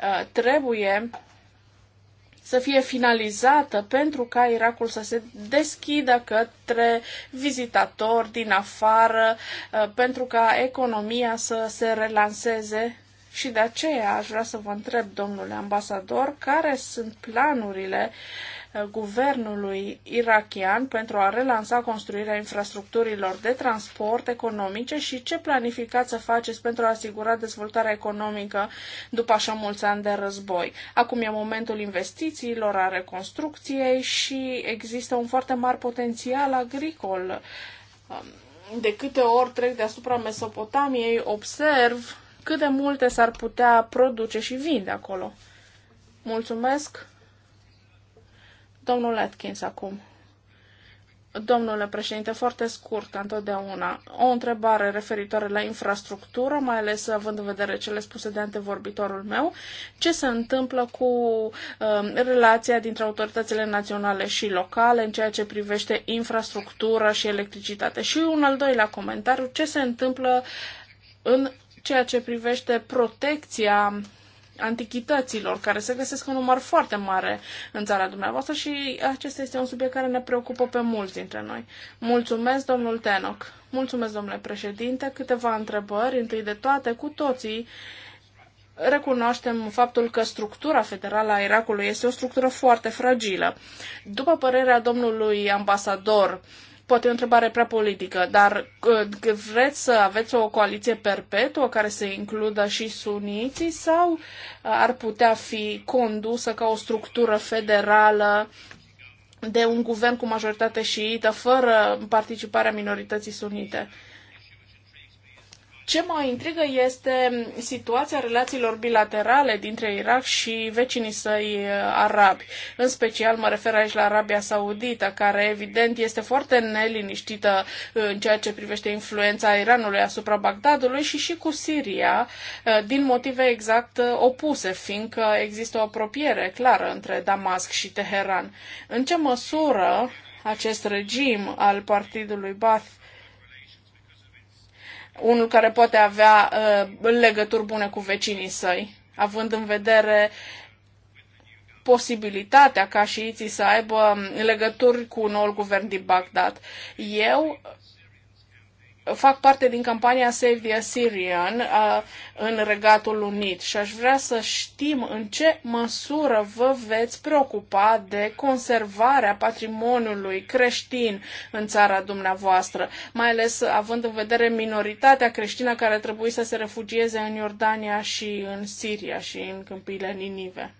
uh, trebuie să fie finalizată pentru ca Irakul să se deschidă către vizitatori din afară, uh, pentru ca economia să se relanseze și de aceea aș vrea să vă întreb, domnule ambasador, care sunt planurile eh, guvernului irachian pentru a relansa construirea infrastructurilor de transport economice și ce planificați să faceți pentru a asigura dezvoltarea economică după așa mulți ani de război. Acum e momentul investițiilor, a reconstrucției și există un foarte mare potențial agricol. De câte ori trec deasupra Mesopotamiei, observ cât de multe s-ar putea produce și vinde acolo. Mulțumesc. Domnul Atkins acum. Domnule președinte, foarte scurt, întotdeauna, o întrebare referitoare la infrastructură, mai ales având în vedere cele spuse de antevorbitorul meu. Ce se întâmplă cu uh, relația dintre autoritățile naționale și locale în ceea ce privește infrastructura și electricitate? Și un al doilea comentariu, ce se întâmplă în ceea ce privește protecția antichităților, care se găsesc în număr foarte mare în țara dumneavoastră și acesta este un subiect care ne preocupă pe mulți dintre noi. Mulțumesc, domnul Tenoc. Mulțumesc, domnule președinte. Câteva întrebări, întâi de toate, cu toții recunoaștem faptul că structura federală a Irakului este o structură foarte fragilă. După părerea domnului ambasador, uh, Poate o întrebare prea politică, dar uh, vreți să aveți o coaliție perpetuă care să includă și suniții sau uh, ar putea fi condusă ca o structură federală de un guvern cu majoritate șiită fără participarea minorității sunite? Ce mă intrigă este situația relațiilor bilaterale dintre Irak și vecinii săi uh, arabi. În special mă refer aici la Arabia Saudită, care evident este foarte neliniștită uh, în ceea ce privește influența Iranului asupra Bagdadului și și cu Siria, uh, din motive exact opuse, fiindcă există o apropiere clară între Damasc și Teheran. În ce măsură acest regim al partidului Ba'ath unul care poate avea uh, legături bune cu vecinii săi, având în vedere posibilitatea ca și să aibă um, legături cu noul guvern din Bagdad. Eu fac parte din campania Save the Syrian uh, în Regatul Unit și aș vrea să știm în ce măsură vă veți preocupa de conservarea patrimoniului creștin în țara dumneavoastră, mai ales având în vedere minoritatea creștină care trebuie să se refugieze în Iordania și în Siria și în câmpiile Ninive.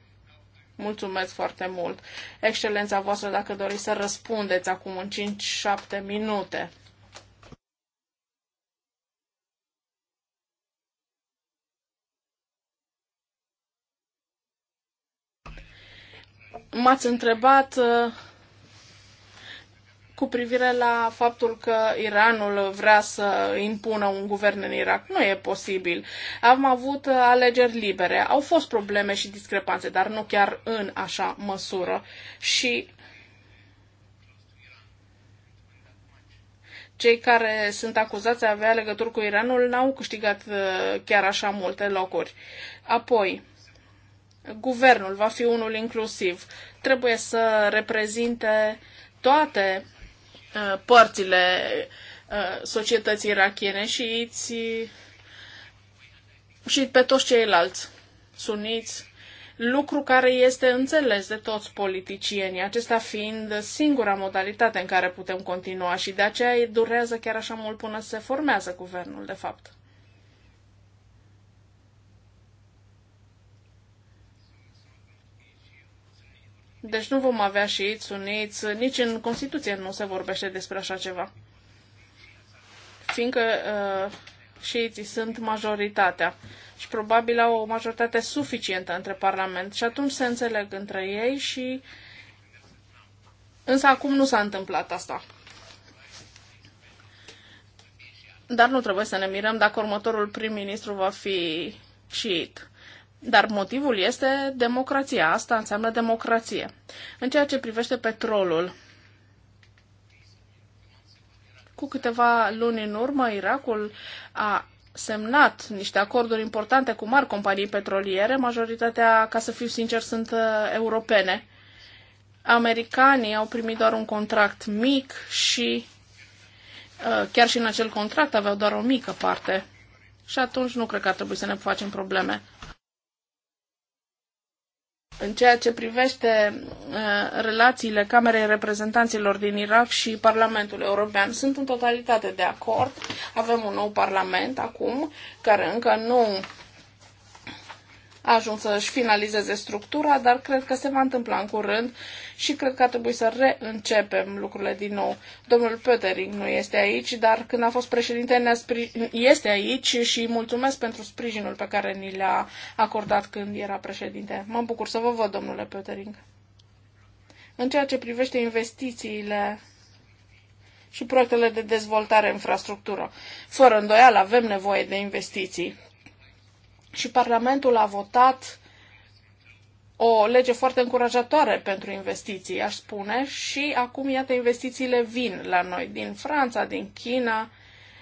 Mulțumesc foarte mult. Excelența voastră, dacă doriți să răspundeți acum în 5-7 minute. M-ați întrebat uh, cu privire la faptul că Iranul vrea să impună un guvern în Irak. Nu e posibil. Am avut uh, alegeri libere, au fost probleme și discrepanțe, dar nu chiar în așa măsură. Și cei care sunt acuzați a avea legături cu Iranul n-au câștigat uh, chiar așa multe locuri. Apoi, guvernul va fi unul inclusiv. Trebuie să reprezinte toate uh, părțile uh, societății irachiene și, ți, și pe toți ceilalți suniți, lucru care este înțeles de toți politicienii, acesta fiind singura modalitate în care putem continua și de aceea durează chiar așa mult până se formează guvernul, de fapt. Deci nu vom avea șiiți, suniți, nici în Constituție nu se vorbește despre așa ceva. Fiindcă uh, șiiții sunt majoritatea și probabil au o majoritate suficientă între Parlament și atunci se înțeleg între ei și... Însă acum nu s-a întâmplat asta. Dar nu trebuie să ne mirăm dacă următorul prim-ministru va fi șiit. Dar motivul este democrația. Asta înseamnă democrație. În ceea ce privește petrolul, cu câteva luni în urmă, Irakul a semnat niște acorduri importante cu mari companii petroliere, majoritatea, ca să fiu sincer, sunt uh, europene. Americanii au primit doar un contract mic și uh, chiar și în acel contract aveau doar o mică parte. Și atunci nu cred că ar trebui să ne facem probleme. În ceea ce privește uh, relațiile Camerei Reprezentanților din Irak și Parlamentul European, sunt în totalitate de acord. Avem un nou parlament acum, care încă nu a ajuns să-și finalizeze structura, dar cred că se va întâmpla în curând și cred că ar trebui să reîncepem lucrurile din nou. Domnul Pötering nu este aici, dar când a fost președinte ne este aici și mulțumesc pentru sprijinul pe care ni l-a acordat când era președinte. Mă bucur să vă văd, domnule Pötering. În ceea ce privește investițiile și proiectele de dezvoltare infrastructură. Fără îndoială avem nevoie de investiții și Parlamentul a votat o lege foarte încurajatoare pentru investiții, aș spune, și acum, iată, investițiile vin la noi din Franța, din China.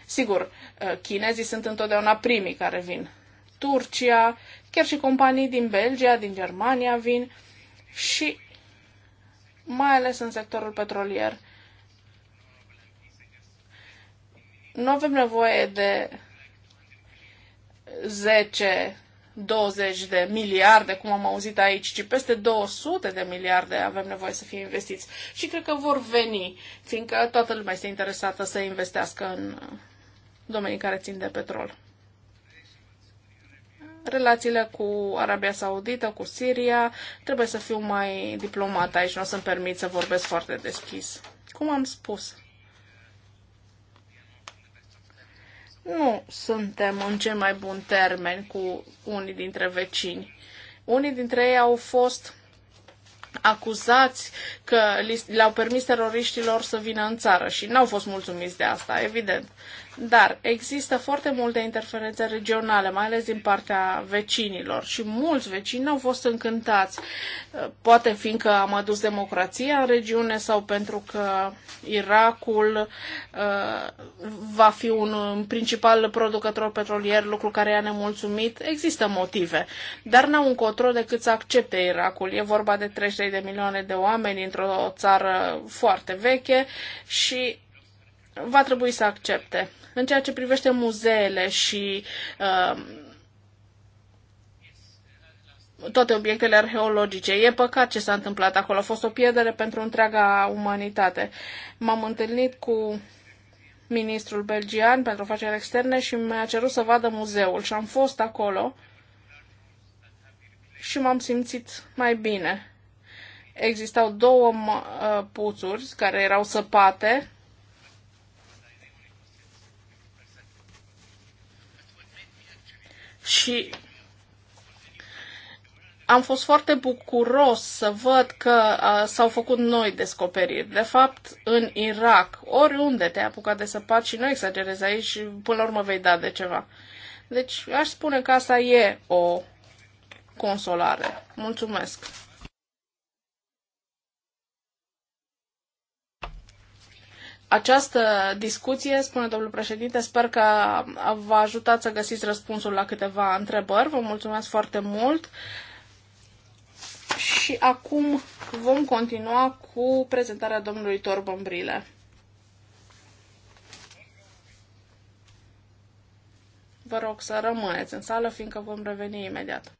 Sigur, ă, chinezii sunt întotdeauna primii care vin. Turcia, chiar și companii din Belgia, din Germania vin și mai ales în sectorul petrolier. Nu avem nevoie de 10 20 de miliarde, cum am auzit aici, ci peste 200 de miliarde avem nevoie să fie investiți. Și cred că vor veni, fiindcă toată lumea este interesată să investească în domenii care țin de petrol. Relațiile cu Arabia Saudită, cu Siria, trebuie să fiu mai diplomat aici, nu o să-mi permit să vorbesc foarte deschis. Cum am spus, nu suntem în cel mai bun termen cu unii dintre vecini. Unii dintre ei au fost acuzați că le-au permis teroriștilor să vină în țară și n-au fost mulțumiți de asta, evident. Dar există foarte multe interferențe regionale, mai ales din partea vecinilor și mulți vecini au fost încântați, uh, poate fiindcă am adus democrația în regiune sau pentru că Irakul uh, va fi un uh, principal producător petrolier, lucru care i-a nemulțumit. Există motive, dar n-au control decât să accepte Irakul. E vorba de 33 de milioane de oameni într-o țară foarte veche și va trebui să accepte. În ceea ce privește muzeele și uh, toate obiectele arheologice. E păcat ce s-a întâmplat acolo. A fost o pierdere pentru întreaga umanitate. M-am întâlnit cu ministrul belgian pentru afaceri externe și mi-a cerut să vadă muzeul și am fost acolo și m-am simțit mai bine. Existau două uh, puțuri care erau săpate Și am fost foarte bucuros să văd că s-au făcut noi descoperiri. De fapt, în Irak, oriunde te-ai apucat de săpat și nu exagerezi aici, până la urmă vei da de ceva. Deci, aș spune că asta e o consolare. Mulțumesc! această discuție, spune domnul președinte, sper că v-a ajutat să găsiți răspunsul la câteva întrebări. Vă mulțumesc foarte mult. Și acum vom continua cu prezentarea domnului Torbon Brile. Vă rog să rămâneți în sală, fiindcă vom reveni imediat.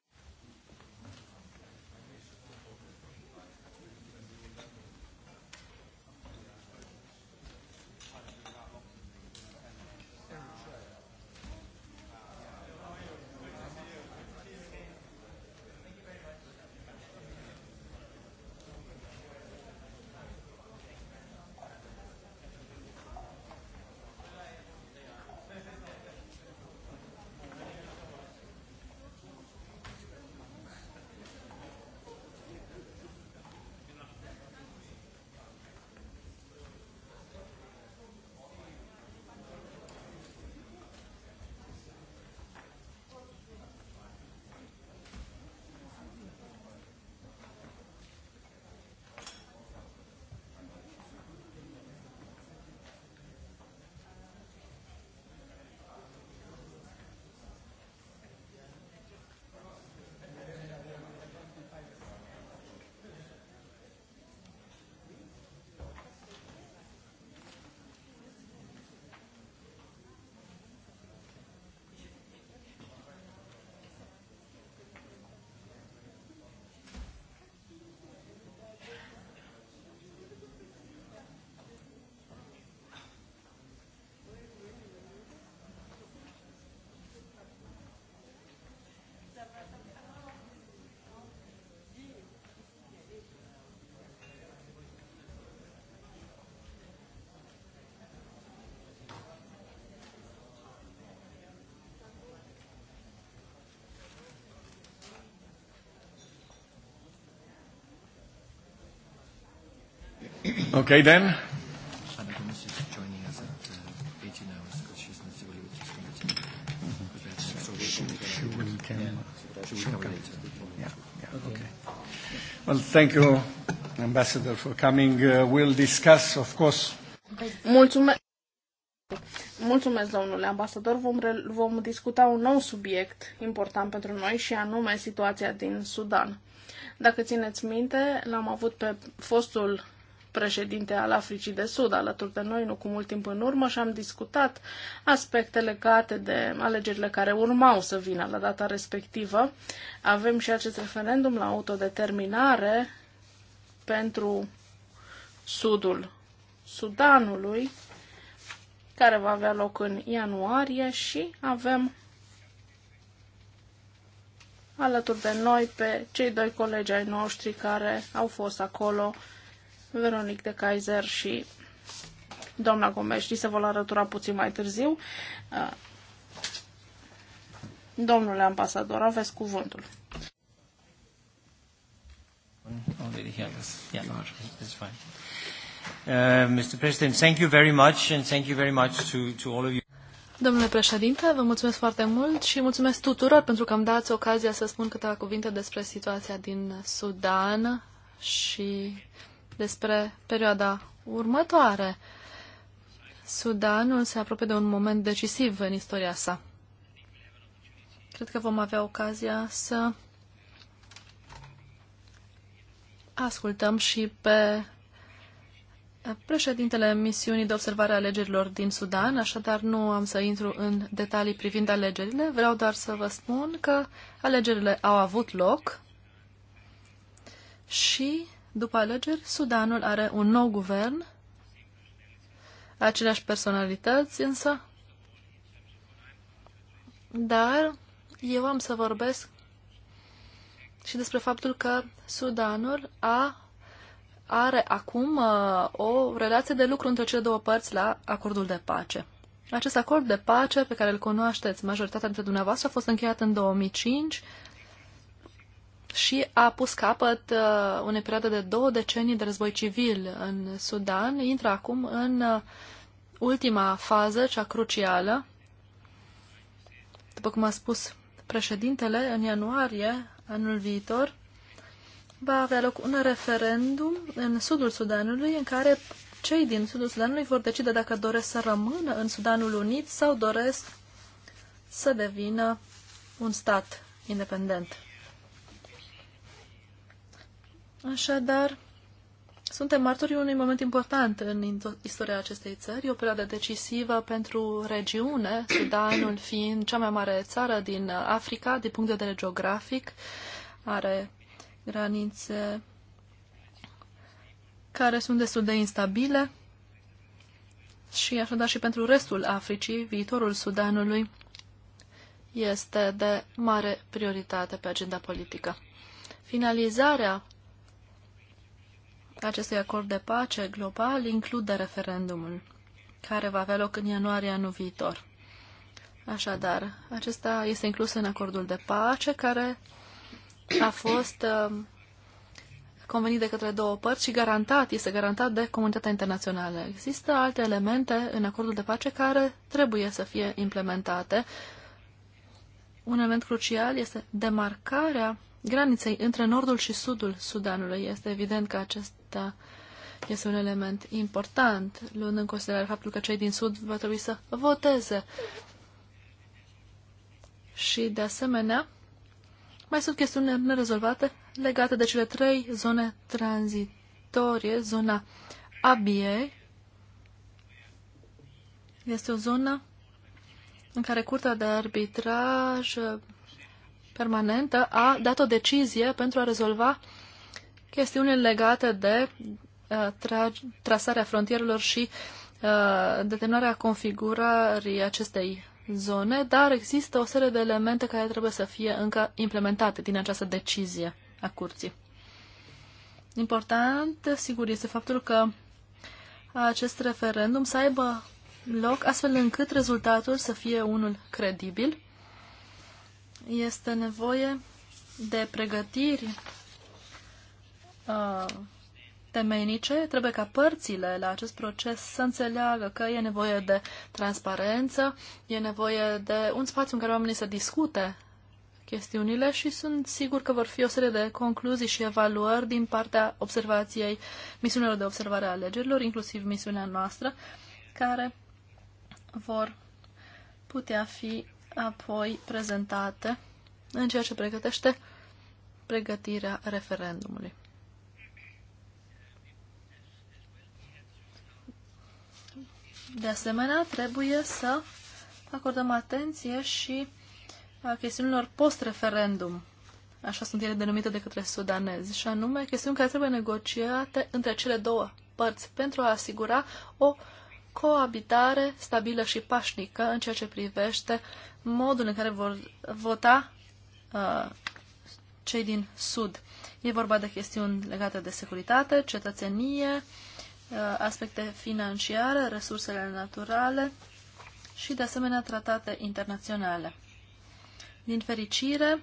Okay then. Uh, well, thank you, Ambassador, for coming. Uh, we'll discuss, of course. Mulțumesc. Mulțumesc, domnule ambasador. Vom, vom discuta un nou subiect important pentru noi și anume situația din Sudan. Dacă țineți minte, l-am avut pe fostul președinte al Africii de Sud alături de noi, nu cu mult timp în urmă, și am discutat aspecte legate de alegerile care urmau să vină la data respectivă. Avem și acest referendum la autodeterminare pentru Sudul Sudanului, care va avea loc în ianuarie și avem alături de noi pe cei doi colegi ai noștri care au fost acolo Veronic de Kaiser și doamna și se vor arătura puțin mai târziu. Uh, domnule ambasador, aveți cuvântul. Uh, Mr. President, thank you very much and thank you very much to, all of you. Domnule președinte, vă mulțumesc foarte mult și mulțumesc tuturor pentru că am dați ocazia să spun câteva cuvinte despre situația din Sudan și despre perioada următoare. Sudanul se apropie de un moment decisiv în istoria sa. Cred că vom avea ocazia să ascultăm și pe președintele misiunii de observare a alegerilor din Sudan, așadar nu am să intru în detalii privind alegerile, vreau doar să vă spun că alegerile au avut loc și după alegeri, Sudanul are un nou guvern, aceleași personalități, însă. Dar eu am să vorbesc și despre faptul că Sudanul a, are acum uh, o relație de lucru între cele două părți la acordul de pace. Acest acord de pace pe care îl cunoașteți majoritatea dintre dumneavoastră a fost încheiat în 2005 și a pus capăt uh, unei perioade de două decenii de război civil în Sudan, intră acum în uh, ultima fază, cea crucială. După cum a spus președintele, în ianuarie anul viitor va avea loc un referendum în sudul Sudanului în care cei din sudul Sudanului vor decide dacă doresc să rămână în Sudanul Unit sau doresc să devină un stat independent. Așadar, suntem martorii unui moment important în istoria acestei țări, o perioadă decisivă pentru regiune, Sudanul fiind cea mai mare țară din Africa, din punct de vedere geografic, are granițe care sunt destul de instabile și așadar și pentru restul Africii, viitorul Sudanului este de mare prioritate pe agenda politică. Finalizarea acestui acord de pace global include referendumul, care va avea loc în ianuarie anul viitor. Așadar, acesta este inclus în acordul de pace, care a fost uh, convenit de către două părți și garantat, este garantat de comunitatea internațională. Există alte elemente în acordul de pace care trebuie să fie implementate. Un element crucial este demarcarea graniței între nordul și sudul Sudanului. Este evident că acesta este un element important, luând în considerare faptul că cei din sud va trebui să voteze. Și, de asemenea, mai sunt chestiuni nerezolvate legate de cele trei zone tranzitorie. Zona Abie este o zonă în care Curtea de Arbitraj permanentă a dat o decizie pentru a rezolva chestiunile legate de uh, tra trasarea frontierelor și uh, determinarea configurării acestei zone, dar există o serie de elemente care trebuie să fie încă implementate din această decizie a curții. Important, sigur, este faptul că acest referendum să aibă loc astfel încât rezultatul să fie unul credibil este nevoie de pregătiri uh, temeinice. Trebuie ca părțile la acest proces să înțeleagă că e nevoie de transparență, e nevoie de un spațiu în care oamenii să discute chestiunile și sunt sigur că vor fi o serie de concluzii și evaluări din partea observației, misiunilor de observare a alegerilor, inclusiv misiunea noastră, care vor putea fi apoi prezentate în ceea ce pregătește pregătirea referendumului. De asemenea, trebuie să acordăm atenție și a chestiunilor post-referendum, așa sunt ele denumite de către sudanezi, și anume chestiuni care trebuie negociate între cele două părți pentru a asigura o uh, coabitare stabilă și pașnică în ceea ce privește modul în care vor vota uh, cei din Sud. E vorba de chestiuni legate de securitate, cetățenie, uh, aspecte financiare, resursele naturale și, de asemenea, tratate internaționale. Din fericire,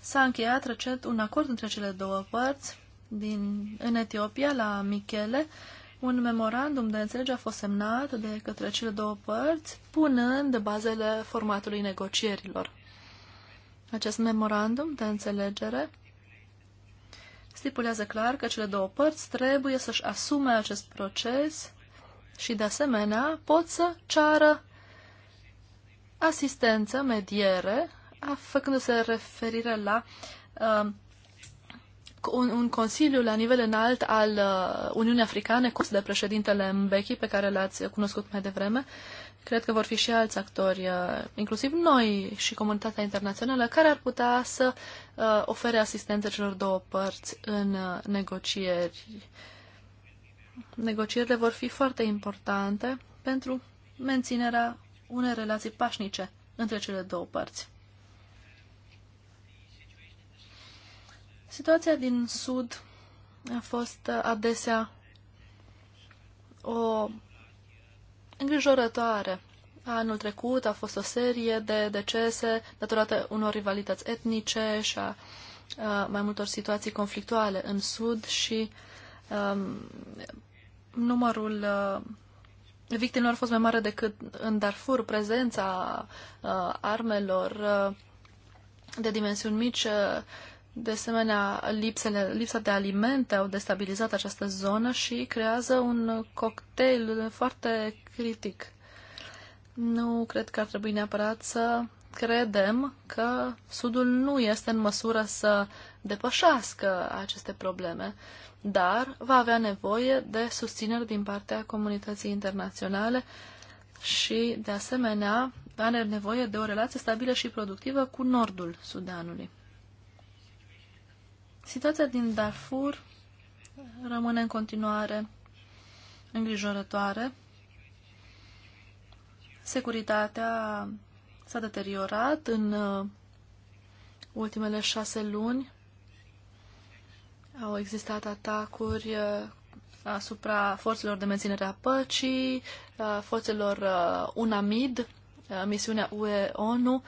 s-a încheiat recent un acord între cele două părți din, în Etiopia, la Michele, uh, un memorandum de înțelegere a fost semnat de către cele două părți, punând bazele formatului negocierilor. Acest memorandum de înțelegere stipulează clar că cele două părți trebuie să-și asume acest proces și, de asemenea, pot să ceară asistență, mediere, făcându-se referire la uh, un, un consiliu la nivel înalt al uh, Uniunii Africane, cu de președintele Mbeki, pe care l-ați cunoscut mai devreme. Cred că vor fi și alți actori, uh, inclusiv noi și comunitatea internațională, care ar putea să uh, ofere asistență celor două părți în uh, negocieri. Negocierile vor fi foarte importante pentru menținerea unei relații pașnice între cele două părți. Situația din Sud a fost uh, adesea o îngrijorătoare. Anul trecut a fost o serie de decese datorate unor rivalități etnice și a, a uh, mai multor situații conflictuale în Sud și um, numărul uh, victimelor a fost mai mare decât în Darfur. Prezența uh, armelor uh, de dimensiuni mici uh, de asemenea, lipsele, lipsa de alimente au destabilizat această zonă și creează un cocktail foarte critic. Nu cred că ar trebui neapărat să credem că Sudul nu este în măsură să depășească aceste probleme, dar va avea nevoie de susținere din partea comunității internaționale și, de asemenea, are nevoie de o relație stabilă și productivă cu nordul Sudanului. Situația din Darfur rămâne în continuare îngrijorătoare. Securitatea s-a deteriorat în uh, ultimele șase luni. Au existat atacuri uh, asupra forțelor de menținere a păcii, a forțelor uh, UNAMID, misiunea UE-ONU.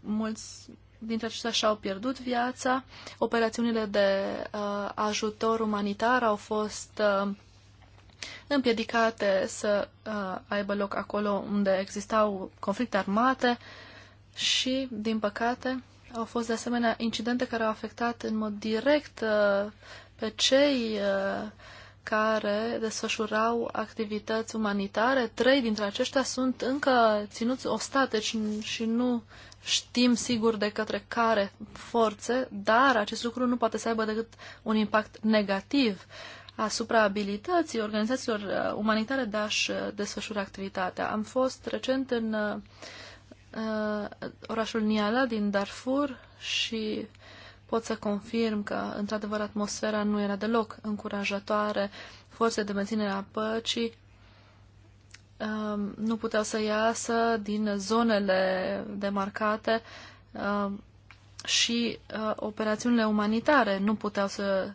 Mulți dintre aceștia și-au pierdut viața. Operațiunile de uh, ajutor umanitar au fost uh, împiedicate să uh, aibă loc acolo unde existau conflicte armate și, din păcate, au fost de asemenea incidente care au afectat în mod direct uh, pe cei uh, care desfășurau activități umanitare. Trei dintre aceștia sunt încă ținuți ostateci și nu știm sigur de către care forțe, dar acest lucru nu poate să aibă decât un impact negativ asupra abilității organizațiilor uh, umanitare de a-și uh, desfășura activitatea. Am fost recent în uh, uh, orașul Niala din Darfur și pot să confirm că, într-adevăr, atmosfera nu era deloc încurajatoare. Forțe de menținere a păcii nu puteau să iasă din zonele demarcate și operațiunile umanitare nu puteau să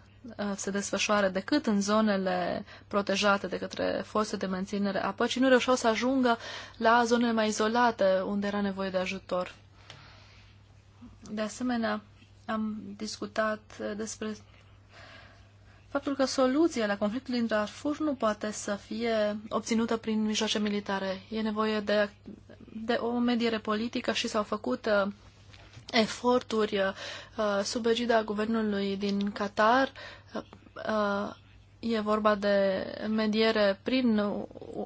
se desfășoare decât în zonele protejate de către forțe de menținere a păcii, nu reușeau să ajungă la zonele mai izolate unde era nevoie de ajutor. De asemenea, am discutat despre faptul că soluția la conflictul din Darfur nu poate să fie obținută prin mijloace militare. E nevoie de, de o mediere politică și s-au făcut uh, eforturi uh, sub egida guvernului din Qatar. Uh, uh e vorba de mediere prin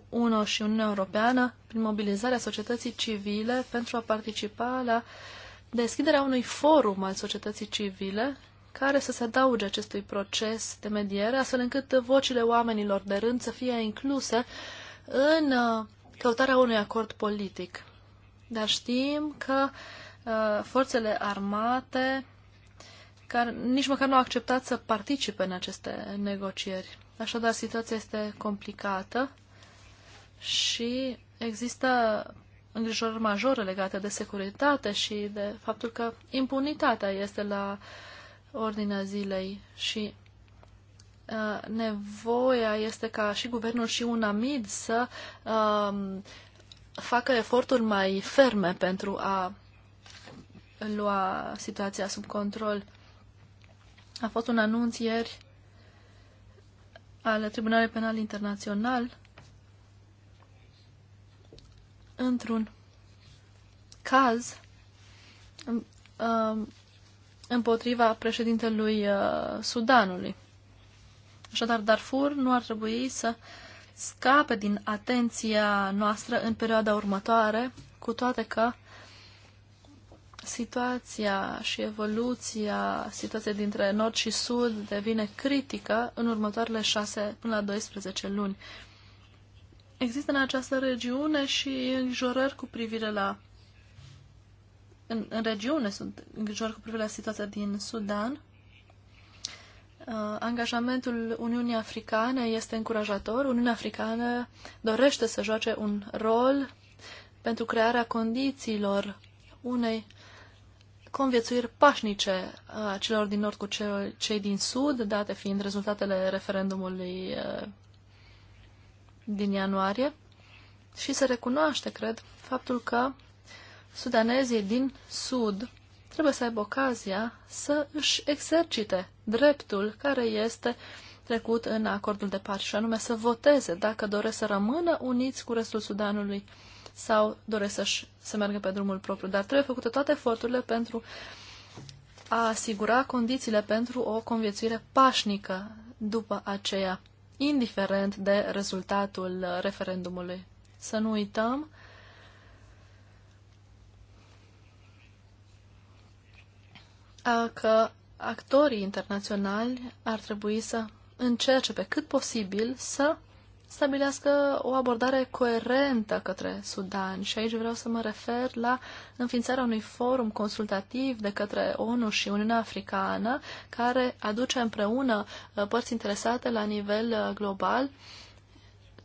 UNO și Uniunea Europeană, prin mobilizarea societății civile pentru a participa la deschiderea unui forum al societății civile care să se adauge acestui proces de mediere, astfel încât vocile oamenilor de rând să fie incluse în uh, căutarea unui acord politic. Dar știm că uh, forțele armate care nici măcar nu au acceptat să participe în aceste negocieri. Așadar, situația este complicată și există îngrijorări majore legate de securitate și de faptul că impunitatea este la uh, ordinea zilei și uh, nevoia este ca și guvernul și UNAMID să uh, facă eforturi mai ferme pentru a lua situația sub control. A fost un anunț ieri al Tribunalului Penal Internațional într-un caz um, um împotriva președintelui uh, Sudanului. Așadar, Darfur nu ar trebui să scape din atenția noastră în perioada următoare, cu toate că situația și evoluția situației dintre nord și sud devine critică în următoarele 6 până la 12 luni. Există în această regiune și îngrijorări cu privire la în, în regiune, sunt îngrijorări cu privire la situația din Sudan. Uh, angajamentul Uniunii Africane este încurajator. Uniunea Africană dorește să joace un rol pentru crearea condițiilor unei conviețuiri pașnice a uh, celor din nord cu ce, cei din sud, date fiind rezultatele referendumului uh, din ianuarie. Și se recunoaște, cred, faptul că sudanezii din Sud trebuie să aibă ocazia să își exercite dreptul care este trecut în acordul de pace, și anume să voteze dacă doresc să rămână uniți cu restul Sudanului sau doresc să, să meargă pe drumul propriu. Dar trebuie făcute toate eforturile pentru a asigura condițiile pentru o conviețuire pașnică după aceea, indiferent de rezultatul referendumului. Să nu uităm că actorii internaționali ar trebui să încerce pe cât posibil să stabilească o abordare coerentă către Sudan. Și aici vreau să mă refer la înființarea unui forum consultativ de către ONU și Uniunea Africană, care aduce împreună părți interesate la nivel global,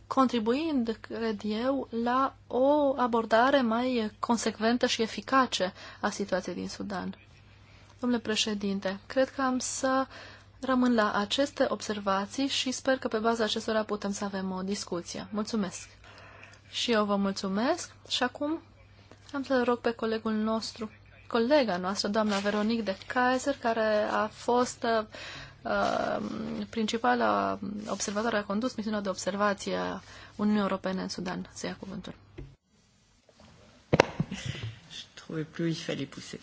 contribuind, cred eu, la o abordare mai consecventă și eficace a situației din Sudan. Domnule președinte, cred că am să rămân la aceste observații și sper că pe baza acestora putem să avem o discuție. Mulțumesc! Și eu vă mulțumesc și acum am să rog pe colegul nostru, colega noastră, doamna Veronic de Kaiser, care a fost uh, principala observatoare, a condus misiunea de observație a Uniunii Europene în Sudan. Să ia cuvântul. Je trouvais plus, il fallait pousser.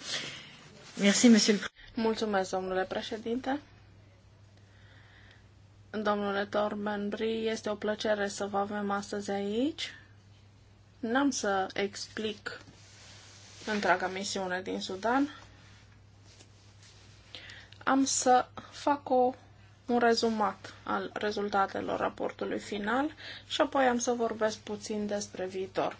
Mulțumesc, domnule președinte. Domnule Torbenbri, este o plăcere să vă avem astăzi aici. N-am să explic întreaga misiune din Sudan. Am să fac o, un rezumat al rezultatelor raportului final și apoi am să vorbesc puțin despre viitor.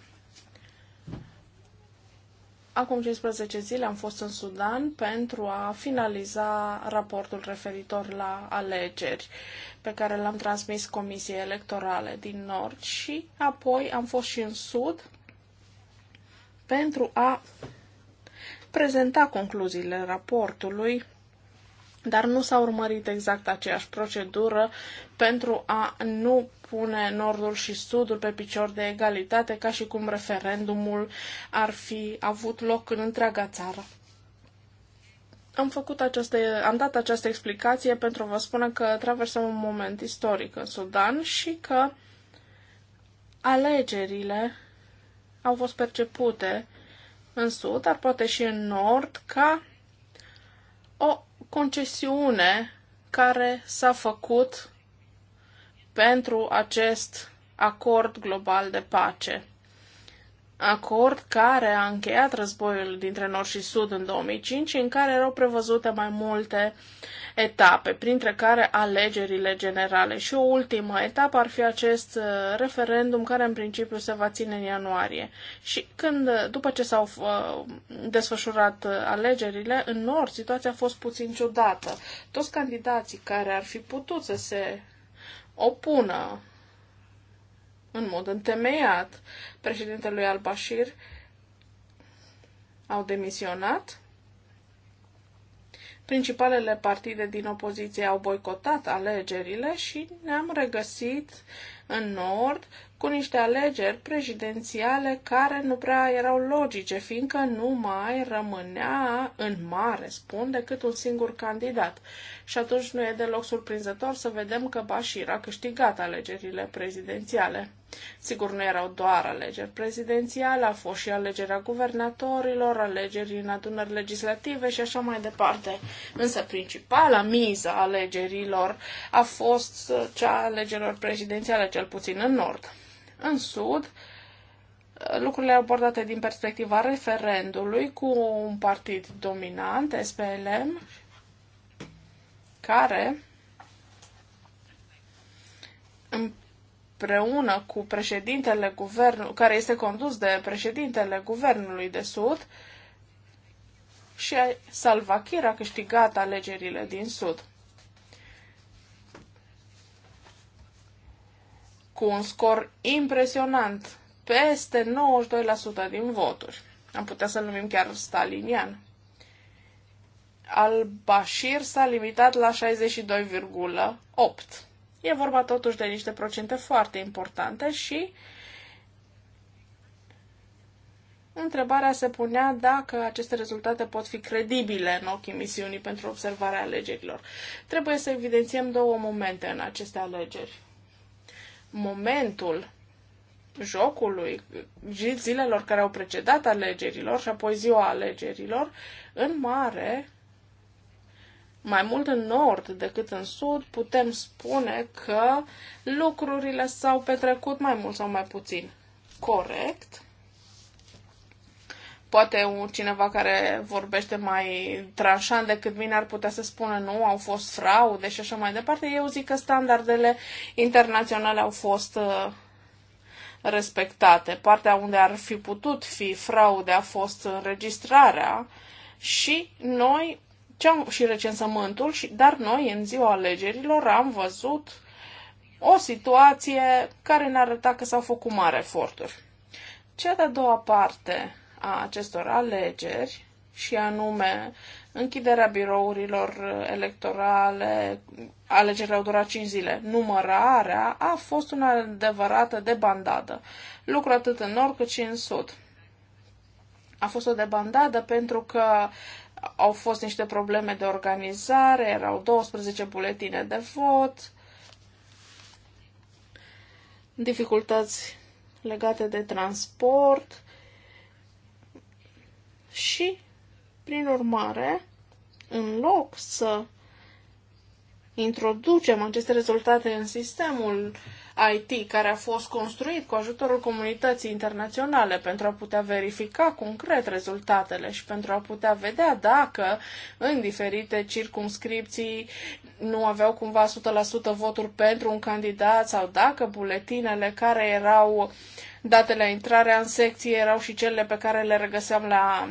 Acum 15 zile am fost în Sudan pentru a finaliza raportul referitor la alegeri pe care l-am transmis Comisiei Electorale din Nord și apoi am fost și în Sud pentru a prezenta concluziile raportului, dar nu s-a urmărit exact aceeași procedură pentru a nu pune nordul și sudul pe picior de egalitate, ca și cum referendumul ar fi avut loc în întreaga țară. Am, făcut această, am dat această explicație pentru a vă spune că traversăm un moment istoric în Sudan și că alegerile au fost percepute în sud, dar poate și în nord, ca o concesiune care s-a făcut pentru acest acord global de pace. Acord care a încheiat războiul dintre nord și sud în 2005, în care erau prevăzute mai multe etape, printre care alegerile generale. Și o ultimă etapă ar fi acest uh, referendum care în principiu se va ține în ianuarie. Și când, uh, după ce s-au uh, desfășurat alegerile, în nord situația a fost puțin ciudată. Toți candidații care ar fi putut să se opună în mod întemeiat președintelui al-Bashir au demisionat. Principalele partide din opoziție au boicotat alegerile și ne-am regăsit în nord cu niște alegeri prezidențiale care nu prea erau logice, fiindcă nu mai rămânea în mare, spun, decât un singur candidat. Și atunci nu e deloc surprinzător să vedem că Bashir a câștigat alegerile prezidențiale. Sigur, nu erau doar alegeri prezidențiale, a fost și alegerea guvernatorilor, alegeri în adunări legislative și așa mai departe. Însă principala miză alegerilor a fost uh, cea a alegerilor prezidențiale, cel puțin în Nord. În Sud, lucrurile abordate din perspectiva referendului cu un partid dominant, SPLM, care împreună cu președintele guvernului, care este condus de președintele guvernului de Sud, și Salva Kiir a câștigat alegerile din Sud. cu un scor impresionant, peste 92% din voturi. Am putea să-l numim chiar stalinian. Al-Bashir s-a limitat la 62,8%. E vorba totuși de niște procente foarte importante și întrebarea se punea dacă aceste rezultate pot fi credibile în ochii misiunii pentru observarea alegerilor. Trebuie să evidențiem două momente în aceste alegeri momentul jocului, zilelor care au precedat alegerilor și apoi ziua alegerilor, în mare, mai mult în nord decât în sud, putem spune că lucrurile s-au petrecut mai mult sau mai puțin corect Poate un cineva care vorbește mai tranșant decât mine ar putea să spună nu, au fost fraude și așa mai departe. Eu zic că standardele internaționale au fost uh, respectate. Partea unde ar fi putut fi fraude a fost înregistrarea și noi și recensământul, și, dar noi în ziua alegerilor am văzut o situație care ne arăta că s-au făcut mari eforturi. Cea de-a doua parte a acestor alegeri și anume închiderea birourilor electorale, alegerile au durat 5 zile, numărarea a fost una adevărată debandadă, lucru atât în nord cât și în sud. A fost o debandadă pentru că au fost niște probleme de organizare, erau 12 buletine de vot, dificultăți legate de transport, și, prin urmare, în loc să introducem aceste rezultate în sistemul IT care a fost construit cu ajutorul comunității internaționale pentru a putea verifica concret rezultatele și pentru a putea vedea dacă în diferite circumscripții nu aveau cumva 100% voturi pentru un candidat sau dacă buletinele care erau Datele la intrarea în secție erau și cele pe care le regăseam la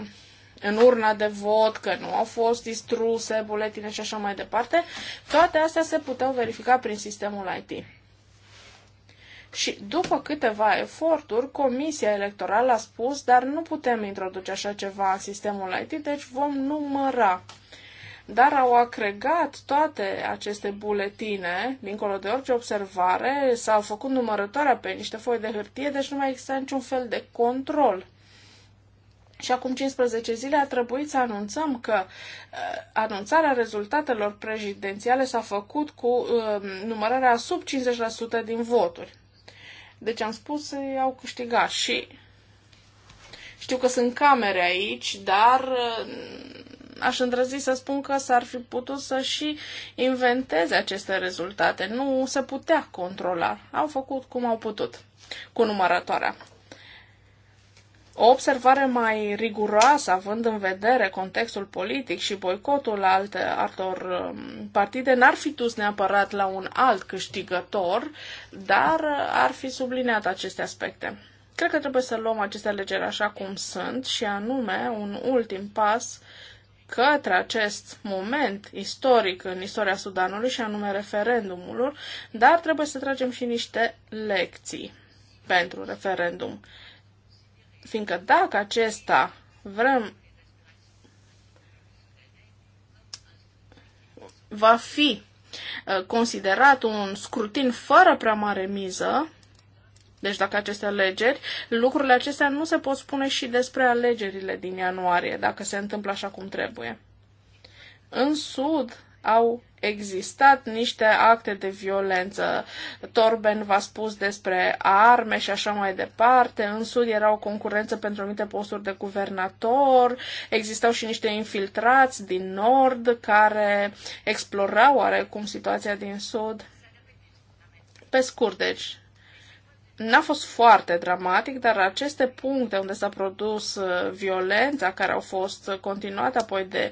în urna de vot, că nu au fost distruse buletine și așa mai departe, toate astea se puteau verifica prin sistemul IT. Și după câteva eforturi, Comisia Electorală a spus, dar nu putem introduce așa ceva în sistemul IT, deci vom număra dar au agregat toate aceste buletine, dincolo de orice observare, s-au făcut numărătoarea pe niște foi de hârtie, deci nu mai exista niciun fel de control. Și acum 15 zile a trebuit să anunțăm că uh, anunțarea rezultatelor prezidențiale s-a făcut cu uh, numărarea sub 50% din voturi. Deci am spus că au câștigat și știu că sunt camere aici, dar uh, aș îndrăzi să spun că s-ar fi putut să și inventeze aceste rezultate. Nu se putea controla. Au făcut cum au putut cu numărătoarea. O observare mai riguroasă, având în vedere contextul politic și boicotul alte, altor um, partide, n-ar fi dus neapărat la un alt câștigător, dar uh, ar fi subliniat aceste aspecte. Cred că trebuie să luăm aceste alegeri așa cum sunt și anume un ultim pas uh, către acest moment istoric în istoria Sudanului, și anume referendumul, dar trebuie să tragem și niște lecții pentru referendum. Fiindcă dacă acesta vrem va fi uh, considerat un scrutin fără prea mare miză, deci dacă aceste alegeri, lucrurile acestea nu se pot spune și despre alegerile din ianuarie, dacă se întâmplă așa cum trebuie. În Sud au existat niște acte de violență. Torben v-a spus despre arme și așa mai departe. În Sud era o concurență pentru anumite posturi de guvernator. Existau și niște infiltrați din Nord care explorau oarecum situația din Sud. Pe scurt, deci, N-a fost foarte dramatic, dar aceste puncte unde s-a produs uh, violența, care au fost continuate apoi de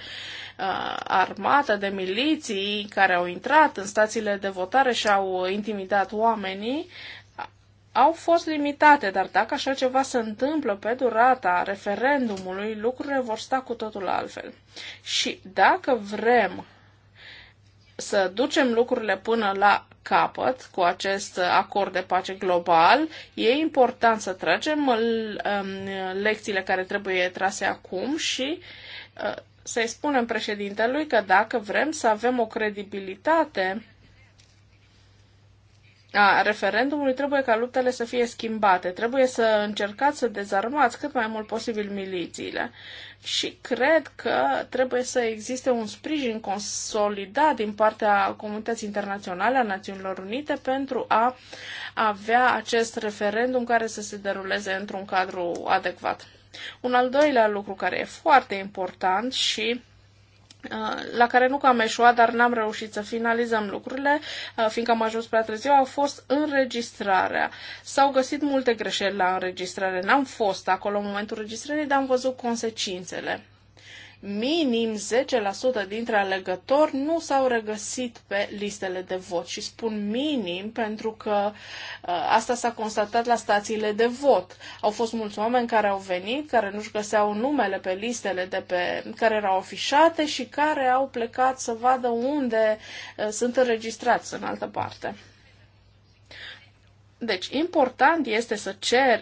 uh, armată, de miliții care au intrat în stațiile de votare și au intimidat oamenii, au fost limitate, dar dacă așa ceva se întâmplă pe durata referendumului, lucrurile vor sta cu totul altfel. Și dacă vrem să ducem lucrurile până la capăt cu acest acord de pace global. E important să tragem um, lecțiile care trebuie trase acum și uh, să-i spunem președintelui că dacă vrem să avem o credibilitate a referendumului trebuie ca luptele să fie schimbate. Trebuie să încercați să dezarmați cât mai mult posibil milițiile. Și cred că trebuie să existe un sprijin consolidat din partea comunității internaționale a Națiunilor Unite pentru a avea acest referendum care să se deruleze într-un cadru adecvat. Un al doilea lucru care e foarte important și la care nu că am eșuat, dar n-am reușit să finalizăm lucrurile, uh, fiindcă am ajuns prea târziu, a fost înregistrarea. S-au găsit multe greșeli la înregistrare. N-am fost acolo în momentul înregistrării, dar am văzut consecințele minim 10% dintre alegători nu s-au regăsit pe listele de vot. Și spun minim pentru că uh, asta s-a constatat la stațiile de vot. Au fost mulți oameni care au venit, care nu-și găseau numele pe listele de pe, care erau afișate și care au plecat să vadă unde uh, sunt înregistrați în altă parte. Deci, important este să cer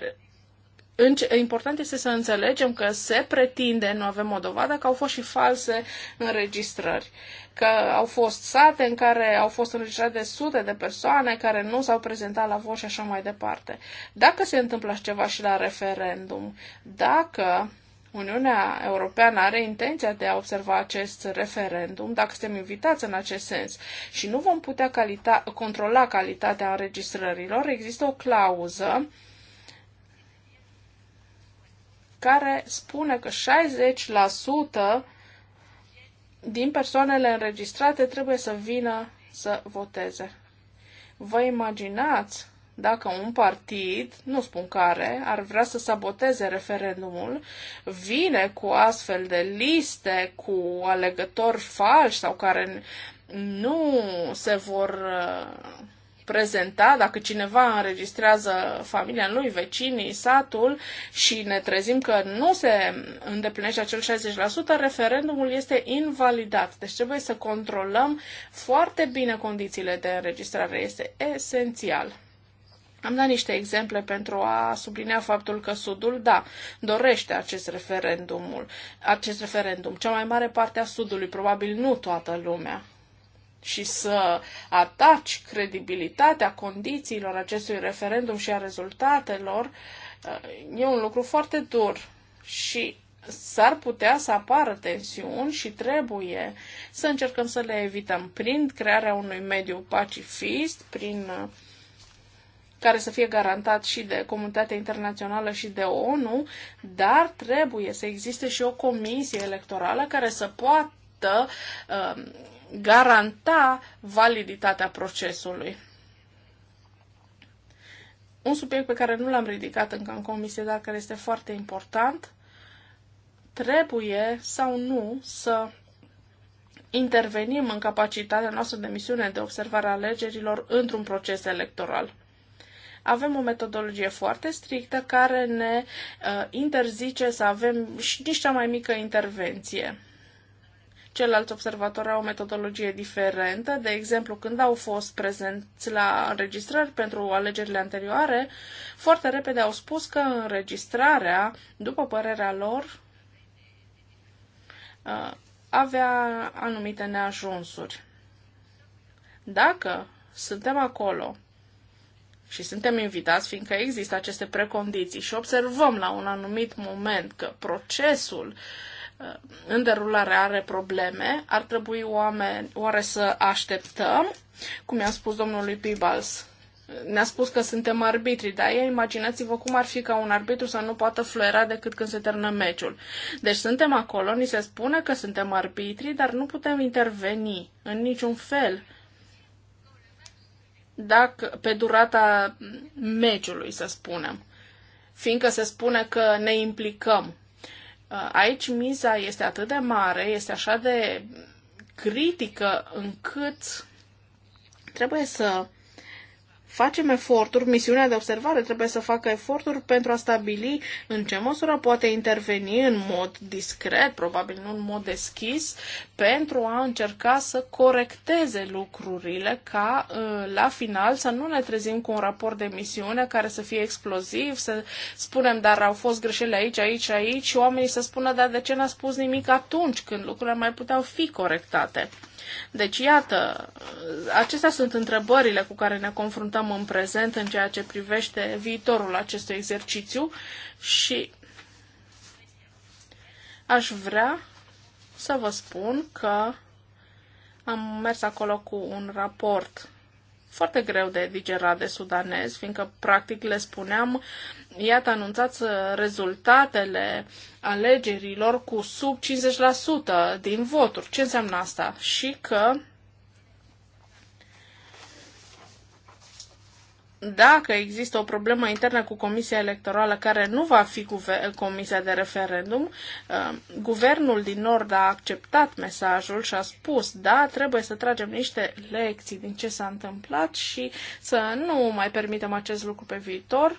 important este să înțelegem că se pretinde, nu avem o dovadă, că au fost și false înregistrări, că au fost sate în care au fost înregistrate sute de persoane care nu s-au prezentat la vot și așa mai departe. Dacă se întâmplă ceva și la referendum, dacă Uniunea Europeană are intenția de a observa acest referendum, dacă suntem invitați în acest sens și nu vom putea calita- controla calitatea înregistrărilor, există o clauză care spune că 60% din persoanele înregistrate trebuie să vină să voteze. Vă imaginați dacă un partid, nu spun care, ar vrea să saboteze referendumul, vine cu astfel de liste cu alegători falși sau care nu se vor uh, prezenta, dacă cineva înregistrează familia lui, vecinii, satul și ne trezim că nu se îndeplinește acel 60%, referendumul este invalidat. Deci trebuie să controlăm foarte bine condițiile de înregistrare. Este esențial. Am dat niște exemple pentru a sublinia faptul că Sudul, da, dorește acest referendumul, acest referendum. Cea mai mare parte a Sudului, probabil nu toată lumea și să ataci credibilitatea condițiilor acestui referendum și a rezultatelor, uh, e un lucru foarte dur și s-ar putea să apară tensiuni și trebuie să încercăm să le evităm prin crearea unui mediu pacifist, prin uh, care să fie garantat și de comunitatea internațională și de ONU, dar trebuie să existe și o comisie electorală care să poată uh, garanta validitatea procesului. Un subiect pe care nu l-am ridicat încă în comisie, dar care este foarte important, trebuie sau nu să intervenim în capacitatea noastră de misiune de observare a alegerilor într-un proces electoral. Avem o metodologie foarte strictă care ne uh, interzice să avem și nici cea mai mică intervenție Ceilalți observatori au o metodologie diferentă. De exemplu, când au fost prezenți la înregistrări pentru alegerile anterioare, foarte repede au spus că înregistrarea, după părerea lor, uh, avea anumite neajunsuri. Dacă suntem acolo și suntem invitați, fiindcă există aceste precondiții și observăm la un anumit moment că procesul uh, în derulare are probleme, ar trebui oameni, oare să așteptăm? Cum i-am spus domnului Pibals, ne-a spus că suntem arbitri, dar ei imaginați-vă cum ar fi ca un arbitru să nu poată fluera decât când se termină meciul. Deci suntem acolo, ni se spune că suntem arbitri, dar nu putem interveni în niciun fel dacă, pe durata meciului, să spunem. Fiindcă se spune că ne implicăm. Uh, aici miza este atât de mare, este așa de critică încât trebuie să facem eforturi, misiunea de observare trebuie să facă eforturi pentru a stabili în ce măsură poate interveni în mod discret, probabil nu în mod deschis, pentru a încerca să corecteze lucrurile ca ă, la final să nu ne trezim cu un raport de misiune care să fie exploziv, să spunem, dar au fost greșeli aici, aici, aici și oamenii să spună, dar de ce n-a spus nimic atunci când lucrurile mai puteau fi corectate. Deci, iată, acestea sunt întrebările cu care ne confruntăm în prezent în ceea ce privește viitorul acestui exercițiu și aș vrea să vă spun că am mers acolo cu un raport foarte greu de digerat de sudanez, fiindcă practic le spuneam, iată, anunțați uh, rezultatele alegerilor cu sub 50% din voturi. Ce înseamnă asta? Și că dacă există o problemă internă cu Comisia Electorală care nu va fi Comisia de Referendum, uh, guvernul din Nord a acceptat mesajul și a spus, da, trebuie să tragem niște lecții din ce s-a întâmplat și să nu mai permitem acest lucru pe viitor,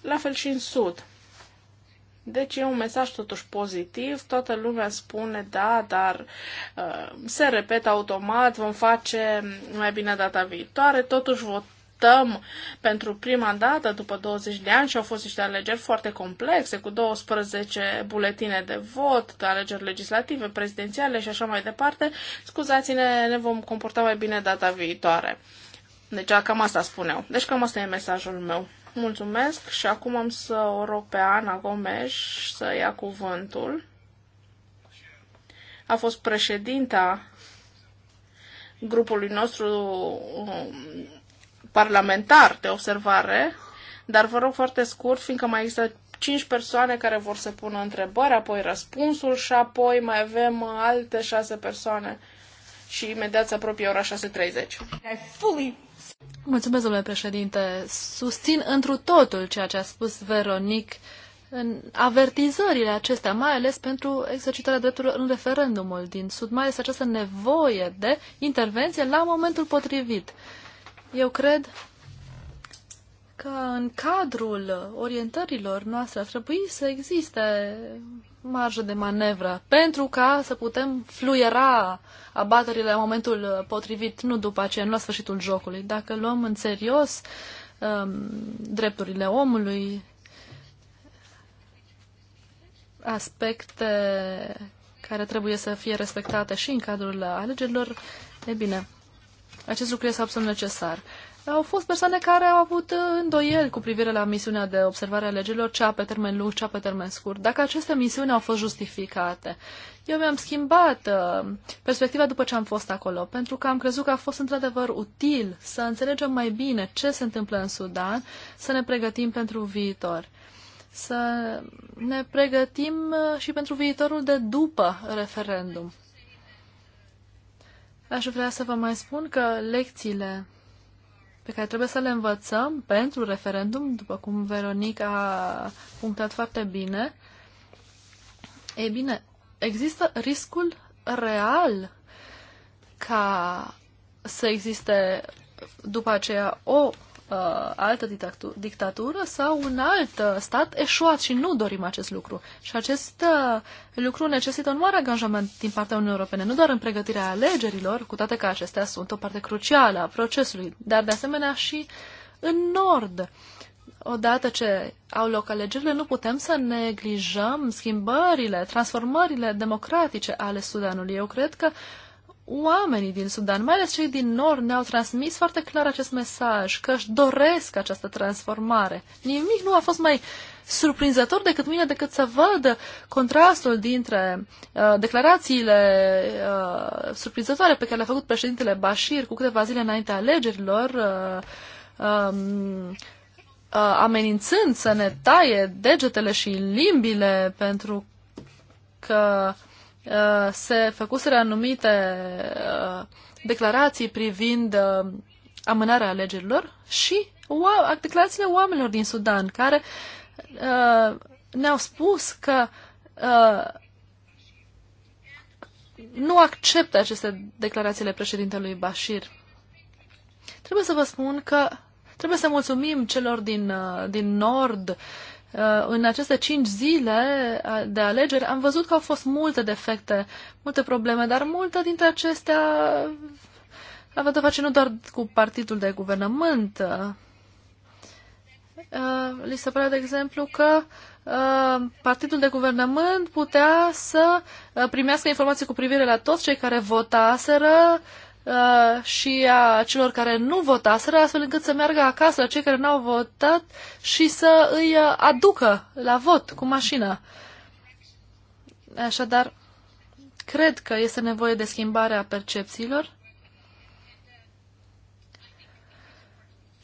la fel și în Sud. Deci e un mesaj totuși pozitiv, toată lumea spune da, dar uh, se repetă automat, vom face mai bine data viitoare, totuși vot, votăm pentru prima dată după 20 de ani și au fost niște alegeri foarte complexe, cu 12 buletine de vot, de alegeri legislative, prezidențiale și așa mai departe. Scuzați-ne, ne vom comporta mai bine data viitoare. Deci cam asta spuneau. Deci cam asta e mesajul meu. Mulțumesc și acum am să o rog pe Ana Gomes să ia cuvântul. A fost președinta grupului nostru um, parlamentar de observare, dar vă rog foarte scurt, fiindcă mai există cinci persoane care vor să pună întrebări, apoi răspunsul și apoi mai avem alte șase persoane și imediat se apropie ora 6.30. Mulțumesc, domnule președinte. Susțin întru totul ceea ce a spus Veronic în avertizările acestea, mai ales pentru exercitarea drepturilor în referendumul din Sud, mai ales această nevoie de intervenție la momentul potrivit. Eu cred că în cadrul orientărilor noastre ar trebui să existe marjă de manevră pentru ca să putem fluiera abaterile la momentul potrivit, nu după aceea, nu la sfârșitul jocului. Dacă luăm în serios um, drepturile omului, aspecte care trebuie să fie respectate și în cadrul alegerilor, e bine, acest lucru este absolut necesar. Au fost persoane care au avut îndoieli cu privire la misiunea de observare a legilor, cea pe termen lung, cea pe termen scurt, dacă aceste misiuni au fost justificate. Eu mi-am schimbat uh, perspectiva după ce am fost acolo, pentru că am crezut că a fost într-adevăr util să înțelegem mai bine ce se întâmplă în Sudan, să ne pregătim pentru viitor să ne pregătim uh, și pentru viitorul de după referendum. Aș vrea să vă mai spun că lecțiile pe care trebuie să le învățăm pentru referendum, după cum Veronica a punctat foarte bine, e bine, există riscul real ca să existe după aceea o uh, altă dictatură sau un alt uh, stat eșuat și nu dorim acest lucru. Și acest uh, lucru necesită un mare angajament din partea Uniunii Europene, nu doar în pregătirea alegerilor, cu toate că acestea sunt o parte crucială a procesului, dar de asemenea și în Nord. Odată ce au loc alegerile, nu putem să neglijăm schimbările, transformările democratice ale Sudanului. Eu cred că uh, oamenii din Sudan, mai ales cei din nord, ne-au transmis foarte clar acest mesaj, că își doresc această transformare. Nimic nu a fost mai surprinzător decât mine, decât să văd contrastul dintre uh, declarațiile uh, surprinzătoare pe care le-a făcut președintele Bashir cu câteva zile înainte alegerilor, uh, um, uh, amenințând să ne taie degetele și limbile pentru că Uh, se făcuseră anumite uh, declarații privind uh, amânarea alegerilor și declarațiile oamenilor din Sudan care ne-au spus că nu acceptă aceste declarațiile președintelui Bashir. Trebuie să vă spun că trebuie să mulțumim celor din, din Nord Uh, în aceste cinci zile uh, de alegeri am văzut că au fost multe defecte, multe probleme, dar multe dintre acestea aveau de face nu doar cu partidul de guvernământ. Uh, li se pare, de exemplu, că partidul de guvernământ putea să primească informații cu privire la toți cei care votaseră Uh, și a celor care nu votaseră, astfel încât să meargă acasă la cei care n-au votat și să îi uh, aducă la vot cu mașina. Așadar, cred că este nevoie de schimbarea percepțiilor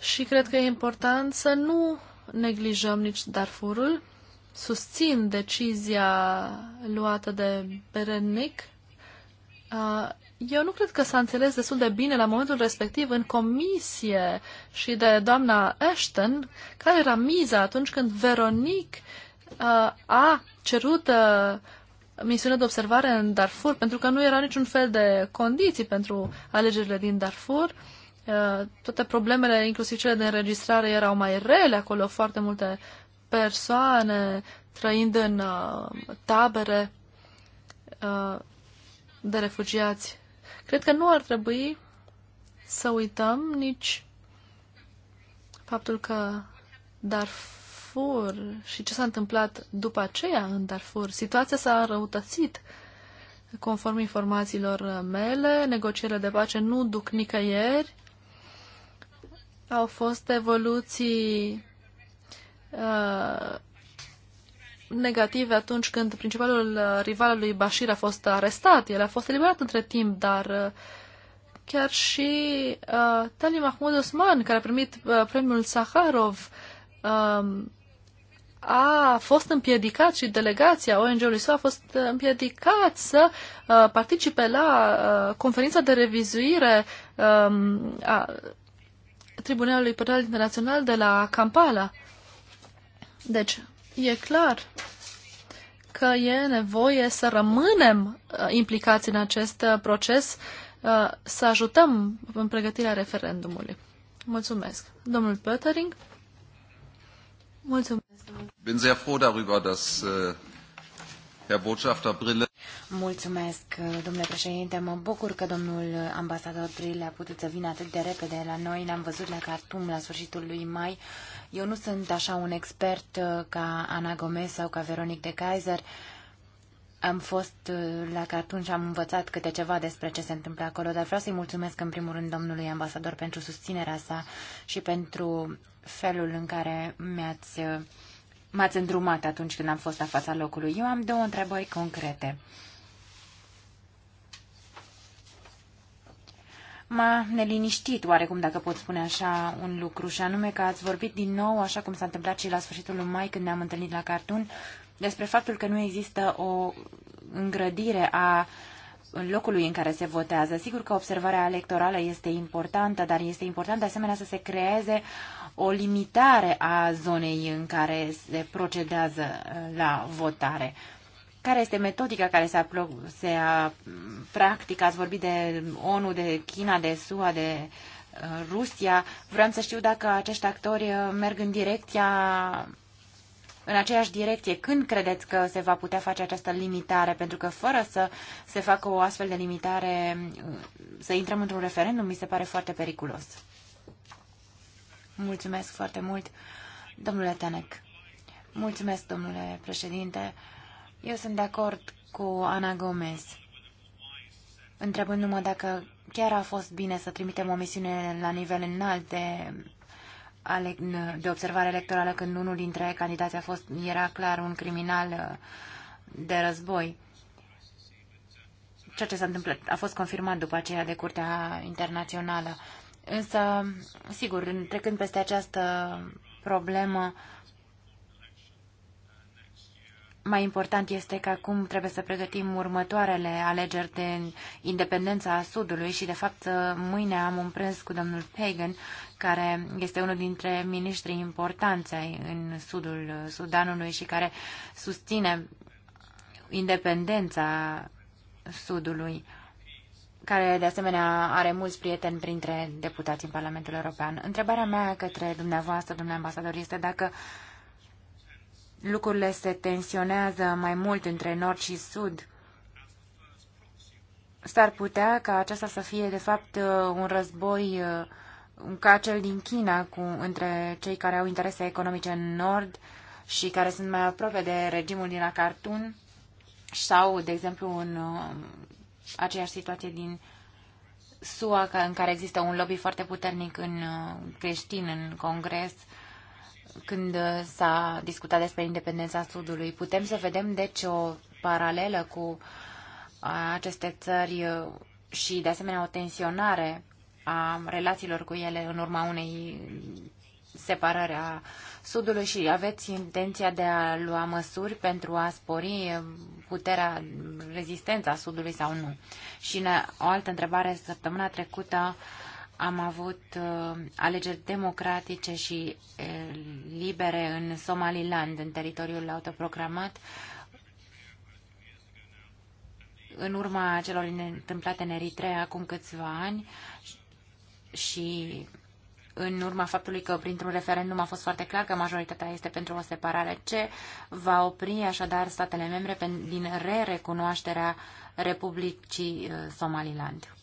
și cred că e important să nu neglijăm nici Darfurul. Susțin decizia luată de Berenic uh, eu nu cred că s-a înțeles destul de bine la momentul respectiv în comisie și de doamna Ashton, care era miza atunci când Veronic uh, a cerut uh, misiunea de observare în Darfur, pentru că nu era niciun fel de condiții pentru alegerile din Darfur. Uh, toate problemele, inclusiv cele de înregistrare, erau mai rele acolo, foarte multe persoane trăind în uh, tabere uh, de refugiați. Cred că nu ar trebui să uităm nici faptul că Darfur și ce s-a întâmplat după aceea în Darfur. Situația s-a răutățit. Conform informațiilor mele, negocierile de pace nu duc nicăieri. Au fost evoluții uh, negative atunci când principalul uh, rival al lui Bashir a fost arestat. El a fost eliberat între timp, dar uh, chiar și uh, Tali Mahmoud Osman, care a primit uh, premiul Saharov, uh, um, a fost împiedicat și delegația ONG-ului său a fost uh, împiedicat să uh, participe la uh, conferința de revizuire um, a Tribunalului Penal Internațional de la Kampala. Deci, E clar că e nevoie să rămânem uh, implicați în acest uh, proces, uh, să ajutăm în pregătirea referendumului. Mulțumesc. Domnul Pöttering? Mulțumesc. Bin sehr froh darüber, dass äh, Mulțumesc, domnule președinte. Mă bucur că domnul ambasador Brille a putut să vină atât de repede la noi. ne am văzut la Khartoum la sfârșitul lui mai. Eu nu sunt așa un expert uh, ca Ana Gomez sau ca Veronic de Kaiser. Am fost uh, la Khartoum și am învățat câte ceva despre ce se întâmplă acolo, dar vreau să-i mulțumesc în primul rând domnului ambasador pentru susținerea sa și pentru felul în care mi-ați uh, m-ați îndrumat atunci când am fost la fața locului. Eu am două întrebări concrete. M-a neliniștit oarecum, dacă pot spune așa, un lucru, și anume că ați vorbit din nou, așa cum s-a întâmplat și la sfârșitul lui mai când ne-am întâlnit la cartun, despre faptul că nu există o îngrădire a locului în care se votează. Sigur că observarea electorală este importantă, dar este important de asemenea să se creeze o limitare a zonei în care se procedează uh, la votare. Care este metodica care se, apl- se a, mm, practică? Ați vorbit de ONU, de China, de SUA, de uh, Rusia. Vreau să știu dacă acești actori uh, merg în direcția în aceeași direcție. Când credeți că se va putea face această limitare? Pentru că fără să se facă o astfel de limitare, mm, să intrăm într-un referendum, mi se pare foarte periculos. Mulțumesc foarte mult, domnule Tanec. Mulțumesc, domnule președinte. Eu sunt de acord cu Ana Gomez, întrebându-mă dacă chiar a fost bine să trimitem o misiune la nivel înalt de, de observare electorală când unul dintre candidați a fost, era clar un criminal uh, de război. Ceea ce s-a întâmplat a fost confirmat după aceea de Curtea Internațională. Însă, sigur, trecând peste această problemă, mai important este că acum trebuie să pregătim următoarele alegeri de independența a Sudului și, de fapt, mâine am un prânz cu domnul Pagan, care este unul dintre miniștrii importanți în Sudul Sudanului și care susține independența Sudului care de asemenea are mulți prieteni printre deputați în Parlamentul European. Întrebarea mea către dumneavoastră, domnule ambasador, este dacă lucrurile se tensionează mai mult între nord și sud, s-ar putea ca aceasta să fie, de fapt, uh, un război uh, ca cel din China cu, între cei care au interese economice în nord și care sunt mai aproape de regimul din la sau, de exemplu, un aceeași situație din SUA, în care există un lobby foarte puternic în uh, creștin, în Congres, când uh, s-a discutat despre independența Sudului. Putem să vedem, deci, o paralelă cu uh, aceste țări și, de asemenea, o tensionare a relațiilor cu ele în urma unei separări a Sudului și aveți intenția de a lua măsuri pentru a spori puterea, rezistența Sudului sau nu? Și o altă întrebare, săptămâna trecută am avut uh, alegeri democratice și uh, libere în Somaliland, în teritoriul autoprogramat în urma celor întâmplate în Eritrea acum câțiva ani și în urma faptului că printr-un referendum a fost foarte clar că majoritatea este pentru o separare, ce va opri așadar statele membre din re-recunoașterea Republicii uh, Somaliland?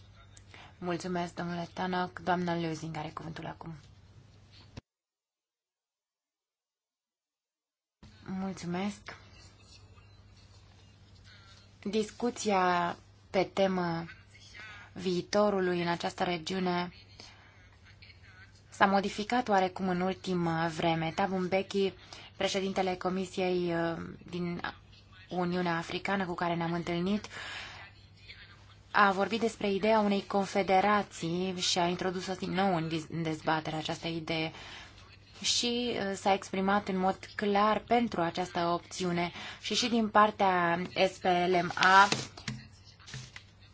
Mulțumesc, domnule Tanak. Doamna Lözing are cuvântul acum. Mulțumesc. Discuția pe temă viitorului în această regiune s-a modificat oarecum în ultimă vreme. Tabumbeki, președintele Comisiei uh, din Uniunea Africană cu care ne-am întâlnit, a vorbit despre ideea unei confederații și a introdus-o din nou în dezbatere această idee și uh, s-a exprimat în mod clar pentru această opțiune și și din partea SPLMA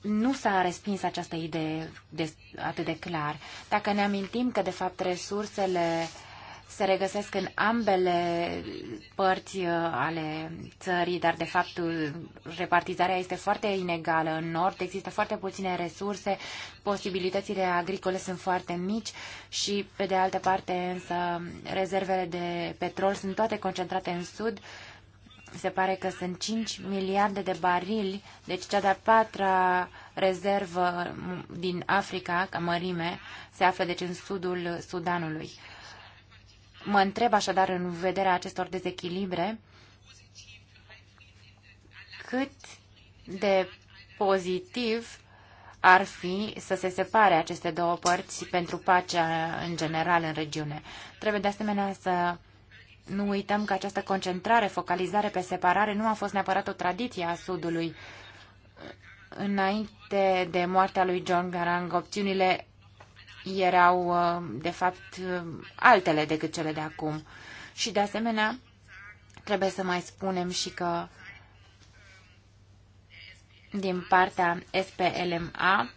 nu s-a respins această idee de, atât de clar. Dacă ne amintim că, de fapt, resursele se regăsesc în ambele părți uh, ale țării, dar de fapt repartizarea este foarte inegală. În nord există foarte puține resurse, posibilitățile agricole sunt foarte mici și pe de altă parte însă rezervele de petrol sunt toate concentrate în sud se pare că sunt 5 miliarde de barili, deci cea de-a patra rezervă din Africa, ca mărime, se află deci în sudul Sudanului. Mă întreb așadar în vederea acestor dezechilibre cât de pozitiv ar fi să se separe aceste două părți pentru pacea în general în regiune. Trebuie de asemenea să nu uităm că această concentrare, focalizare pe separare nu a fost neapărat o tradiție a Sudului. Înainte de moartea lui John Garang, opțiunile erau, uh, de fapt, uh, altele decât cele de acum. Și, de asemenea, trebuie să mai spunem și că din partea SPLMA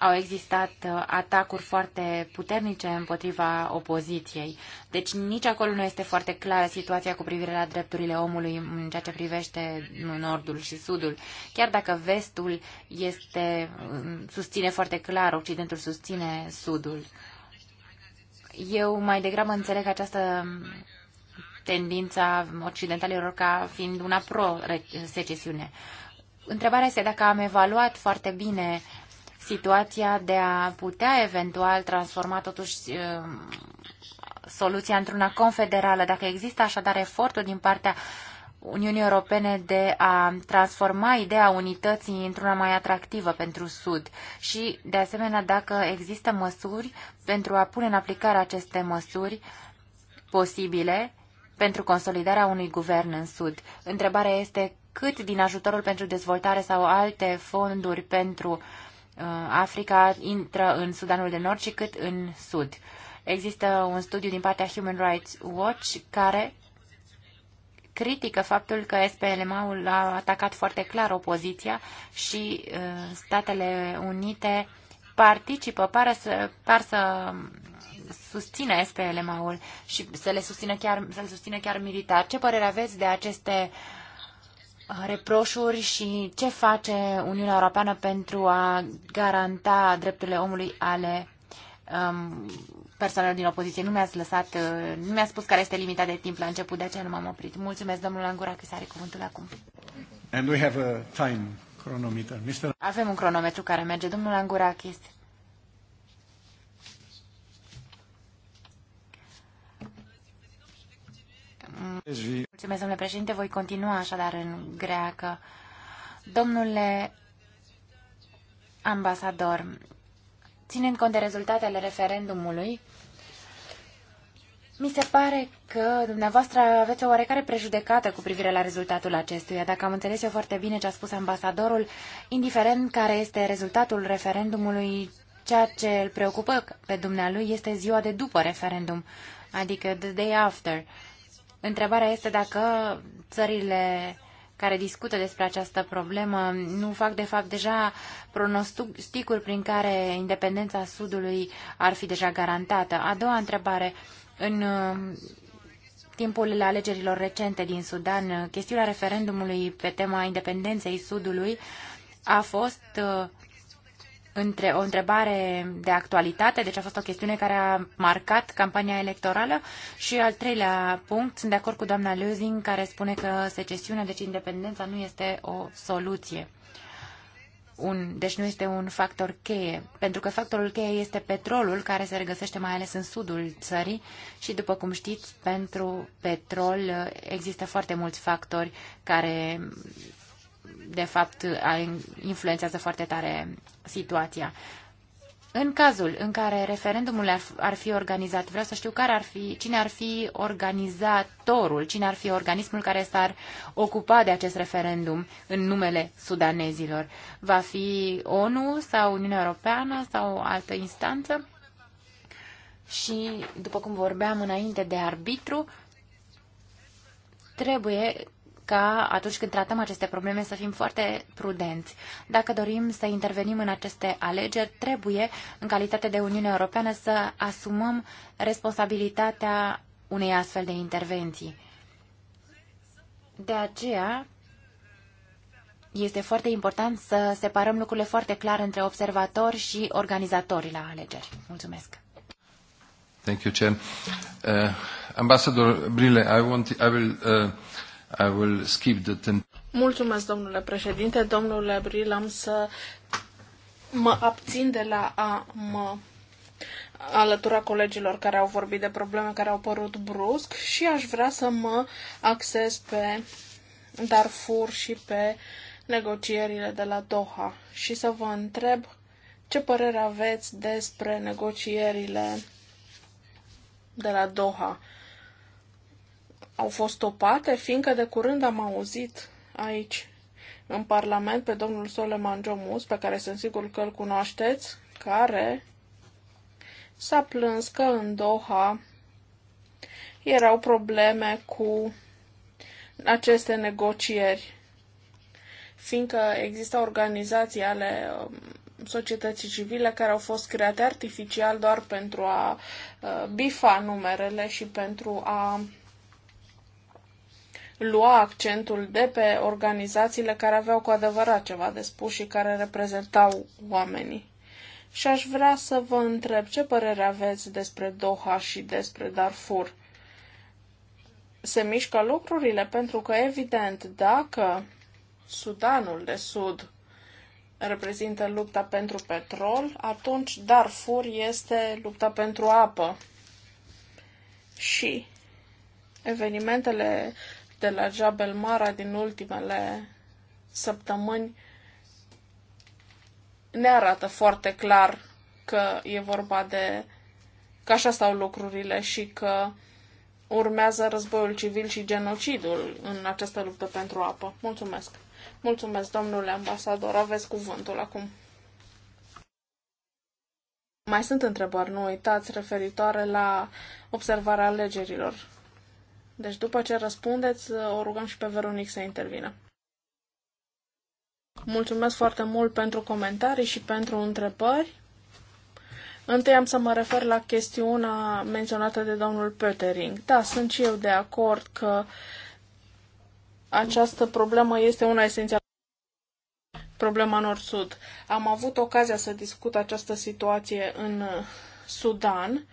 au existat uh, atacuri foarte puternice împotriva opoziției. Deci nici acolo nu este foarte clară situația cu privire la drepturile omului în ceea ce privește nordul și sudul. Chiar dacă vestul este, uh, susține foarte clar, Occidentul susține sudul. Eu mai degrabă înțeleg această tendința occidentalilor ca fiind una pro-secesiune. Întrebarea este dacă am evaluat foarte bine situația de a putea eventual transforma totuși uh, soluția într-una confederală. Dacă există așadar efortul din partea Uniunii Europene de a transforma ideea unității într-una mai atractivă pentru Sud și, de asemenea, dacă există măsuri pentru a pune în aplicare aceste măsuri posibile pentru consolidarea unui guvern în Sud. Întrebarea este cât din ajutorul pentru dezvoltare sau alte fonduri pentru uh, Uh, Africa intră în Sudanul de Nord și cât în Sud. Există un studiu din partea Human Rights Watch care critică faptul că SPLM-ul a atacat foarte clar opoziția și uh, Statele Unite participă, pare să, par să susțină SPLM-ul și să le susțină chiar, să le susțină chiar militar. Ce părere aveți de aceste uh, reproșuri și ce face Uniunea Europeană pentru a garanta drepturile omului ale um, persoanelor din opoziție. Nu mi-ați lăsat, uh, nu mi-a spus care este limita de timp la început, de aceea nu m-am oprit. Mulțumesc, domnul Angura, că are cuvântul acum. And we have a time Mr. Avem un cronometru care merge. Domnul Angurakis. Mulțumesc, domnule președinte. Voi continua așadar în greacă. Domnule ambasador, ținând cont de rezultatele referendumului, mi se pare că dumneavoastră aveți o oarecare prejudecată cu privire la rezultatul acestuia. Dacă am înțeles eu foarte bine ce a spus ambasadorul, indiferent care este rezultatul referendumului, ceea ce îl preocupă pe dumnealui este ziua de după referendum, adică the day after. Uh, Întrebarea este dacă țările care discută despre această problemă nu fac de fapt deja pronosticuri prin care independența Sudului ar fi deja garantată. A doua întrebare. În uh, timpul alegerilor recente din Sudan, uh, chestiunea referendumului pe tema independenței Sudului a fost uh, între o întrebare de actualitate, deci a fost o chestiune care a marcat campania electorală și al treilea punct, sunt de acord cu doamna Lusing care spune că secesiunea, deci independența nu este o soluție. Un, deci nu este un factor cheie, pentru că factorul cheie este petrolul care se regăsește mai ales în sudul țării și după cum știți, pentru petrol uh, există foarte mulți factori care de fapt, influențează foarte tare situația. În cazul în care referendumul ar, fi organizat, vreau să știu care ar fi, cine ar fi organizatorul, cine ar fi organismul care s-ar ocupa de acest referendum în numele sudanezilor. Va fi ONU sau Uniunea Europeană sau o altă instanță? Și, după cum vorbeam înainte de arbitru, trebuie ca atunci când tratăm aceste probleme să fim foarte prudenți. Dacă dorim să intervenim în aceste alegeri, trebuie, în calitate de Uniune Europeană, să asumăm responsabilitatea unei astfel de intervenții. De aceea, este foarte important să separăm lucrurile foarte clar între observatori și organizatorii la alegeri. Mulțumesc. Thank you, Chen. Uh, Ambassador Brille, I, want, I will uh, I will skip the ten... Mulțumesc, domnule președinte. Domnule Abril, am să mă abțin de la a mă alătura colegilor care au vorbit de probleme care au părut brusc și aș vrea să mă axez pe Darfur și pe negocierile de la Doha și să vă întreb ce părere aveți despre negocierile de la Doha au fost topate, fiindcă de curând am auzit aici în Parlament pe domnul Soleman Jomus, pe care sunt sigur că îl cunoașteți, care s-a plâns că în Doha erau probleme cu aceste negocieri, fiindcă există organizații ale um, societății civile care au fost create artificial doar pentru a uh, bifa numerele și pentru a lua accentul de pe organizațiile care aveau cu adevărat ceva de spus și care reprezentau oamenii. Și aș vrea să vă întreb ce părere aveți despre Doha și despre Darfur. Se mișcă lucrurile pentru că, evident, dacă Sudanul de Sud reprezintă lupta pentru petrol, atunci Darfur este lupta pentru apă. Și evenimentele de la Jabel Mara din ultimele săptămâni ne arată foarte clar că e vorba de că așa stau lucrurile și că urmează războiul civil și genocidul în această luptă pentru apă. Mulțumesc! Mulțumesc, domnule ambasador, aveți cuvântul acum. Mai sunt întrebări, nu uitați, referitoare la observarea alegerilor. Deci după ce răspundeți, o rugăm și pe Veronic să intervină. Mulțumesc foarte mult pentru comentarii și pentru întrebări. Întâi am să mă refer la chestiunea menționată de domnul Pöttering. Da, sunt și eu de acord că această problemă este una esențială problema nord-sud. Am avut ocazia să discut această situație în Sudan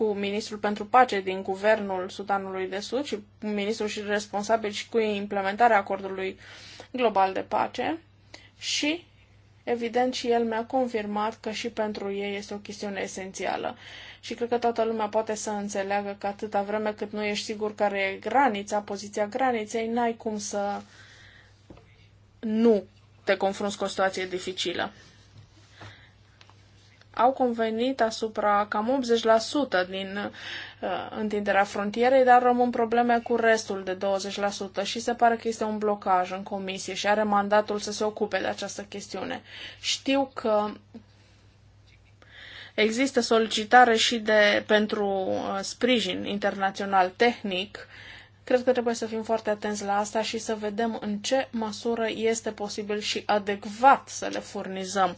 cu ministrul pentru pace din guvernul Sudanului de Sud și ministrul și responsabil și cu implementarea acordului global de pace și Evident, și el mi-a confirmat că și pentru ei este o chestiune esențială. Și cred că toată lumea poate să înțeleagă că atâta vreme cât nu ești sigur care e granița, poziția graniței, n-ai cum să nu te confrunți cu o situație dificilă au convenit asupra cam 80% din uh, întinderea frontierei, dar rămân probleme cu restul de 20% și se pare că este un blocaj în comisie și are mandatul să se ocupe de această chestiune. Știu că există solicitare și de, pentru uh, sprijin internațional tehnic Cred că trebuie să fim foarte atenți la asta și să vedem în ce măsură este posibil și adecvat să le furnizăm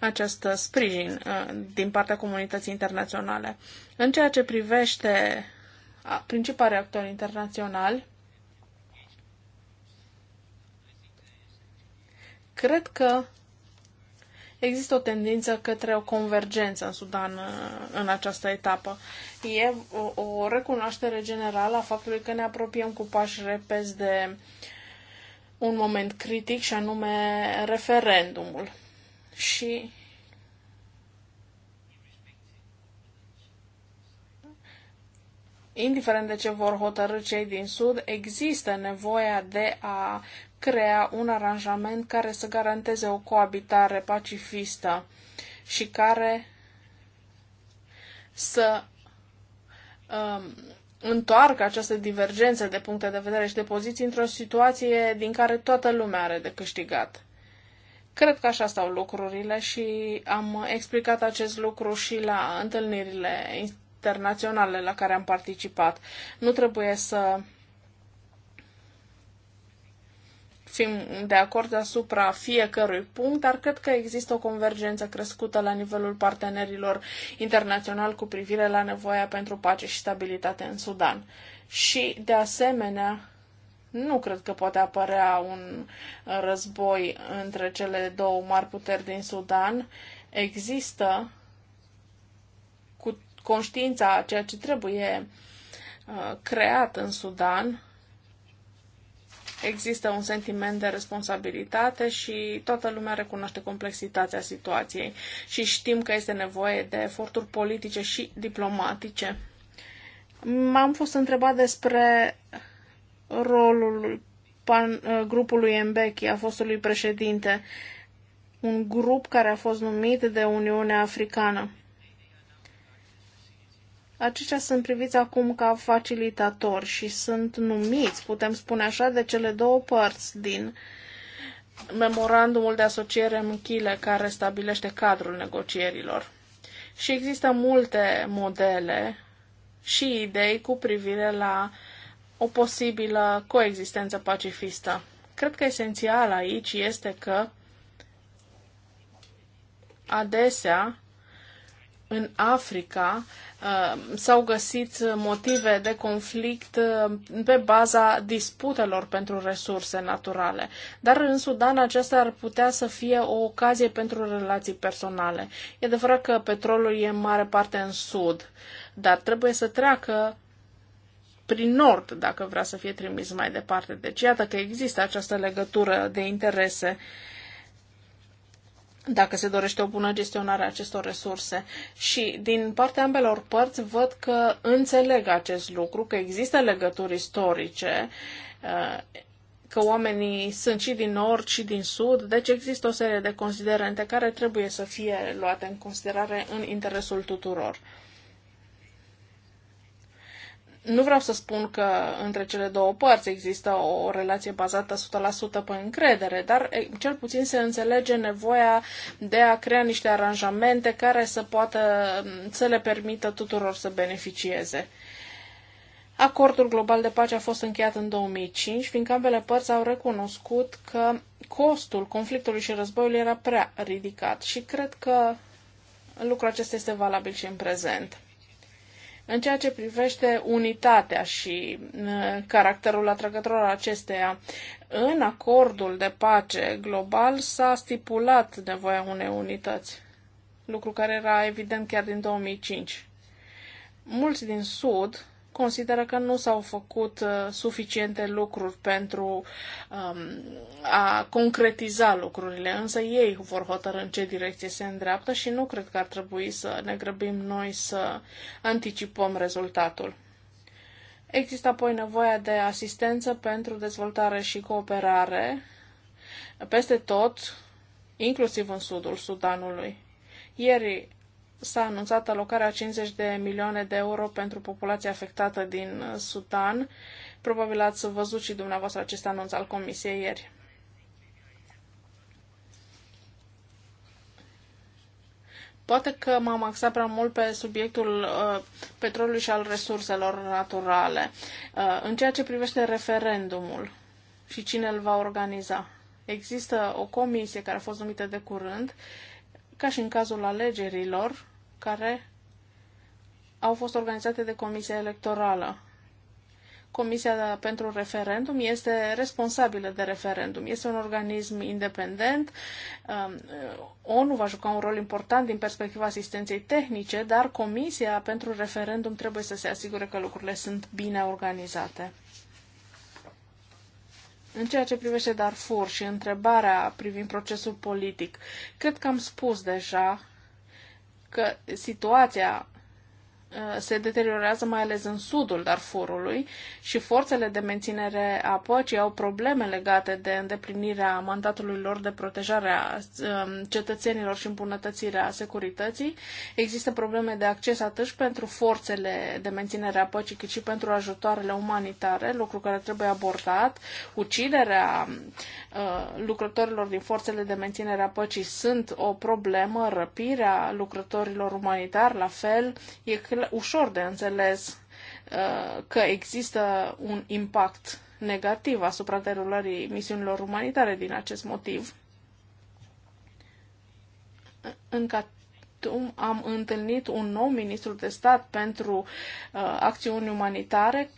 acest sprijin uh, din partea comunității internaționale. În ceea ce privește principalii actori internaționali, cred că Există o tendință către o convergență în Sudan uh, în această etapă. E o, o recunoaștere generală a faptului că ne apropiem cu pași repezi de un moment critic și anume referendumul. Și indiferent de ce vor hotărâ cei din Sud, există nevoia de a crea un aranjament care să garanteze o coabitare pacifistă și care să um, întoarcă această divergență de puncte de vedere și de poziții într-o situație din care toată lumea are de câștigat. Cred că așa stau lucrurile și am explicat acest lucru și la întâlnirile internaționale la care am participat. Nu trebuie să fim de acord asupra fiecărui punct, dar cred că există o convergență crescută la nivelul partenerilor internaționali cu privire la nevoia pentru pace și stabilitate în Sudan. Și, de asemenea, nu cred că poate apărea un război între cele două mari puteri din Sudan. Există cu conștiința a ceea ce trebuie uh, creat în Sudan Există un sentiment de responsabilitate și toată lumea recunoaște complexitatea situației și știm că este nevoie de eforturi politice și diplomatice. M-am fost întrebat despre rolul pan, uh, grupului Mbeki, a fostului președinte, un grup care a fost numit de Uniunea Africană aceștia sunt priviți acum ca facilitatori și sunt numiți, putem spune așa, de cele două părți din memorandumul de asociere în Chile care stabilește cadrul negocierilor. Și există multe modele și idei cu privire la o posibilă coexistență pacifistă. Cred că esențial aici este că adesea în Africa uh, s-au găsit motive de conflict uh, pe baza disputelor pentru resurse naturale. Dar în Sudan aceasta ar putea să fie o ocazie pentru relații personale. E adevărat că petrolul e în mare parte în sud, dar trebuie să treacă prin nord, dacă vrea să fie trimis mai departe. Deci iată că există această legătură de interese uh, dacă se dorește o bună gestionare a acestor resurse. Și din partea ambelor părți văd că înțeleg acest lucru, că există legături istorice, uh, că oamenii sunt și din nord și din sud, deci există o serie de considerente care trebuie să fie luate în considerare în interesul tuturor. Nu vreau să spun că între cele două părți există o relație bazată 100% pe încredere, dar cel puțin se înțelege nevoia de a crea niște aranjamente care să poată să le permită tuturor să beneficieze. Acordul global de pace a fost încheiat în 2005, fiindcă ambele părți au recunoscut că costul conflictului și războiului era prea ridicat și cred că lucrul acesta este valabil și în prezent. În ceea ce privește unitatea și uh, caracterul atrăgător al acesteia, în acordul de pace global s-a stipulat nevoia unei unități, lucru care era evident chiar din 2005. Mulți din Sud consideră că nu s-au făcut uh, suficiente lucruri pentru um, a concretiza lucrurile, însă ei vor hotărâ în ce direcție se îndreaptă și nu cred că ar trebui să ne grăbim noi să anticipăm rezultatul. Există apoi nevoia de asistență pentru dezvoltare și cooperare peste tot, inclusiv în sudul Sudanului. Ieri s-a anunțat alocarea 50 de milioane de euro pentru populația afectată din Sudan. Probabil ați văzut și dumneavoastră acest anunț al Comisiei ieri. Poate că m-am axat prea mult pe subiectul uh, petrolului și al resurselor naturale. Uh, în ceea ce privește referendumul și cine îl va organiza, există o comisie care a fost numită de curând uh, ca și în cazul alegerilor care au fost organizate de Comisia Electorală. Comisia pentru referendum este responsabilă de referendum. Este un organism independent. Um, ONU va juca un rol important din perspectiva asistenței tehnice, dar Comisia pentru referendum trebuie să se asigure că lucrurile sunt bine organizate. În ceea ce privește Darfur și întrebarea privind procesul politic, cred că am spus deja că situația Uh, se deteriorează mai ales în sudul Darfurului și forțele de menținere a păcii au probleme legate de îndeplinirea mandatului lor de protejare a um, cetățenilor și îmbunătățirea securității. Există probleme de acces atât pentru forțele de menținere a păcii cât și pentru ajutoarele umanitare, lucru care trebuie abordat. Uciderea uh, lucrătorilor din forțele de menținere a păcii sunt o problemă, răpirea lucrătorilor umanitari la fel. E ușor de înțeles uh, că există un impact negativ asupra derulării misiunilor umanitare din acest motiv. În Khartoum am întâlnit un nou ministru de stat pentru uh, acțiuni umanitare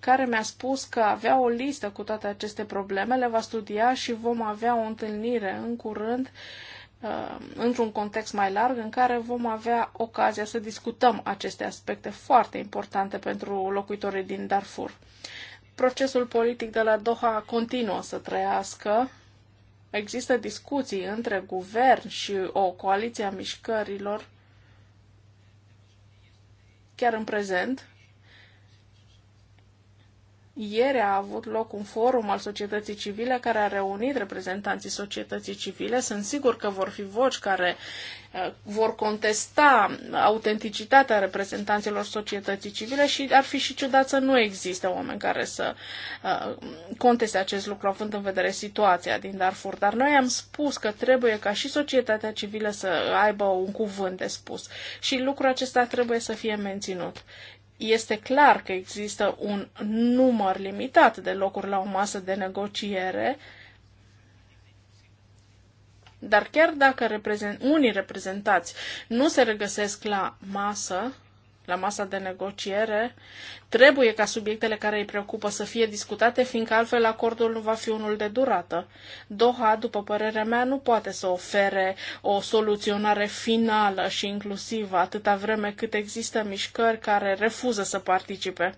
care mi-a spus că avea o listă cu toate aceste probleme, le va studia și vom avea o întâlnire în curând uh, Uh, într-un context mai larg în care vom avea ocazia să discutăm aceste aspecte foarte importante pentru locuitorii din Darfur. Procesul politic de la Doha continuă să trăiască. Există discuții între guvern și o coaliție a mișcărilor chiar în prezent ieri a avut loc un forum al societății civile care a reunit reprezentanții societății civile. Sunt sigur că vor fi voci care eh, vor contesta autenticitatea reprezentanților societății civile și ar fi și ciudat să nu existe oameni care să eh, conteste acest lucru, având în vedere situația din Darfur. Dar noi am spus că trebuie ca și societatea civilă să aibă un cuvânt de spus și lucrul acesta trebuie să fie menținut este clar că există un număr limitat de locuri la o masă de negociere, dar chiar dacă reprezent, unii reprezentați nu se regăsesc la masă, la masa de negociere, trebuie ca subiectele care îi preocupă să fie discutate, fiindcă altfel acordul nu va fi unul de durată. Doha, după părerea mea, nu poate să ofere o soluționare finală și inclusivă atâta vreme cât există mișcări care refuză să participe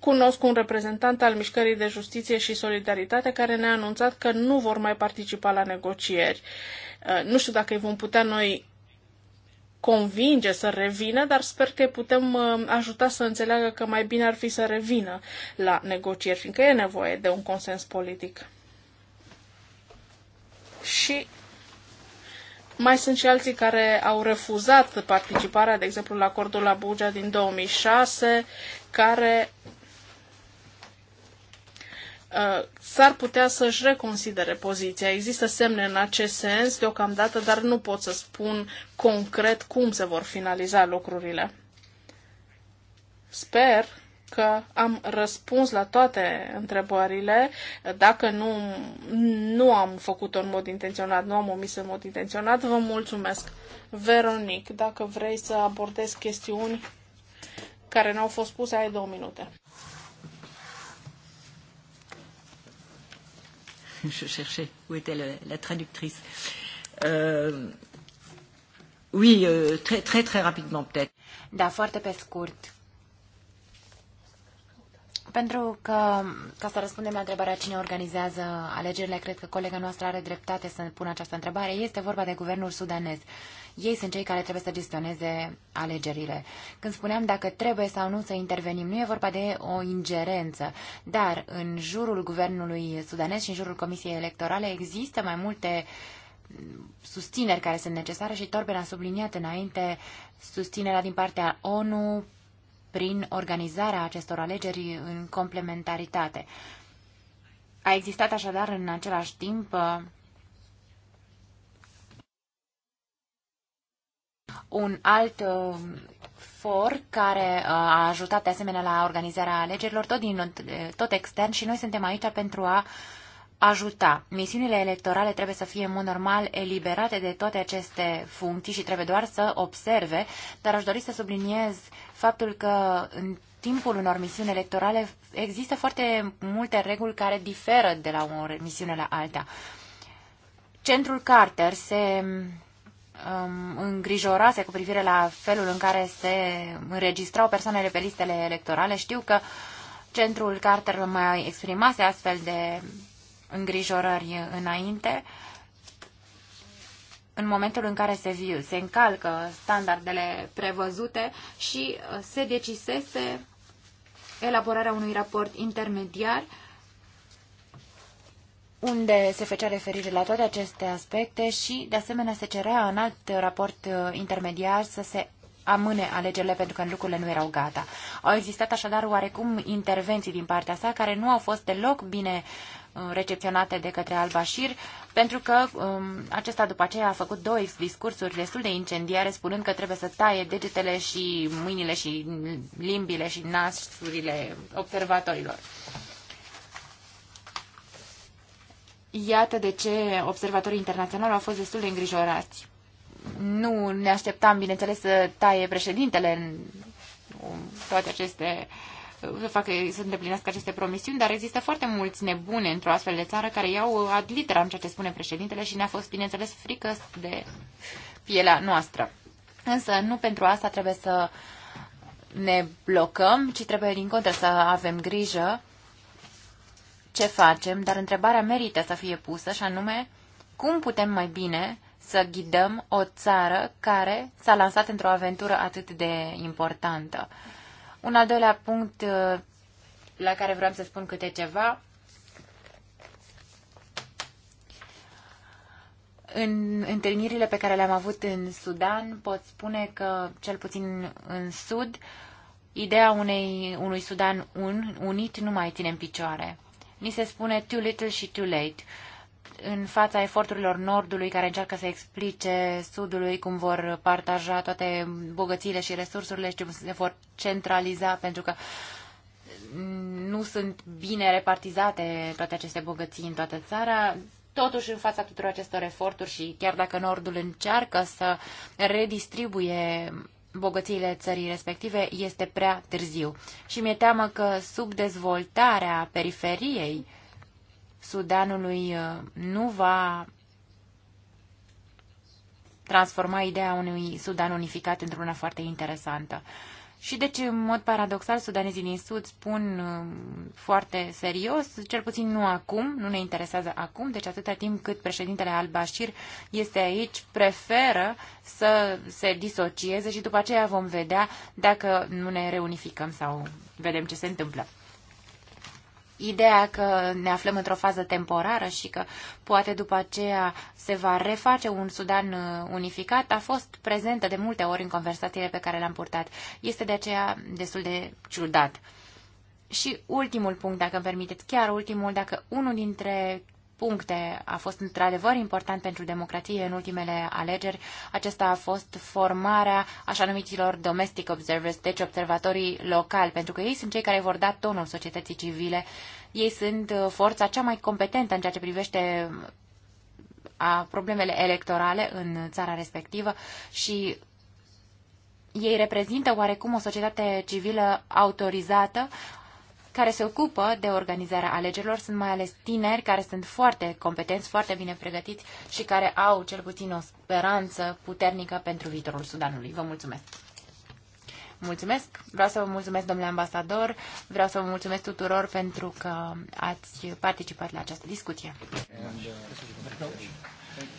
cunosc un reprezentant al Mișcării de Justiție și Solidaritate care ne-a anunțat că nu vor mai participa la negocieri. Uh, nu știu dacă îi vom putea noi convinge să revină, dar sper că putem uh, ajuta să înțeleagă că mai bine ar fi să revină la negocieri, fiindcă e nevoie de un consens politic. Și mai sunt și alții care au refuzat participarea, de exemplu, la acordul la Abuja din 2006, care Uh, s-ar putea să-și reconsidere poziția. Există semne în acest sens deocamdată, dar nu pot să spun concret cum se vor finaliza lucrurile. Sper că am răspuns la toate întrebările. Dacă nu, nu am făcut-o în mod intenționat, nu am omis în mod intenționat, vă mulțumesc. Veronic, dacă vrei să abordezi chestiuni care n-au fost puse, ai două minute. (laughs) je cherchais où était la traductrice. Euh, oui, euh, très, très, très rapidement, peut-être. Da, foarte pe scurt. Pentru că, ca să răspundem la întrebarea cine organizează alegerile, cred că colega noastră are dreptate să pună această întrebare. Este vorba de guvernul sudanez. Uh, ei sunt cei care trebuie să gestioneze alegerile. Când spuneam dacă trebuie sau nu să intervenim, nu e vorba de o ingerență, dar în jurul guvernului sudanez și în jurul Comisiei Electorale există mai multe susțineri care sunt necesare și Torben a subliniat înainte susținerea din partea ONU prin organizarea acestor alegeri în complementaritate. A existat așadar în același timp uh, un alt uh, for care uh, a ajutat de asemenea la organizarea alegerilor, tot, din, uh, tot extern și noi suntem aici pentru a ajuta. Misiunile electorale trebuie să fie, în mod normal, eliberate de toate aceste funcții și trebuie doar să observe, dar aș dori să subliniez faptul că în timpul unor misiuni electorale există foarte multe reguli care diferă de la o misiune la alta. Centrul Carter se Um, îngrijorase cu privire la felul în care se înregistrau persoanele pe listele electorale. Știu că centrul Carter mai exprimase astfel de îngrijorări înainte. În momentul în care se, se încalcă standardele prevăzute și uh, se decisese elaborarea unui raport intermediar uh, unde se făcea referire la toate aceste aspecte și, de asemenea, se cerea în alt raport uh, intermediar să se amâne alegerile pentru că lucrurile nu erau gata. Au existat așadar oarecum intervenții din partea sa care nu au fost deloc bine uh, recepționate de către Al-Bashir, pentru că um, acesta după aceea a făcut două discursuri destul de incendiare, spunând că trebuie să taie degetele și mâinile și limbile și nasurile observatorilor. Iată de ce observatorii internaționali au fost destul de îngrijorați. Nu ne așteptam, bineînțeles, să taie președintele în toate aceste să, facă, să îndeplinească aceste promisiuni, dar există foarte mulți nebune într-o astfel de țară care iau ad literam ceea ce spune președintele și ne-a fost, bineînțeles, frică de pielea noastră. Însă nu pentru asta trebuie să ne blocăm, ci trebuie din contră să avem grijă ce facem, dar întrebarea merită să fie pusă și anume cum putem mai bine să ghidăm o țară care s-a lansat într-o aventură atât de importantă. Un al doilea punct uh, la care vreau să spun câte ceva. În întâlnirile pe care le-am avut în Sudan, pot spune că, cel puțin în Sud, ideea unei, unui Sudan un, unit nu mai ține în picioare. Ni se spune too little și too late în fața eforturilor Nordului care încearcă să explice Sudului cum vor partaja toate bogățiile și resursurile și cum se vor centraliza pentru că nu sunt bine repartizate toate aceste bogății în toată țara. Totuși, în fața tuturor acestor eforturi și chiar dacă Nordul încearcă să redistribuie bogățiile țării respective este prea târziu. Și mi-e teamă că subdezvoltarea periferiei Sudanului uh, nu va transforma ideea unui Sudan unificat într-una foarte interesantă. Și deci, în mod paradoxal, sudanezii din Sud spun um, foarte serios, cel puțin nu acum, nu ne interesează acum, deci atâta timp cât președintele al-Bashir este aici, preferă să se disocieze și după aceea vom vedea dacă nu ne reunificăm sau vedem ce se întâmplă ideea că ne aflăm într-o fază temporară și că poate după aceea se va reface un Sudan uh, unificat a fost prezentă de multe ori în conversațiile pe care le-am purtat. Este de aceea destul de ciudat. Și ultimul punct, dacă îmi permiteți, chiar ultimul, dacă unul dintre puncte a fost într-adevăr important pentru democrație în ultimele alegeri. Acesta a fost formarea așa numiților domestic observers, deci observatorii locali, pentru că ei sunt cei care vor da tonul societății civile. Ei sunt uh, forța cea mai competentă în ceea ce privește a problemele electorale în țara respectivă și ei reprezintă oarecum o societate civilă autorizată, care se ocupă de organizarea alegerilor. Sunt mai ales tineri care sunt foarte competenți, foarte bine pregătiți și care au cel puțin o speranță puternică pentru viitorul Sudanului. Vă mulțumesc! Mulțumesc! Vreau să vă mulțumesc, domnule ambasador, vreau să vă mulțumesc tuturor pentru că ați participat la această discuție. Thank you,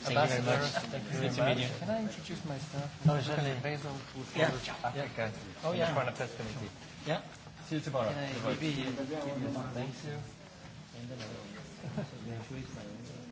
very much. Thank you very much. Can I introduce myself? Oh, Basil, yeah. Africa. Oh, yeah. Front of Committee. Yeah. See you tomorrow. Can I, maybe, thank you.